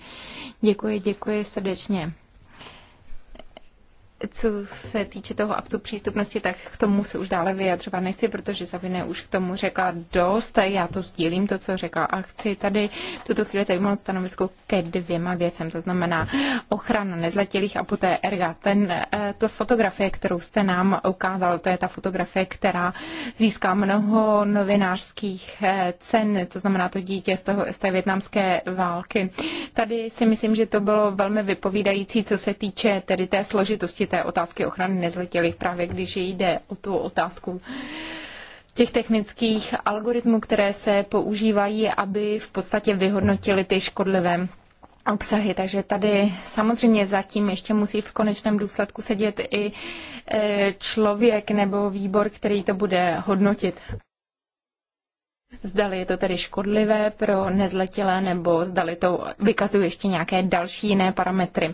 Děkuji, děkuji srdečně co se týče toho aktu přístupnosti, tak k tomu se už dále vyjadřovat nechci, protože Zavine už k tomu řekla dost. Já to sdílím, to, co řekla a chci tady tuto chvíli zajímat stanovisko ke dvěma věcem, to znamená ochrana nezletilých a poté erga. Ten, eh, to fotografie, kterou jste nám ukázal, to je ta fotografie, která získala mnoho novinářských eh, cen, to znamená to dítě z, toho, z té větnamské války. Tady si myslím, že to bylo velmi vypovídající, co se týče tedy té složitosti té otázky ochrany nezletělých právě když jde o tu otázku těch technických algoritmů, které se používají, aby v podstatě vyhodnotili ty škodlivé obsahy. Takže tady samozřejmě zatím ještě musí v konečném důsledku sedět i eh, člověk nebo výbor, který to bude hodnotit. Zdali je to tedy škodlivé pro nezletilé, nebo zdali to vykazuje ještě nějaké další jiné parametry.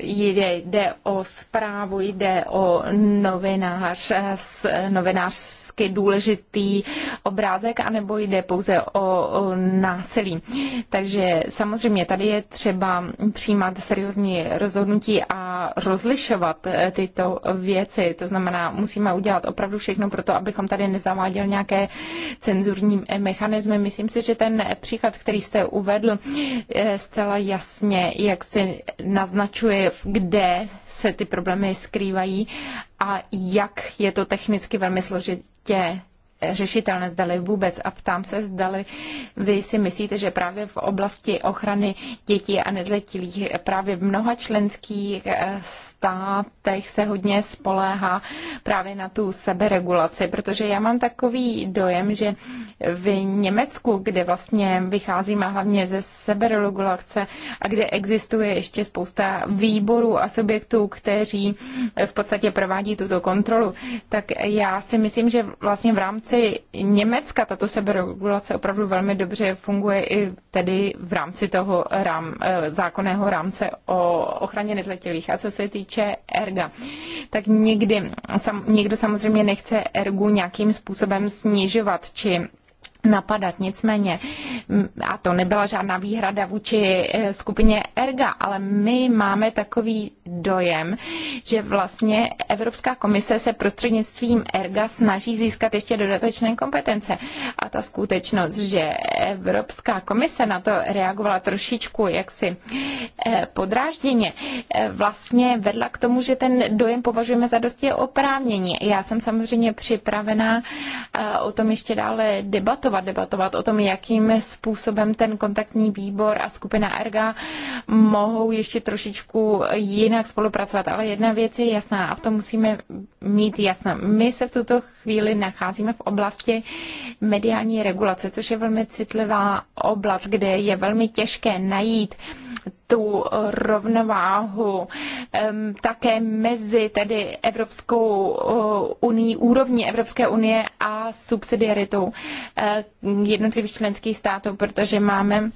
Jde, eh, jde o zprávu, jde o novinář, novinářsky důležitý obrázek, anebo jde pouze o, o násilí. Takže samozřejmě tady je třeba přijímat seriózní rozhodnutí a rozlišovat eh, tyto věci. To znamená, musíme udělat opravdu všechno pro to, abychom tady nezaváděl nějaké cenzurním mechanismem. Myslím si, že ten příklad, který jste uvedl, zcela jasně, jak se naznačuje, kde se ty problémy skrývají a jak je to technicky velmi složitě řešitelné, zdali vůbec. A ptám se, zdali vy si myslíte, že právě v oblasti ochrany dětí a nezletilých právě v mnoha členských eh, státech se hodně spoléhá právě na tu seberegulaci, protože já mám takový dojem, že v Německu, kde vlastně vycházíme hlavně ze seberegulace a kde existuje ještě spousta výborů a subjektů, kteří v podstatě provádí tuto kontrolu, tak já si myslím, že vlastně v rámci rámci Německa tato seberegulace opravdu velmi dobře funguje i tedy v rámci toho rám, eh, zákonného rámce o ochraně nezletilých. A co se týče erga, tak nikdy, sam, někdo samozřejmě nechce ergu nějakým způsobem snižovat či napadat. Nicméně, a to nebyla žádná výhrada vůči e, skupině Erga, ale my máme takový dojem, že vlastně Evropská komise se prostřednictvím Erga snaží získat ještě dodatečné kompetence. A ta skutečnost, že Evropská komise na to reagovala trošičku jaksi e, podrážděně, e, vlastně vedla k tomu, že ten dojem považujeme za dosti oprávnění. Já jsem samozřejmě připravená o tom ještě dále debatovat diskutovat, debatovat o tom, jakým způsobem ten kontaktní výbor a skupina ERGA mohou ještě trošičku jinak spolupracovat. Ale jedna věc je jasná a v tom musíme mít jasná. My se v tuto chvíli nacházíme v oblasti mediální regulace, což je velmi citlivá oblast, kde je velmi těžké najít uh, tu rovnováhu také mezi tedy Evropskou eh, unii, úrovní Evropské unie a subsidiaritou eh, jednotlivých členských států, protože máme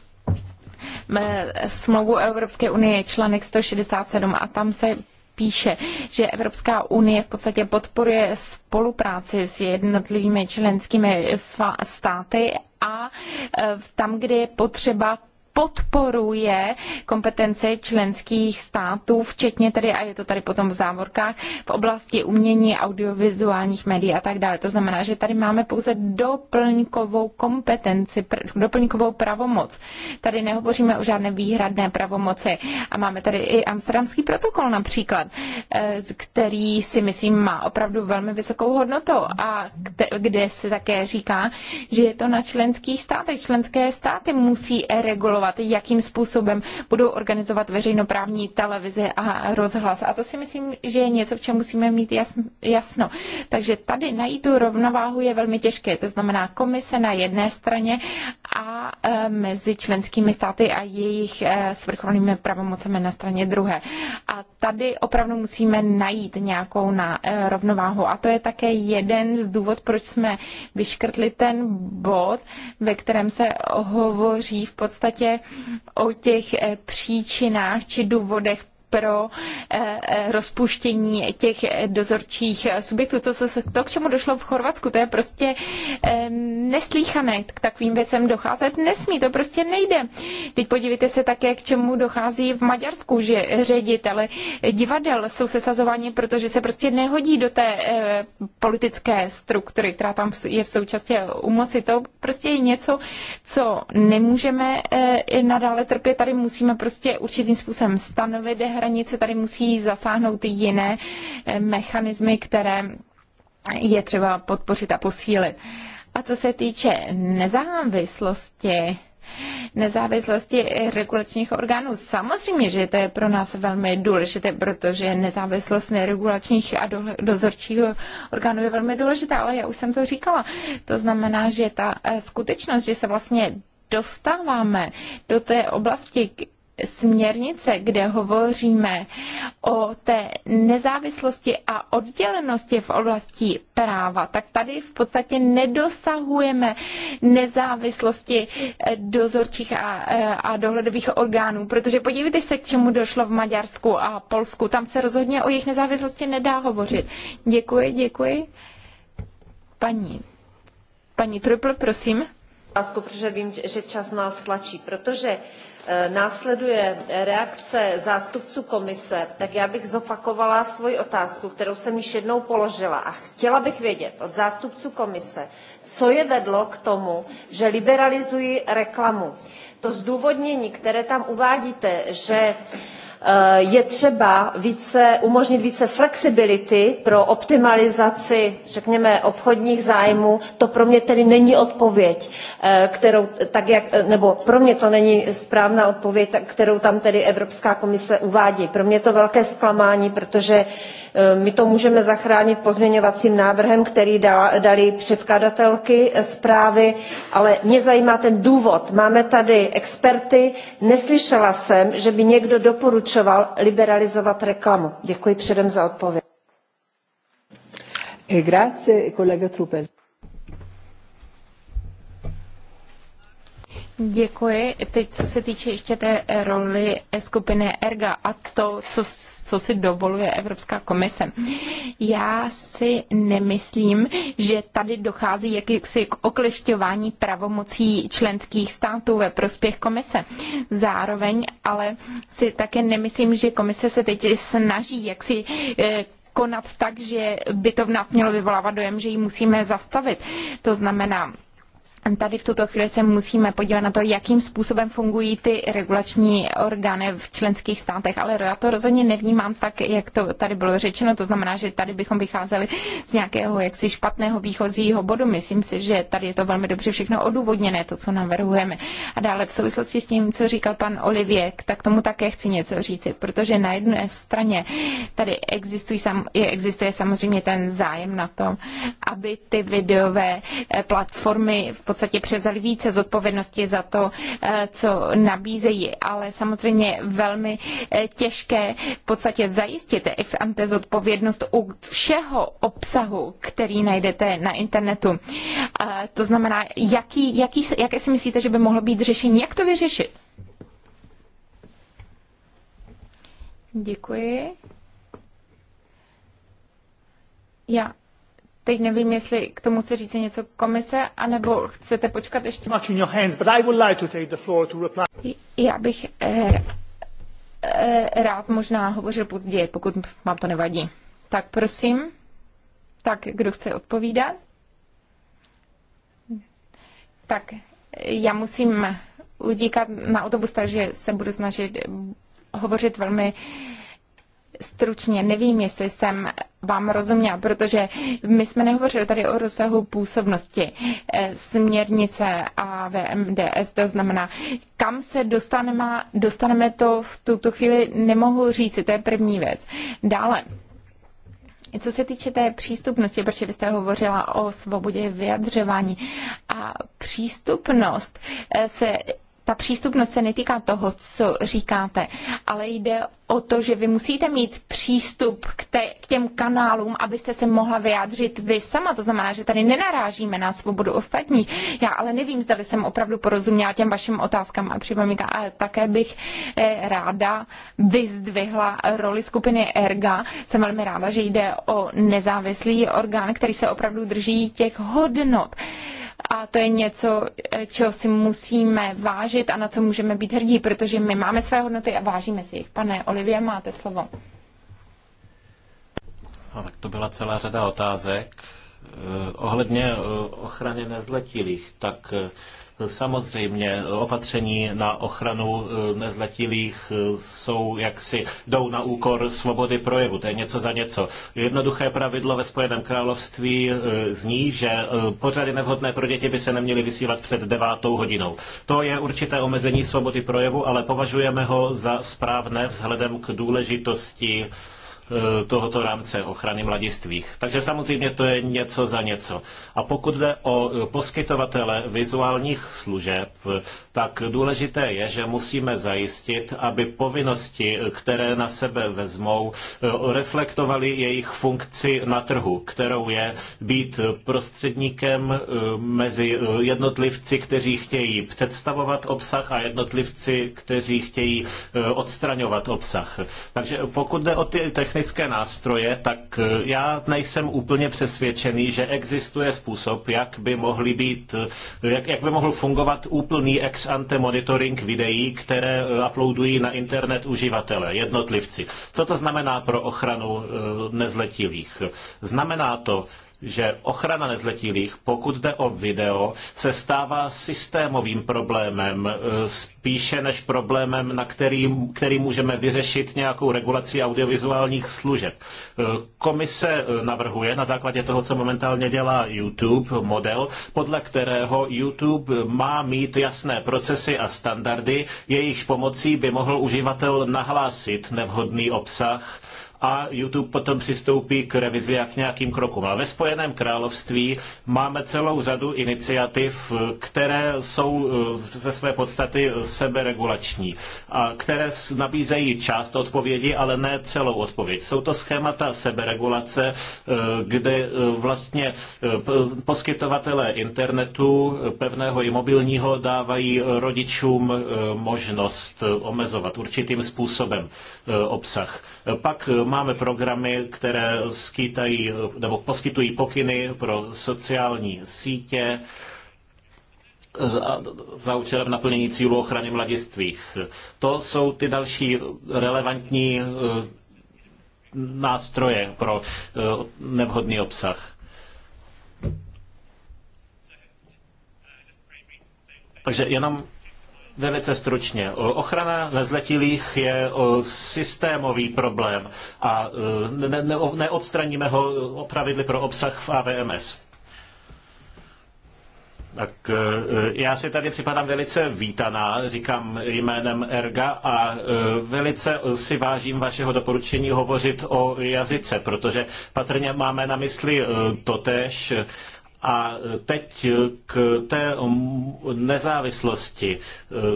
eh, smlouvu Evropské unie, článek 167 a tam se píše, že Evropská unie v podstatě podporuje spolupráci s jednotlivými členskými státy a tam, kde je potřeba podporuje kompetence členských států, včetně tedy, a je to tady potom v závorkách, v oblasti umění, audiovizuálních médií a tak dále. To znamená, že tady máme pouze doplňkovou kompetenci, pr- doplňkovou pravomoc. Tady nehovoříme o žádné výhradné pravomoci a máme tady i amsterdamský protokol například, eh, který si myslím má opravdu velmi vysokou hodnotu a kde se také říká, že je to na členských státech. Členské státy musí regulovat definovat, jakým způsobem budou organizovat veřejnoprávní televizi a rozhlas. A to si myslím, že je něco, v čem musíme mít jasno. Takže tady najít tu rovnováhu je velmi těžké. To znamená komise na jedné straně a e, mezi členskými státy a jejich e, svrchovanými pravomocemi na straně druhé. A tady opravdu musíme najít nějakou na e, rovnováhu. A to je také jeden z důvod, proč jsme vyškrtli ten bod, ve kterém se hovoří v podstatě o těch eh, příčinách či důvodech pro eh, eh, rozpuštění těch dozorčích subjektů. To, co se, to, k čemu došlo v Chorvatsku, to je prostě eh, neslíchané. K takovým věcem docházet nesmí, to prostě nejde. Teď podívejte se také, k čemu dochází v Maďarsku, že ředitele divadel jsou sesazováni, protože se prostě nehodí do té politické struktury, která tam je v současně u moci. To prostě je něco, co nemůžeme nadále trpět. Tady musíme prostě určitým způsobem stanovit hranice, tady musí zasáhnout jiné eh, mechanismy, které je třeba podpořit a posílit. A co se týče nezávislosti, nezávislosti regulačních orgánů. Samozřejmě, že to je pro nás velmi důležité, protože nezávislost neregulačních a dozorčích orgánů je velmi důležitá, ale já už jsem to říkala. To znamená, že ta eh, skutečnost, že se vlastně dostáváme do té oblasti, směrnice, kde hovoříme o té nezávislosti a oddělenosti v oblasti práva, tak tady v podstatě nedosahujeme nezávislosti eh, dozorčích a, eh, a dohledových orgánů, protože podívejte se, k čemu došlo v Maďarsku a Polsku. Tam se rozhodně o jejich nezávislosti nedá hovořit. Děkuji, děkuji. Paní, paní Trupl, prosím. Protože vím, že čas nás tlačí, protože Eh, následuje reakce zástupců komise, tak já bych zopakovala svoji otázku, kterou jsem již jednou položila a chtěla bych vědět od zástupců komise, co je vedlo k tomu, že liberalizují reklamu. To zdůvodnění, které tam uvádíte, že Eh, je třeba více, umožnit více flexibility pro optimalizaci, řekněme, obchodních zájmů. To pro mě tedy není odpověď, eh, kterou, tak jak, eh, nebo pro mě to není správná odpověď, kterou tam tedy Evropská komise uvádí. Pro mě je to velké zklamání, protože my to můžeme zachránit pozměňovacím návrhem, který dali předkladatelky zprávy, ale mě zajímá ten důvod. Máme tady experty, neslyšela jsem, že by někdo doporučil, doporučoval liberalizovat reklamu? Děkuji předem za odpověď. E grazie, kolega Trupel. Děkuji. Teď, co se týče ještě té roli skupiny ERGA a to, co, co si dovoluje Evropská komise. Já si nemyslím, že tady dochází jakýsi k oklešťování pravomocí členských států ve prospěch komise. Zároveň ale si také nemyslím, že komise se teď snaží jaksi eh, konat tak, že by to v nás mělo vyvolávat dojem, že ji musíme zastavit. To znamená, tady v tuto chvíli se musíme podívat na to, jakým způsobem fungují ty regulační orgány v členských státech, ale já to rozhodně nevnímám tak, jak to tady bylo řečeno, to znamená, že tady bychom vycházeli z nějakého jaksi špatného výchozího bodu. Myslím si, že tady je to velmi dobře všechno odůvodněné, to, co navrhujeme. A dále v souvislosti s tím, co říkal pan Olivier, tak tomu také chci něco říci, protože na jedné straně tady existují, existuje samozřejmě ten zájem na tom, aby ty videové platformy v podstatě podstatě převzali více zodpovědnosti za to, eh, co nabízejí, ale samozřejmě velmi eh, těžké v podstatě zajistit ex ante zodpovědnost u všeho obsahu, který najdete na internetu. Eh, to znamená, jaký, jaký, jaké si myslíte, že by mohlo být řešení, jak to vyřešit? Děkuji. Já Teď nevím, jestli k tomu chce říct něco komise, anebo chcete počkat ještě. Já bych eh, eh, rád možná hovořil později, pokud vám to nevadí. Tak prosím, tak kdo chce odpovídat? Tak já musím utíkat na autobus, takže se budu snažit hovořit velmi uh, stručně, nevím, jestli jsem vám rozuměla, protože my jsme nehovořili tady o rozsahu působnosti eh, směrnice a VMDS, to znamená, kam se dostaneme, dostaneme to v tuto chvíli, nemohu říct, to je první věc. Dále, co se týče té přístupnosti, protože vy jste hovořila o svobodě vyjadřování a přístupnost eh, se ta přístupnost se netýká toho, co říkáte, ale jde o to, že vy musíte mít přístup k, te, k těm kanálům, abyste se mohla vyjádřit vy sama. To znamená, že tady nenarážíme na svobodu ostatních. Já ale nevím, zda jsem opravdu porozuměla těm vašim otázkám a připomínkám. A také bych eh, ráda vyzdvihla roli skupiny ERGA. Jsem velmi ráda, že jde o nezávislý orgán, který se opravdu drží těch hodnot a to je něco, eh, čeho si musíme vážit a na co můžeme být hrdí, protože my máme své hodnoty a vážíme si jich. Pane Oli, Olivia, máte slovo. A no, tak to byla celá řada otázek. Eh, ohledně eh, ochrany nezletilých, tak eh, Samozřejmě opatření na ochranu eh, nezletilých eh, jsou jaksi jdou na úkor svobody projevu. To je něco za něco. Jednoduché pravidlo ve Spojeném království eh, zní, že pořady nevhodné pro děti by se neměly vysílat před devátou hodinou. To je určité omezení svobody projevu, ale považujeme ho za správné vzhledem k důležitosti Eh, tohoto rámce ochrany mladistvých. Takže samozřejmě to je něco za něco. A pokud jde o eh, poskytovatele vizuálních služeb, eh, tak důležité je, že musíme zajistit, aby povinnosti, které na sebe vezmou, reflektovaly jejich funkci na trhu, kterou je být prostředníkem mezi jednotlivci, kteří chtějí představovat obsah a jednotlivci, kteří chtějí odstraňovat obsah. Takže pokud jde o ty technické technické nástroje, tak e, já nejsem úplně přesvědčený, že existuje způsob, jak by mohly být, e, jak, jak by mohl fungovat úplný ex ante monitoring videí, které e, uploadují na internet uživatele, jednotlivci. Co to znamená pro ochranu nezletilých? Znamená to, že ochrana nezletilých, pokud jde o video, se stává systémovým problémem, eh, spíše než problémem, na který, který můžeme vyřešit nějakou regulací audiovizuálních služeb. Eh, komise eh, navrhuje na základě toho, co momentálně dělá YouTube, model, podle kterého YouTube má mít jasné procesy a standardy, jejichž pomocí by mohl uživatel nahlásit nevhodný obsah, a YouTube potom přistoupí k revizi a k nějakým krokům. Ale ve Spojeném království máme celou řadu iniciativ, které jsou eh, ze své podstaty seberegulační a které nabízejí část odpovědi, ale ne celou odpověď. Jsou to schémata seberegulace, eh, kde eh, vlastně poskytovatelé internetu, pevného i mobilního, dávají rodičům možnost omezovat určitým způsobem obsah. Pak máme programy, které skýtají, nebo poskytují pokyny pro sociální sítě, eh, za účelem naplnění cílů ochrany mladistvých. To jsou ty další relevantní eh, nástroje pro eh, nevhodný obsah. Takže jenom Velice stručně. Ochrana nezletilých je systémový problém a e, ne, ne, neodstraníme ho e, pravidly pro obsah v AVMS. Tak e, já si tady připadám velice vítaná, říkám jménem Erga a velice si vážím vašeho doporučení hovořit o jazyce, protože patrně máme na mysli totéž. A teď k té nezávislosti.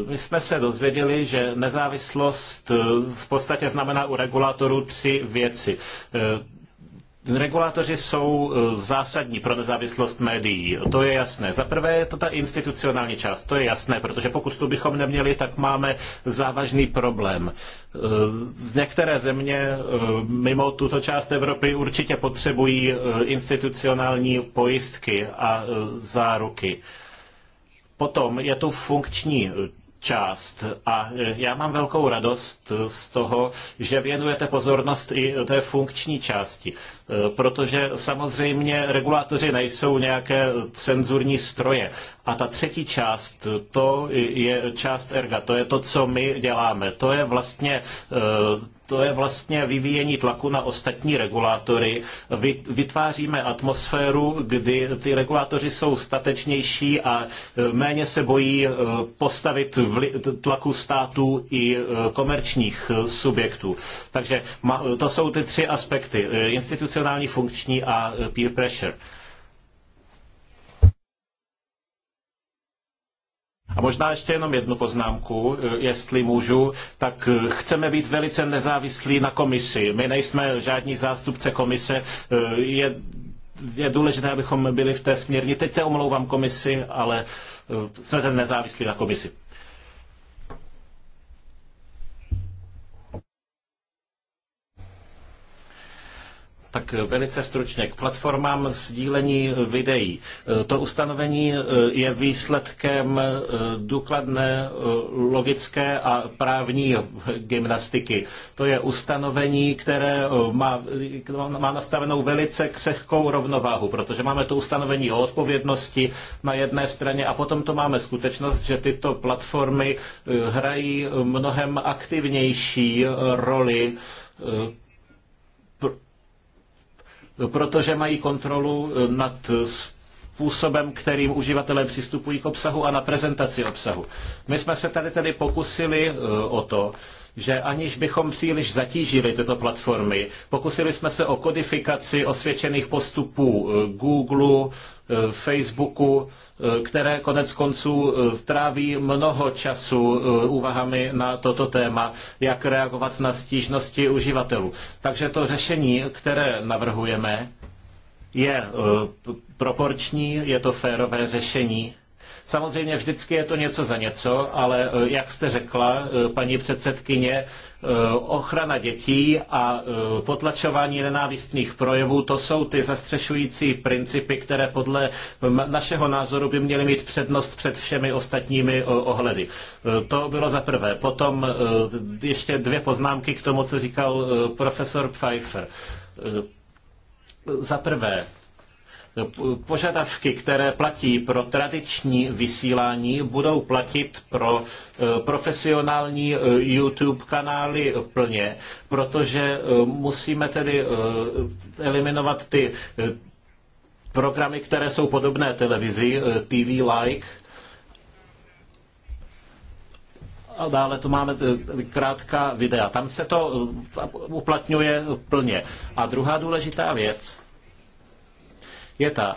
My jsme se dozvěděli, že nezávislost v podstatě znamená u regulátorů tři věci. Regulátoři jsou eh, zásadní pro nezávislost médií, to je jasné. Za prvé je to ta institucionální část, to je jasné, protože pokud tu bychom neměli, tak máme závažný problém. Eh, z některé země eh, mimo tuto část Evropy určitě potřebují institucionální pojistky a záruky. Potom je tu funkční část. A e, já mám velkou radost z toho, že věnujete pozornost i té funkční části, e, protože samozřejmě regulátoři nejsou nějaké cenzurní stroje. A ta třetí část, to je část erga, to je to, co my děláme. To je vlastně e, to je vlastně vyvíjení tlaku na ostatní regulátory. Vytváříme atmosféru, kdy ty regulátoři jsou statečnější a e, méně se bojí e, postavit tlaku států i e, komerčních subjektů. Takže to jsou ty tři aspekty. Institucionální, funkční a peer pressure. A možná ještě jenom jednu poznámku, eh, jestli můžu, tak eh, chceme být velice nezávislí na komisi. My nejsme žádní zástupce komise. Eh, je, je důležité, abychom byli v té směrnici. Teď se omlouvám komisi, ale jsme ten nezávislí na komisi. Tak velice stručně k platformám sdílení videí. To ustanovení eh, je výsledkem eh, důkladné eh, logické a právní gymnastiky. To je ustanovení, které má, má nastavenou velice křehkou rovnováhu, protože máme to ustanovení o odpovědnosti na jedné straně a potom to máme skutečnost, že tyto platformy hrají mnohem aktivnější roli protože mají kontrolu eh, nad způsobem, kterým uživatelé přistupují k obsahu a na prezentaci obsahu. My jsme se tady tedy pokusili eh, o to, že aniž bychom příliš zatížili tyto platformy, pokusili jsme se o kodifikaci osvědčených postupů eh, Google, Eh, Facebooku, eh, které konec konců eh, tráví mnoho času úvahami na toto téma, jak reagovat na stížnosti uživatelů. Takže to řešení, které navrhujeme, je proporční, je to férové řešení Samozřejmě vždycky je to něco za něco, ale e, jak jste řekla, e, paní předsedkyně, e, ochrana dětí a potlačování nenávistných projevů, to jsou ty zastřešující principy, které podle našeho názoru by měly mít přednost před všemi ostatními ohledy. To bylo za prvé. Potom ještě dvě poznámky k tomu, co říkal profesor Pfeiffer. Za prvé, Požadavky, které platí pro tradiční vysílání, budou platit pro eh, profesionální eh, YouTube kanály plně, protože eh, musíme tedy eliminovat ty programy, které jsou podobné televizi, TV Like, a dále tu máme krátká videa. Tam se to uplatňuje plně. A druhá důležitá věc, je ta,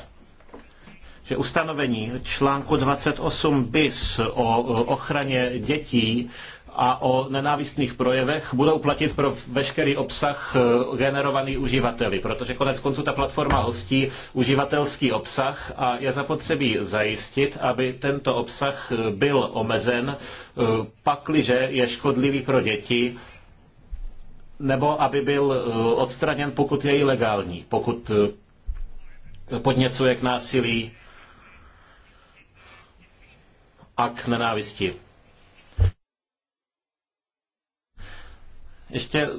že ustanovení článku 28 bis o ochraně dětí a o nenávistných projevech budou platit pro veškerý obsah e, generovaný uživateli, protože konec konců ta platforma hostí uživatelský obsah a je zapotřebí zajistit, aby tento obsah e, byl omezen, e, pakliže je škodlivý pro děti nebo aby byl odstraněn, pokud je ilegální, pokud podněcuje k násilí a k nenávisti. Ještě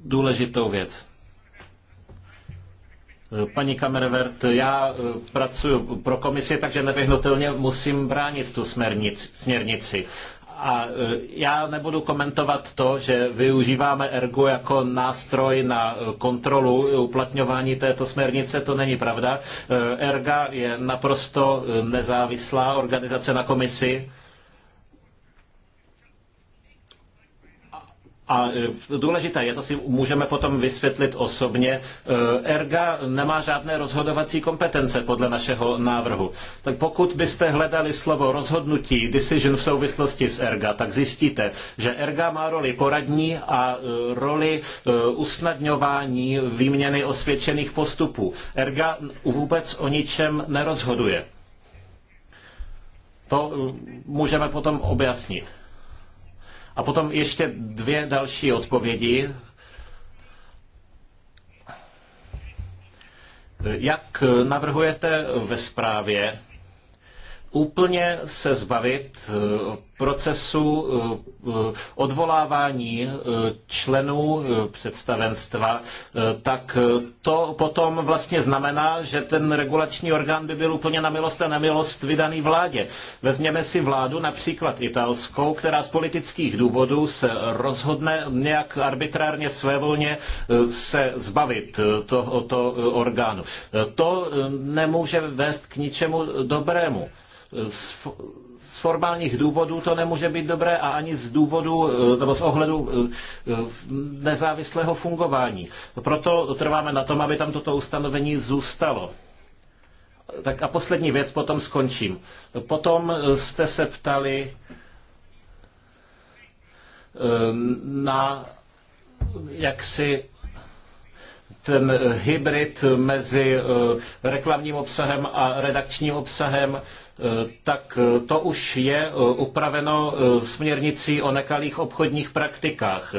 důležitou věc. Paní Kamervert, já eh, pracuji pro komisi, takže nevyhnutelně musím bránit tu směrnici. A e, já nebudu komentovat to, že využíváme ergo jako nástroj na e, kontrolu uplatňování této směrnice, to není pravda. E, erga je naprosto nezávislá organizace na komisi, A e, důležité je, to si můžeme potom vysvětlit osobně, e, ERGA nemá žádné rozhodovací kompetence podle našeho návrhu. Tak pokud byste hledali slovo rozhodnutí, decision v souvislosti s ERGA, tak zjistíte, že ERGA má roli poradní a e, roli usnadňování výměny osvědčených postupů. ERGA vůbec o ničem nerozhoduje. To můžeme potom objasnit. A potom ještě dvě další odpovědi. Jak navrhujete ve zprávě, úplně se zbavit eh, procesu eh, odvolávání eh, členů představenstva, tak to potom vlastně znamená, že ten regulační orgán by byl úplně na milost a nemilost vydaný vládě. Vezměme si vládu, například italskou, která z politických důvodů se rozhodne nějak arbitrárně svévolně se zbavit tohoto orgánu. To nemůže vést k ničemu dobrému z, z formálních důvodů to nemůže být dobré a ani z důvodu eh, nebo z ohledu eh, eh, nezávislého fungování. Proto trváme na tom, aby tam toto ustanovení zůstalo. Tak a poslední věc, potom skončím. Potom jste se ptali na jaksi ten hybrid mezi reklamním obsahem a redakčním obsahem Eh, tak eh, to už je eh, upraveno směrnicí o nekalých obchodních praktikách.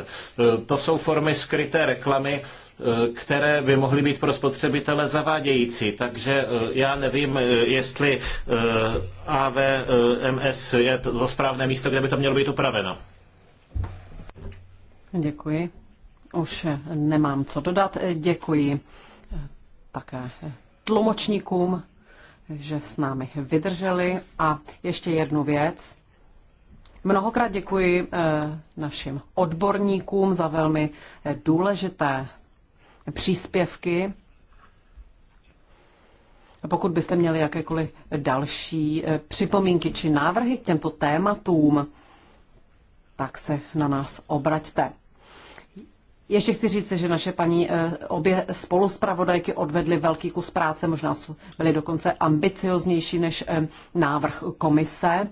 To jsou formy skryté reklamy, které by mohly být pro spotřebitele zavádějící. Takže já nevím, jestli AVMS je to správné místo, kde by to mělo být upraveno. Děkuji. Už nemám co dodat. Děkuji také tlumočníkům že s námi vydrželi. A ještě jednu věc. Mnohokrát děkuji eh, našim odborníkům za velmi eh, důležité příspěvky. Pokud byste měli jakékoliv další eh, připomínky či návrhy k těmto tématům, tak se na nás obraťte. Ještě chci říct, že naše paní eh, obě spoluspravodajky odvedly velký kus práce, možná byly dokonce ambicioznější než eh, návrh komise.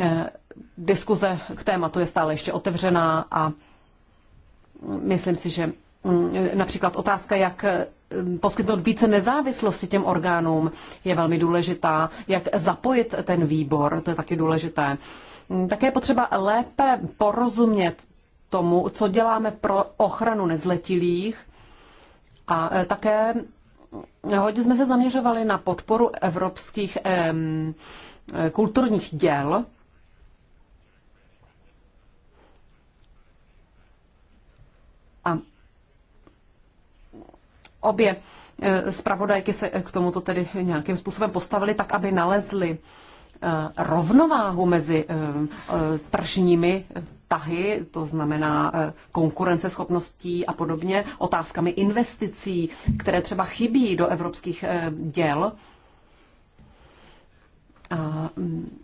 Eh, diskuze k tématu je stále ještě otevřená a mm, myslím si, že mm, například otázka, jak poskytnout více nezávislosti těm orgánům, je velmi důležitá. Jak zapojit ten výbor, to je taky důležité. Mm, také je potřeba lépe porozumět tomu, co děláme pro ochranu nezletilých. A e, také hodně jsme se zaměřovali na podporu evropských e, kulturních děl. A obě e, zpravodajky se k tomuto tedy nějakým způsobem postavili tak, aby nalezli Eh, rovnováhu mezi eh, eh, tržními tahy, to znamená konkurenceschopností a podobně, otázkami investicí, které třeba chybí do evropských děl. A mm,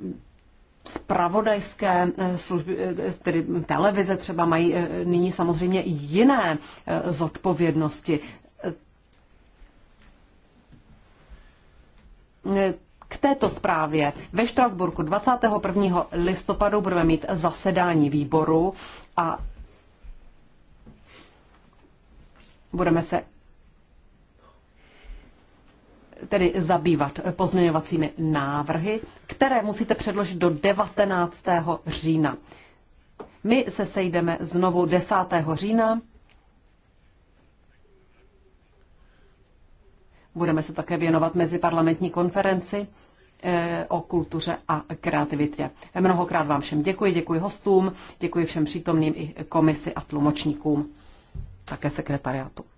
mm, spravodajské služby, tedy televize třeba mají nyní samozřejmě jiné zodpovědnosti. E, k této zprávě ve Štrasburku 21. listopadu budeme mít zasedání výboru a budeme se tedy zabývat pozměňovacími návrhy, které musíte předložit do 19. října. My se sejdeme znovu 10. října Budeme se také věnovat meziparlamentní konferenci eh, o kultuře a kreativitě. Mnohokrát vám všem děkuji, děkuji hostům, děkuji všem přítomným i komisi a tlumočníkům, také sekretariátu.